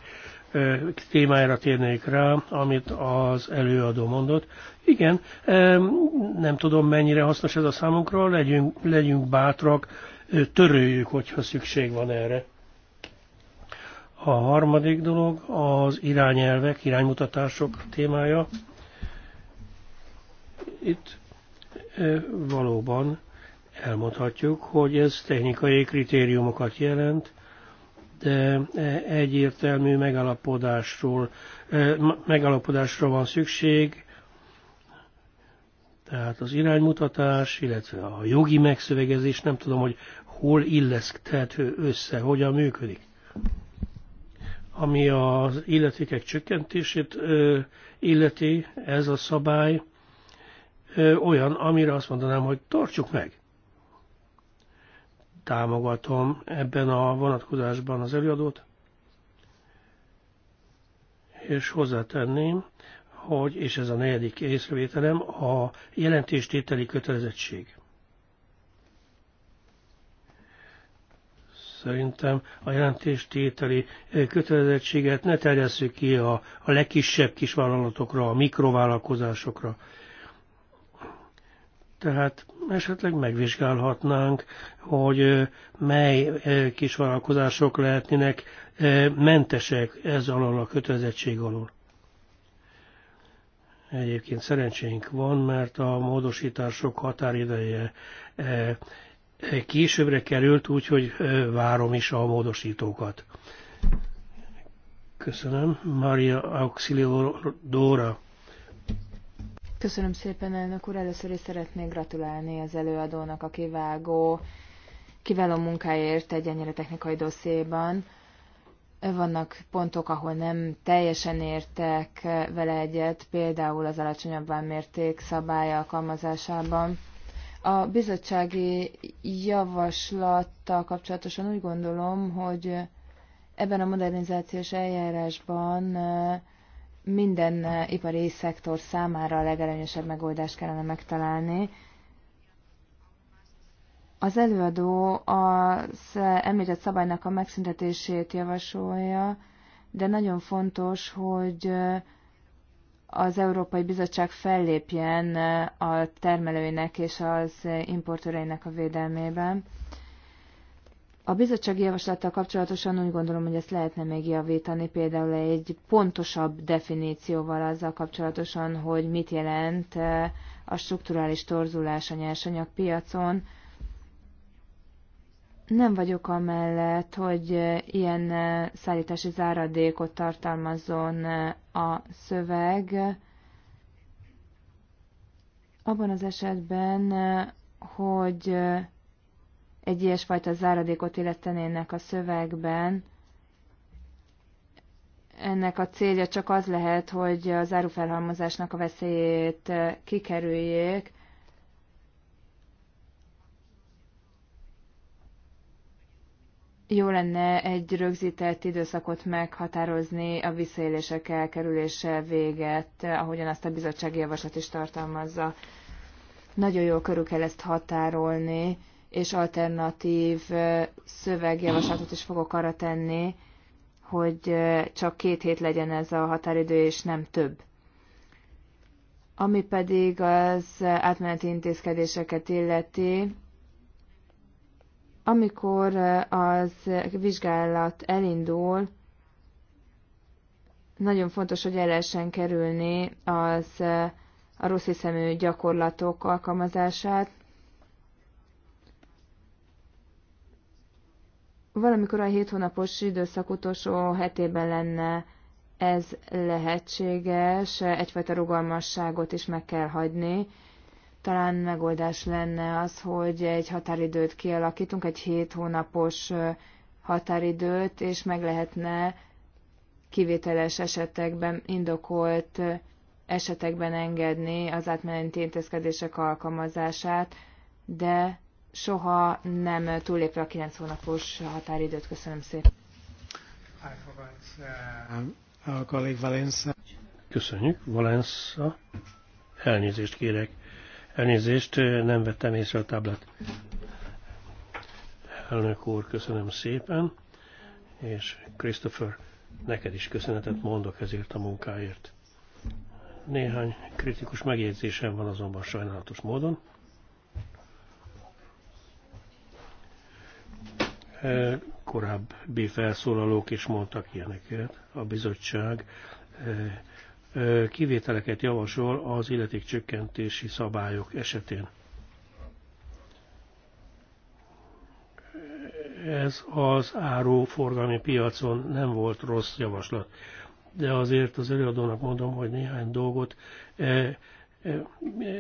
témájára térnék rá, amit az előadó mondott. Igen, nem tudom mennyire hasznos ez a számunkra, legyünk, legyünk bátrak, törőjük, hogyha szükség van erre. A harmadik dolog az irányelvek, iránymutatások témája. Itt valóban elmondhatjuk, hogy ez technikai kritériumokat jelent, de egyértelmű megalapodásról, megalapodásról van szükség, tehát az iránymutatás, illetve a jogi megszövegezés, nem tudom, hogy hol illeszk, tehát össze, hogyan működik. Ami az illetékek csökkentését illeti, ez a szabály olyan, amire azt mondanám, hogy tartsuk meg. Támogatom ebben a vonatkozásban az előadót, és hozzátenném, hogy, és ez a negyedik észrevételem, a jelentéstételi kötelezettség. Szerintem a jelentéstételi kötelezettséget ne terjesszük ki a, a legkisebb kisvállalatokra, a mikrovállalkozásokra. Tehát esetleg megvizsgálhatnánk, hogy mely kisvállalkozások lehetnének mentesek ez alól a kötelezettség alól. Egyébként szerencsénk van, mert a módosítások határideje e, e, későbbre került, úgyhogy e, várom is a módosítókat. Köszönöm. Maria Auxiliodora. Köszönöm szépen, elnök úr. Először is szeretnék gratulálni az előadónak a kivágó, kiváló munkáért egy ennyire technikai dosszéban vannak pontok, ahol nem teljesen értek vele egyet, például az alacsonyabb mérték szabály alkalmazásában. A bizottsági javaslattal kapcsolatosan úgy gondolom, hogy ebben a modernizációs eljárásban eh, minden eh, ipari szektor számára a legelőnyösebb megoldást kellene megtalálni, az előadó az említett szabálynak a megszüntetését javasolja, de nagyon fontos, hogy az Európai Bizottság fellépjen a termelőinek és az importőreinek a védelmében. A bizottsági javaslattal kapcsolatosan úgy gondolom, hogy ezt lehetne még javítani, például egy pontosabb definícióval azzal kapcsolatosan, hogy mit jelent a strukturális torzulás a nyersanyagpiacon, piacon, nem vagyok amellett, hogy ilyen szállítási záradékot tartalmazzon a szöveg. Abban az esetben, hogy egy ilyesfajta záradékot illetenének a szövegben, ennek a célja csak az lehet, hogy az árufelhalmozásnak a veszélyét kikerüljék, jó lenne egy rögzített időszakot meghatározni a visszaélések elkerülése véget, ahogyan azt a bizottsági javaslat is tartalmazza. Nagyon jó körül kell ezt határolni, és alternatív szövegjavaslatot is fogok arra tenni, hogy csak két hét legyen ez a határidő, és nem több. Ami pedig az átmeneti intézkedéseket illeti, amikor az vizsgálat elindul, nagyon fontos, hogy el lehessen kerülni az a rossz hiszemű gyakorlatok alkalmazását. Valamikor a 7 hónapos időszak utolsó hetében lenne ez lehetséges, egyfajta rugalmasságot is meg kell hagyni, talán megoldás lenne az, hogy egy határidőt kialakítunk, egy hét hónapos határidőt, és meg lehetne kivételes esetekben, indokolt esetekben engedni az átmeneti intézkedések alkalmazását, de soha nem túlépve a 9 hónapos határidőt. Köszönöm szépen. Köszönjük, Valensa. Elnézést kérek Elnézést, nem vettem észre a táblát. Elnök úr, köszönöm szépen, és Christopher, neked is köszönetet mondok ezért a munkáért. Néhány kritikus megjegyzésem van azonban sajnálatos módon. E, korábbi felszólalók is mondtak ilyeneket. A bizottság e, kivételeket javasol az illetékcsökkentési szabályok esetén. Ez az áróforgalmi piacon nem volt rossz javaslat, de azért az előadónak mondom, hogy néhány dolgot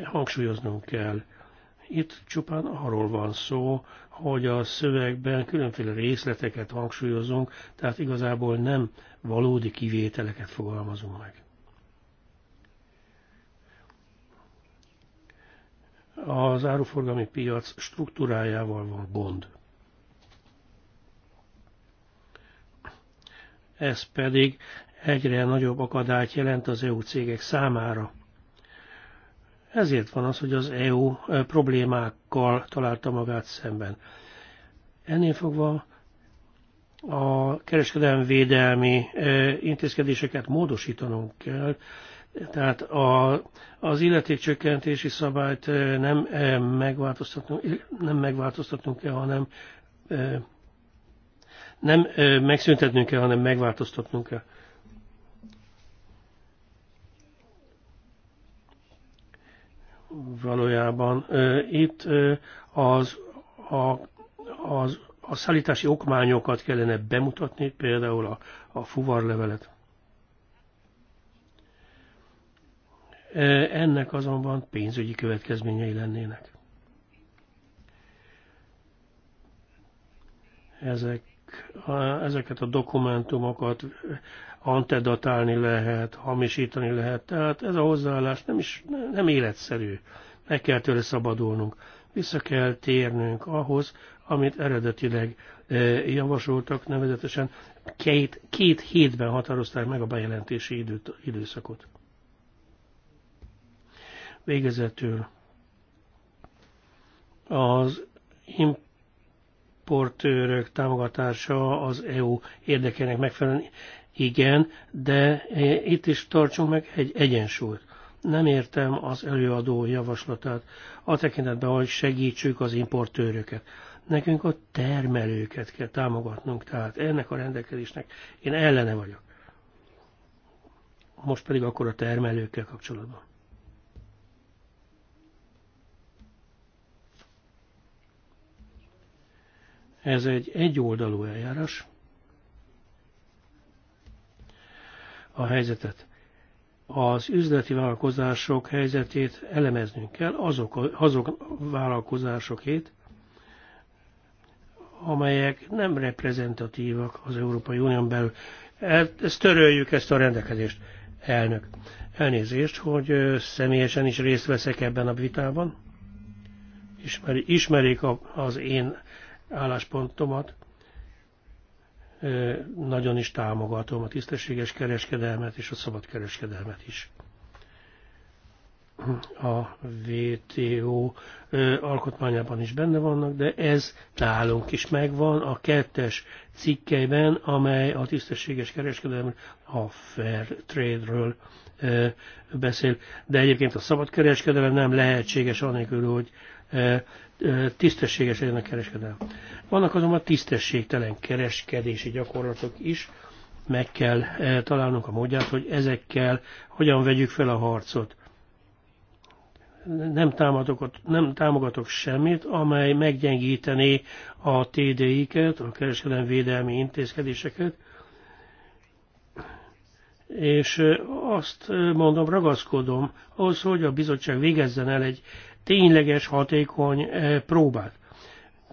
hangsúlyoznunk kell. Itt csupán arról van szó, hogy a szövegben különféle részleteket hangsúlyozunk, tehát igazából nem valódi kivételeket fogalmazunk meg. az áruforgalmi piac struktúrájával van gond. Ez pedig egyre nagyobb akadályt jelent az EU cégek számára. Ezért van az, hogy az EU problémákkal találta magát szemben. Ennél fogva a kereskedelmi védelmi intézkedéseket módosítanunk kell, tehát a, az illetékcsökkentési szabályt nem megváltoztatunk, nem megváltoztatnunk kell, hanem nem megszüntetnünk kell, hanem megváltoztatnunk kell. Valójában itt az, a, az, a szállítási okmányokat kellene bemutatni, például a, a fuvarlevelet. Ennek azonban pénzügyi következményei lennének. Ezek, ezeket a dokumentumokat antedatálni lehet, hamisítani lehet, tehát ez a hozzáállás nem, is, nem életszerű. Meg kell tőle szabadulnunk. Vissza kell térnünk ahhoz, amit eredetileg javasoltak, nevezetesen két, két hétben határozták meg a bejelentési időt, időszakot. Végezetül az importőrök támogatása az EU érdekének megfelelően igen, de itt is tartsunk meg egy egyensúlyt. Nem értem az előadó javaslatát a tekintetben, hogy segítsük az importőröket. Nekünk a termelőket kell támogatnunk, tehát ennek a rendelkezésnek én ellene vagyok. Most pedig akkor a termelőkkel kapcsolatban. Ez egy egyoldalú eljárás. A helyzetet. Az üzleti vállalkozások helyzetét elemeznünk kell, azok, azok vállalkozásokét, amelyek nem reprezentatívak az Európai Unión belül. Hát, ezt töröljük, ezt a rendelkezést, elnök. Elnézést, hogy személyesen is részt veszek ebben a vitában. Ismeri, ismerik a, az én álláspontomat. Nagyon is támogatom a tisztességes kereskedelmet és a szabad kereskedelmet is. A WTO alkotmányában is benne vannak, de ez nálunk is megvan a kettes cikkeiben, amely a tisztességes kereskedelmet, a fair trade-ről beszél, de egyébként a szabad kereskedelem nem lehetséges anélkül, hogy E, e, tisztességes legyen a kereskedelem. Vannak azonban tisztességtelen kereskedési gyakorlatok is, meg kell e, találnunk a módját, hogy ezekkel hogyan vegyük fel a harcot. Nem támogatok, nem támogatok semmit, amely meggyengítené a TDI-ket, a kereskedelemvédelmi intézkedéseket, és azt mondom, ragaszkodom ahhoz, hogy a bizottság végezzen el egy tényleges, hatékony eh, próbát.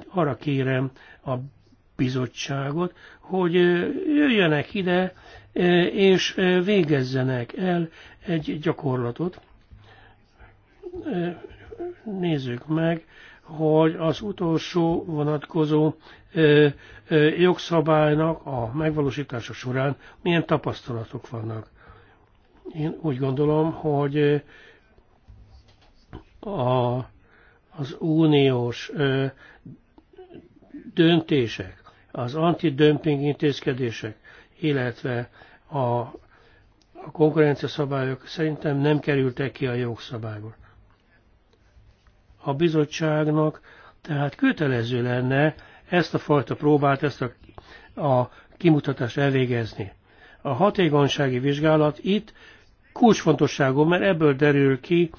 Arra kérem a bizottságot, hogy eh, jöjjenek ide, eh, és végezzenek el egy gyakorlatot. Nézzük meg, hogy az utolsó vonatkozó jogszabálynak a megvalósítása során milyen tapasztalatok vannak. Én úgy gondolom, hogy a, az uniós ö, döntések, az antidömping intézkedések, illetve a, a konkurencia szabályok szerintem nem kerültek ki a jogszabályból. A bizottságnak tehát kötelező lenne ezt a fajta próbát, ezt a, a kimutatást elvégezni. A hatékonysági vizsgálat itt kulcsfontosságú, mert ebből derül ki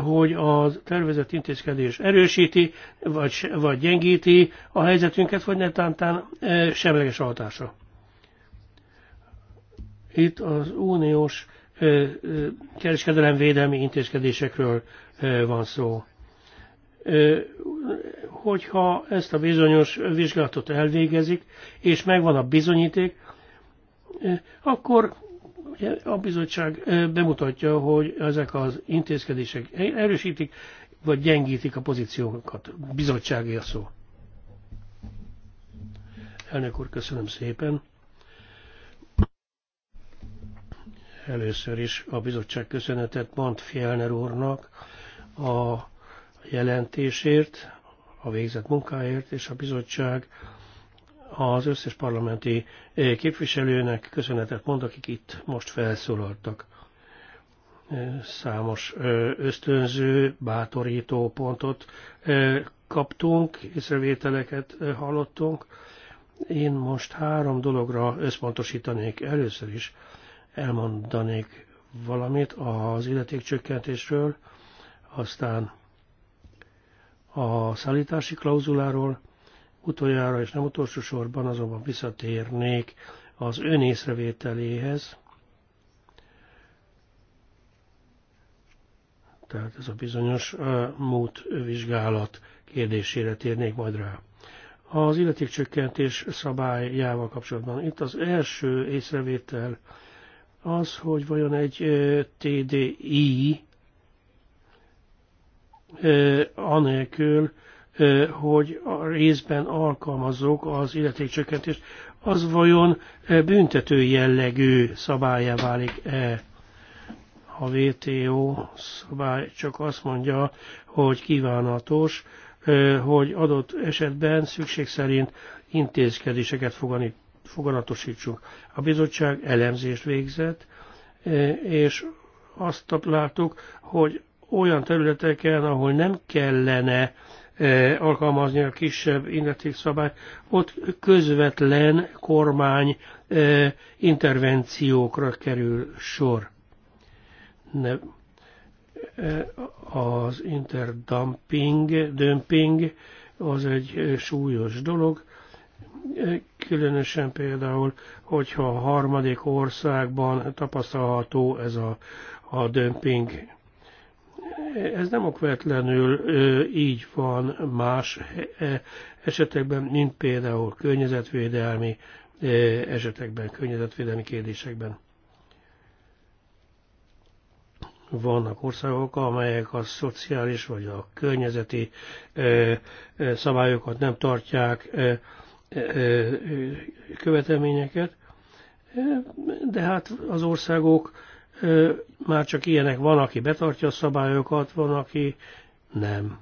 hogy a tervezett intézkedés erősíti, vagy, vagy gyengíti a helyzetünket, vagy netántán semleges hatása. Itt az uniós kereskedelemvédelmi intézkedésekről van szó. Hogyha ezt a bizonyos vizsgálatot elvégezik, és megvan a bizonyíték, akkor a bizottság bemutatja, hogy ezek az intézkedések erősítik, vagy gyengítik a pozíciókat. Bizottsági a szó. Elnök úr, köszönöm szépen. Először is a bizottság köszönetet mond Fjellner úrnak a jelentésért, a végzett munkáért, és a bizottság az összes parlamenti eh, képviselőnek köszönetet mond, akik itt most felszólaltak. Eh, számos eh, ösztönző, bátorító pontot kaptunk, észrevételeket hallottunk. Én most három dologra összpontosítanék. Először is elmondanék valamit az illetékcsökkentésről, aztán a szállítási klauzuláról, Utoljára és nem utolsó sorban azonban visszatérnék az ön észrevételéhez, tehát ez a bizonyos múlt vizsgálat kérdésére térnék majd rá. Az illetékcsökkentés szabályával kapcsolatban itt az első észrevétel az, hogy vajon egy TDI anélkül, hogy a részben alkalmazzuk az illetékcsökkentést, az vajon büntető jellegű szabályá válik-e? A VTO szabály csak azt mondja, hogy kívánatos, hogy adott esetben szükség szerint intézkedéseket fogani, foganatosítsunk. A bizottság elemzést végzett, és azt láttuk, hogy olyan területeken, ahol nem kellene alkalmazni a kisebb innovatív szabályt, ott közvetlen kormány intervenciókra kerül sor. Ne, az interdumping, dömping az egy súlyos dolog, különösen például, hogyha a harmadik országban tapasztalható ez a, a dömping ez nem okvetlenül így van más esetekben, mint például környezetvédelmi esetekben, környezetvédelmi kérdésekben. Vannak országok, amelyek a szociális vagy a környezeti szabályokat nem tartják követelményeket, de hát az országok már csak ilyenek van, aki betartja a szabályokat, van, aki nem.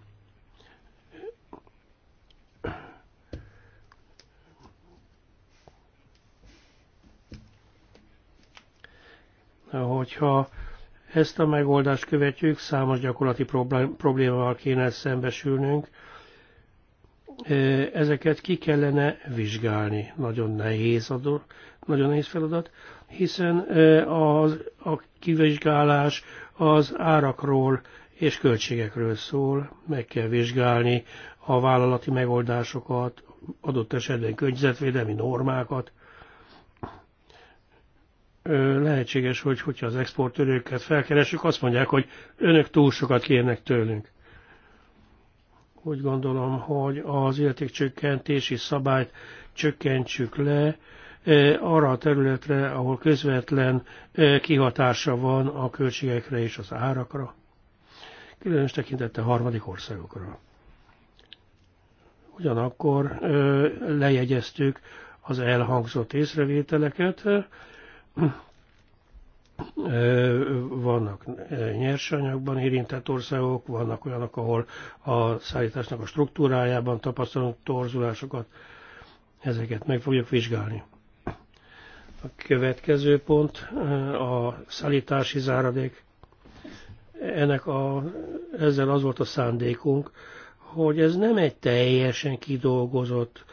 Hogyha ezt a megoldást követjük, számos gyakorlati problémával kéne szembesülnünk. Ezeket ki kellene vizsgálni. Nagyon nehéz, adó, nagyon nehéz feladat, hiszen az, a kivizsgálás az árakról és költségekről szól, meg kell vizsgálni a vállalati megoldásokat, adott esetben környezetvédelmi normákat. Lehetséges, hogy hogyha az exportőröket felkeresünk, azt mondják, hogy önök túl sokat kérnek tőlünk. Úgy gondolom, hogy az értékcsökkentési szabályt csökkentsük le, arra a területre, ahol közvetlen kihatása van a költségekre és az árakra, különös tekintette harmadik országokra. Ugyanakkor lejegyeztük az elhangzott észrevételeket, vannak nyersanyagban érintett országok, vannak olyanok, ahol a szállításnak a struktúrájában tapasztalunk torzulásokat, ezeket meg fogjuk vizsgálni. A következő pont eh, a szállítási záradék. Ennek a, ezzel az volt a szándékunk, hogy ez nem egy teljesen kidolgozott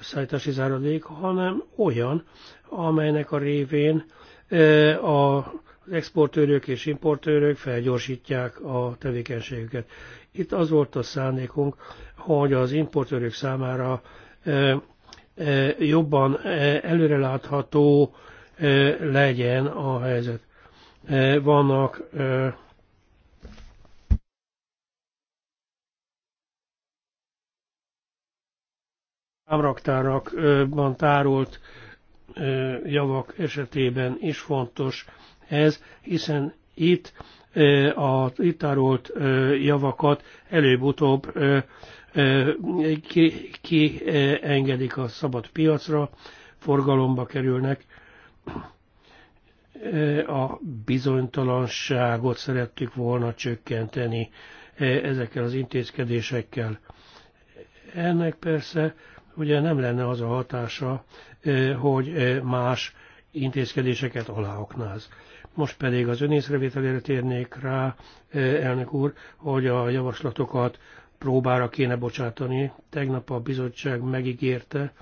szállítási záradék, hanem olyan, amelynek a révén eh, a az exportőrök és importőrök felgyorsítják a tevékenységüket. Itt az volt a szándékunk, hogy az importőrök számára eh, jobban előrelátható legyen a helyzet. Vannak ámraktárakban tárolt javak esetében is fontos ez, hiszen itt a itt tárolt javakat előbb-utóbb kiengedik ki a szabad piacra, forgalomba kerülnek. A bizonytalanságot szerettük volna csökkenteni ezekkel az intézkedésekkel. Ennek persze ugye nem lenne az a hatása, hogy más intézkedéseket aláoknáz. Most pedig az önészrevételére térnék rá, elnök úr, hogy a javaslatokat próbára kéne bocsátani. Tegnap a bizottság megígérte,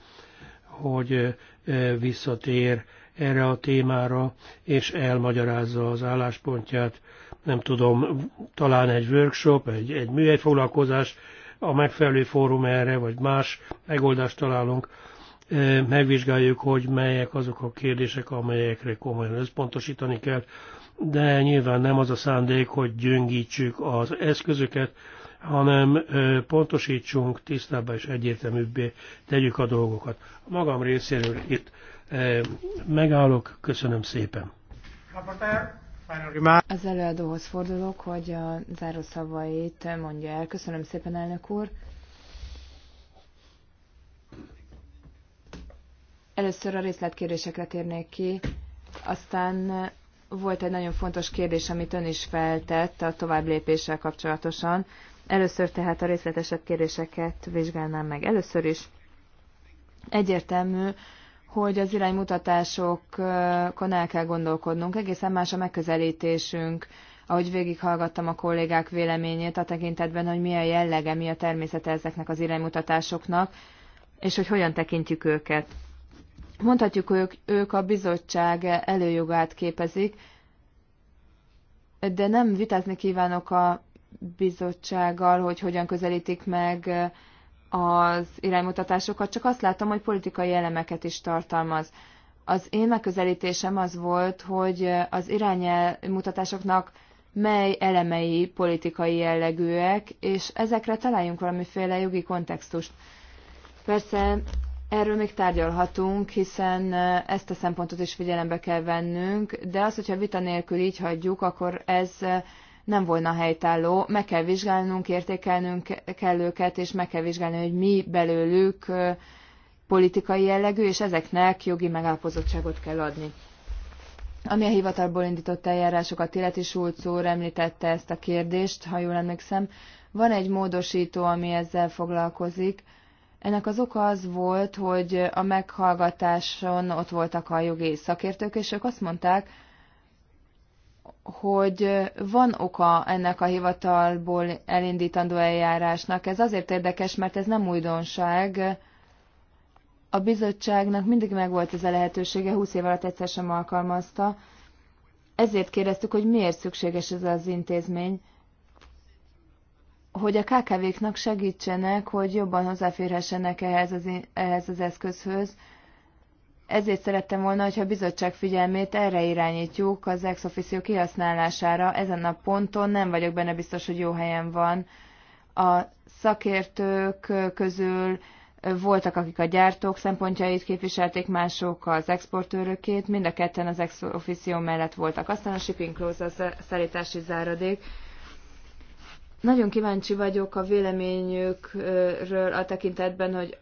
hogy eh, visszatér erre a témára, és elmagyarázza az álláspontját. Nem tudom, talán egy workshop, egy, egy műhelyfoglalkozás, a megfelelő fórum erre, vagy más megoldást találunk. Eh, megvizsgáljuk, hogy melyek azok a kérdések, amelyekre komolyan összpontosítani kell, de nyilván nem az a szándék, hogy gyöngítsük az eszközöket, hanem pontosítsunk, tisztábbá és egyértelműbbé tegyük a dolgokat. A magam részéről itt megállok, köszönöm szépen. Az előadóhoz fordulok, hogy a záró szavait mondja el. Köszönöm szépen, elnök úr. Először a részletkérdésekre térnék ki, aztán volt egy nagyon fontos kérdés, amit ön is feltett a tovább lépéssel kapcsolatosan. Először tehát a részletesebb kérdéseket vizsgálnám meg. Először is egyértelmű, hogy az iránymutatásokon el kell gondolkodnunk. Egészen más a megközelítésünk, ahogy végighallgattam a kollégák véleményét a tekintetben, hogy milyen jellege, mi a természete ezeknek az iránymutatásoknak, és hogy hogyan tekintjük őket. Mondhatjuk, hogy ők a bizottság előjogát képezik, de nem vitázni kívánok a bizottsággal, hogy hogyan közelítik meg az iránymutatásokat, csak azt látom, hogy politikai elemeket is tartalmaz. Az én megközelítésem az volt, hogy az iránymutatásoknak mely elemei politikai jellegűek, és ezekre találjunk valamiféle jogi kontextust. Persze erről még tárgyalhatunk, hiszen ezt a szempontot is figyelembe kell vennünk, de az, hogyha vita nélkül így hagyjuk, akkor ez nem volna helytálló. Meg kell vizsgálnunk, értékelnünk kell őket, és meg kell vizsgálni, hogy mi belőlük politikai jellegű, és ezeknek jogi megállapozottságot kell adni. Ami a hivatalból indított eljárásokat illeti, Schulz úr említette ezt a kérdést, ha jól emlékszem. Van egy módosító, ami ezzel foglalkozik. Ennek az oka az volt, hogy a meghallgatáson ott voltak a jogi szakértők, és ők azt mondták, hogy van oka ennek a hivatalból elindítandó eljárásnak. Ez azért érdekes, mert ez nem újdonság. A bizottságnak mindig megvolt ez a lehetősége, 20 év alatt egyszer sem alkalmazta. Ezért kérdeztük, hogy miért szükséges ez az intézmény, hogy a KKV-knak segítsenek, hogy jobban hozzáférhessenek ehhez az, ehhez az eszközhöz, ezért szerettem volna, hogyha a bizottság figyelmét erre irányítjuk az ex officio kihasználására. Ezen a ponton nem vagyok benne biztos, hogy jó helyen van. A szakértők közül voltak, akik a gyártók szempontjait képviselték, mások az exportőrökét, mind a ketten az ex officio mellett voltak. Aztán a shipping close, a szállítási záradék. Nagyon kíváncsi vagyok a véleményükről a tekintetben, hogy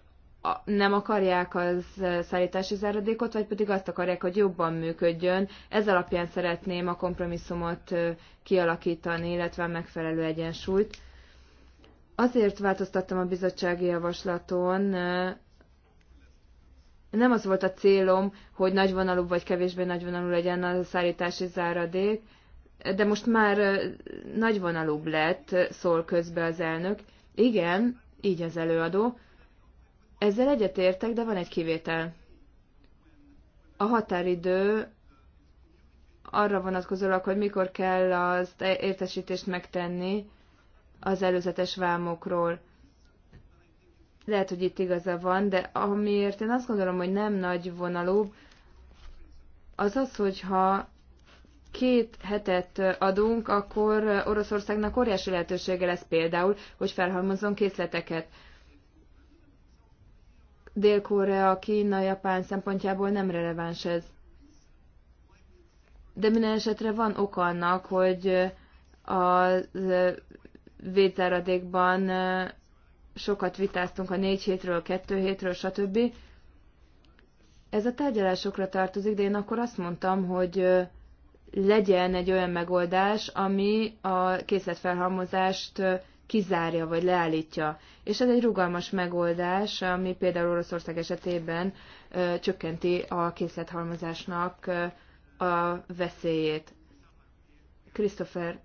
nem akarják az szállítási záradékot, vagy pedig azt akarják, hogy jobban működjön. Ez alapján szeretném a kompromisszumot kialakítani, illetve a megfelelő egyensúlyt. Azért változtattam a bizottsági javaslaton, nem az volt a célom, hogy nagyvonalú vagy kevésbé nagyvonalú legyen a szállítási záradék, de most már nagyvonalúbb lett, szól közbe az elnök. Igen, így az előadó ezzel egyetértek, de van egy kivétel. A határidő arra vonatkozólag, hogy mikor kell az e- értesítést megtenni az előzetes vámokról. Lehet, hogy itt igaza van, de amiért én azt gondolom, hogy nem nagy vonalú, az az, hogyha két hetet adunk, akkor Oroszországnak óriási lehetősége lesz például, hogy felhalmozzon készleteket. Dél-Korea, Kína, Japán szempontjából nem releváns ez. De minden esetre van ok annak, hogy a védzáradékban sokat vitáztunk a négy hétről, kettő hétről, stb. Ez a tárgyalásokra tartozik, de én akkor azt mondtam, hogy legyen egy olyan megoldás, ami a készletfelhalmozást kizárja vagy leállítja. És ez egy rugalmas megoldás, ami például Oroszország esetében ö, csökkenti a készlethalmozásnak ö, a veszélyét. Christopher,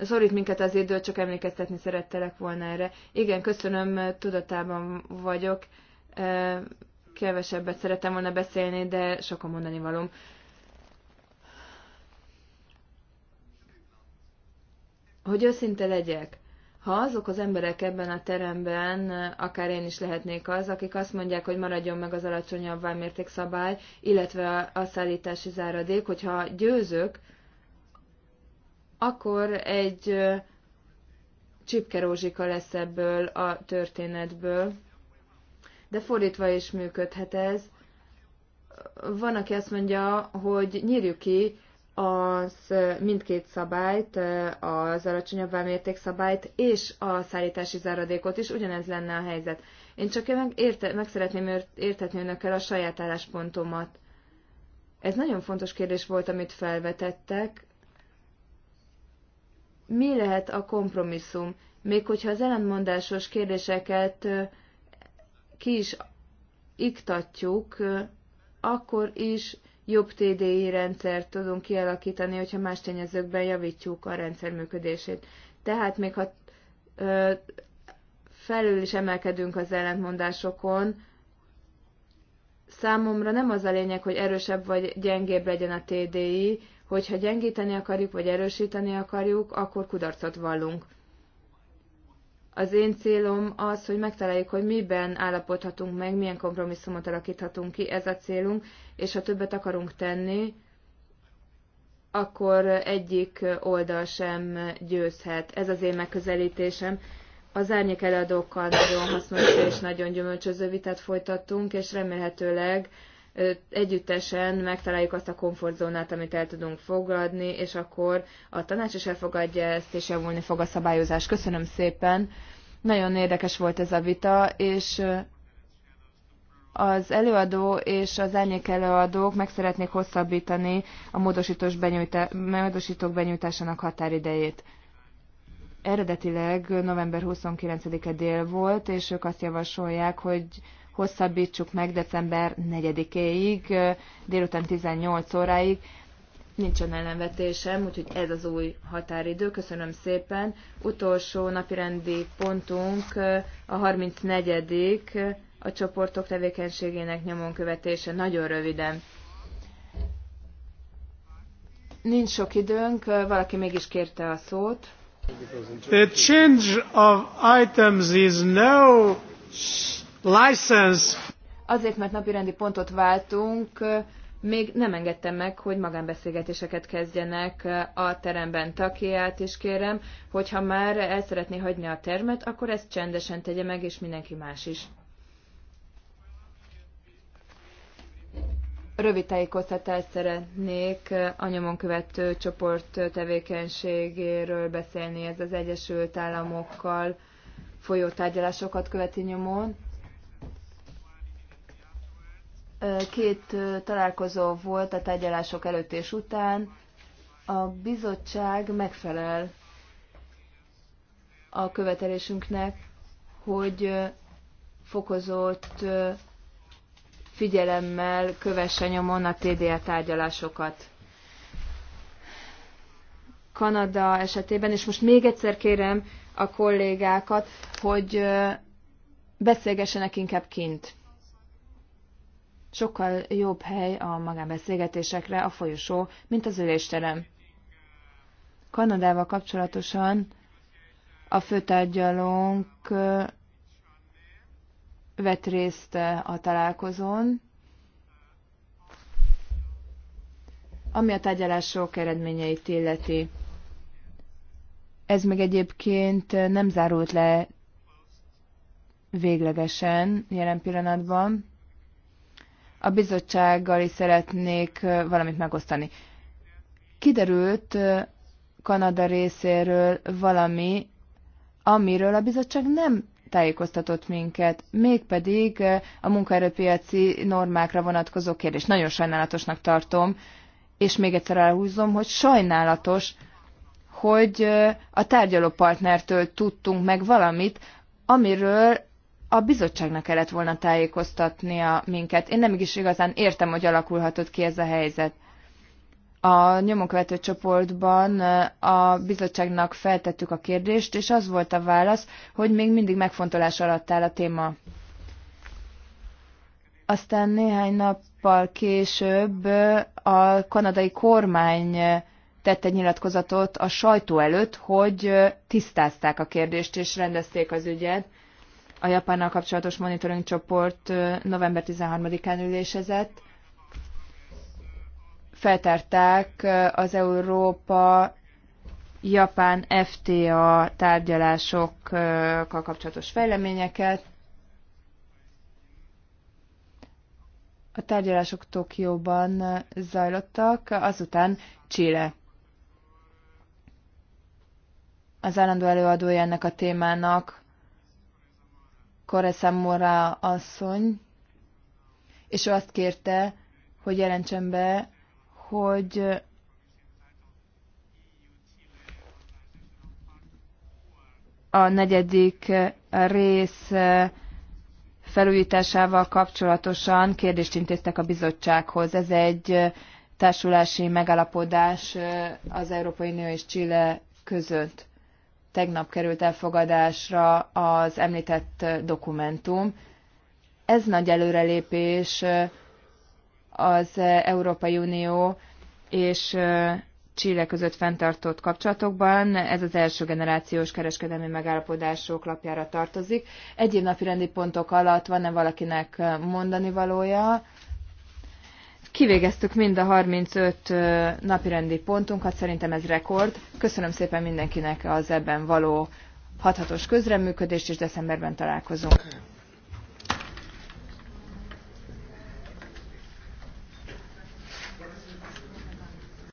szorít minket az idő, csak emlékeztetni szerettelek volna erre. Igen, köszönöm, tudatában vagyok. Ö, kevesebbet szeretem volna beszélni, de sok a mondani valóm. Hogy őszinte legyek, ha azok az emberek ebben a teremben, akár én is lehetnék az, akik azt mondják, hogy maradjon meg az alacsonyabb vámérték szabály, illetve a szállítási záradék, hogyha győzök, akkor egy csipkerózsika lesz ebből a történetből. De fordítva is működhet ez. Van, aki azt mondja, hogy nyírjuk ki az mindkét szabályt, az alacsonyabb vámérték szabályt és a szállítási záradékot is, ugyanez lenne a helyzet. Én csak meg, érte, meg szeretném értetni önökkel a saját álláspontomat. Ez nagyon fontos kérdés volt, amit felvetettek. Mi lehet a kompromisszum? Még hogyha az ellentmondásos kérdéseket ki is iktatjuk, akkor is jobb TDI rendszert tudunk kialakítani, hogyha más tényezőkben javítjuk a rendszer működését. Tehát még ha ö, felül is emelkedünk az ellentmondásokon, számomra nem az a lényeg, hogy erősebb vagy gyengébb legyen a TDI, hogyha gyengíteni akarjuk, vagy erősíteni akarjuk, akkor kudarcot vallunk. Az én célom az, hogy megtaláljuk, hogy miben állapodhatunk meg, milyen kompromisszumot alakíthatunk ki, ez a célunk, és ha többet akarunk tenni, akkor egyik oldal sem győzhet. Ez az én megközelítésem. Az árnyék előadókkal nagyon hasznos és nagyon gyümölcsöző vitát folytattunk, és remélhetőleg együttesen megtaláljuk azt a komfortzónát, amit el tudunk fogadni, és akkor a tanács is elfogadja ezt, és javulni fog a szabályozás. Köszönöm szépen! Nagyon érdekes volt ez a vita, és az előadó és az elnyék előadók meg szeretnék hosszabbítani a módosítós benyújtá- módosítók benyújtásának határidejét. Eredetileg november 29-e dél volt, és ők azt javasolják, hogy hosszabbítsuk meg december 4-éig, délután 18 óráig. Nincsen ellenvetésem, úgyhogy ez az új határidő. Köszönöm szépen. Utolsó napirendi pontunk a 34 a csoportok tevékenységének nyomon követése. Nagyon röviden. Nincs sok időnk, valaki mégis kérte a szót. The change of items is no license. Azért, mert napirendi pontot váltunk, még nem engedtem meg, hogy magánbeszélgetéseket kezdjenek a teremben. Takiát is kérem, hogyha már el szeretné hagyni a termet, akkor ezt csendesen tegye meg, és mindenki más is. Rövid tájékoztatást szeretnék a nyomon követő csoport tevékenységéről beszélni. Ez az Egyesült Államokkal folyó tárgyalásokat követi nyomon Két találkozó volt a tárgyalások előtt és után. A bizottság megfelel a követelésünknek, hogy fokozott figyelemmel kövesse nyomon a TDA tárgyalásokat. Kanada esetében, és most még egyszer kérem a kollégákat, hogy beszélgessenek inkább kint sokkal jobb hely a magánbeszélgetésekre a folyosó, mint az ülésterem. Kanadával kapcsolatosan a főtárgyalónk vett részt a találkozón, ami a tárgyalások eredményeit illeti. Ez meg egyébként nem zárult le véglegesen jelen pillanatban a bizottsággal is szeretnék valamit megosztani. Kiderült Kanada részéről valami, amiről a bizottság nem tájékoztatott minket, mégpedig a munkaerőpiaci normákra vonatkozó kérdés. Nagyon sajnálatosnak tartom, és még egyszer elhúzom, hogy sajnálatos, hogy a tárgyalópartnertől tudtunk meg valamit, amiről a bizottságnak kellett volna tájékoztatnia minket. Én nem is igazán értem, hogy alakulhatott ki ez a helyzet. A nyomonkövető csoportban a bizottságnak feltettük a kérdést, és az volt a válasz, hogy még mindig megfontolás alatt áll a téma. Aztán néhány nappal később a kanadai kormány tette nyilatkozatot a sajtó előtt, hogy tisztázták a kérdést és rendezték az ügyet a Japánnal kapcsolatos monitoring csoport november 13-án ülésezett. Feltárták az Európa Japán FTA tárgyalásokkal kapcsolatos fejleményeket. A tárgyalások Tokióban zajlottak, azután Chile. Az állandó előadója ennek a témának Koreszamora asszony, és ő azt kérte, hogy jelentsen be, hogy a negyedik rész felújításával kapcsolatosan kérdést intéztek a bizottsághoz. Ez egy társulási megállapodás az Európai Unió és Chile között tegnap került elfogadásra az említett dokumentum. Ez nagy előrelépés az Európai Unió és Csile között fenntartott kapcsolatokban. Ez az első generációs kereskedelmi megállapodások lapjára tartozik. Egyéb napi rendi pontok alatt van-e valakinek mondani valója? Kivégeztük mind a 35 napirendi pontunkat, szerintem ez rekord. Köszönöm szépen mindenkinek az ebben való hathatós közreműködést, és decemberben találkozunk.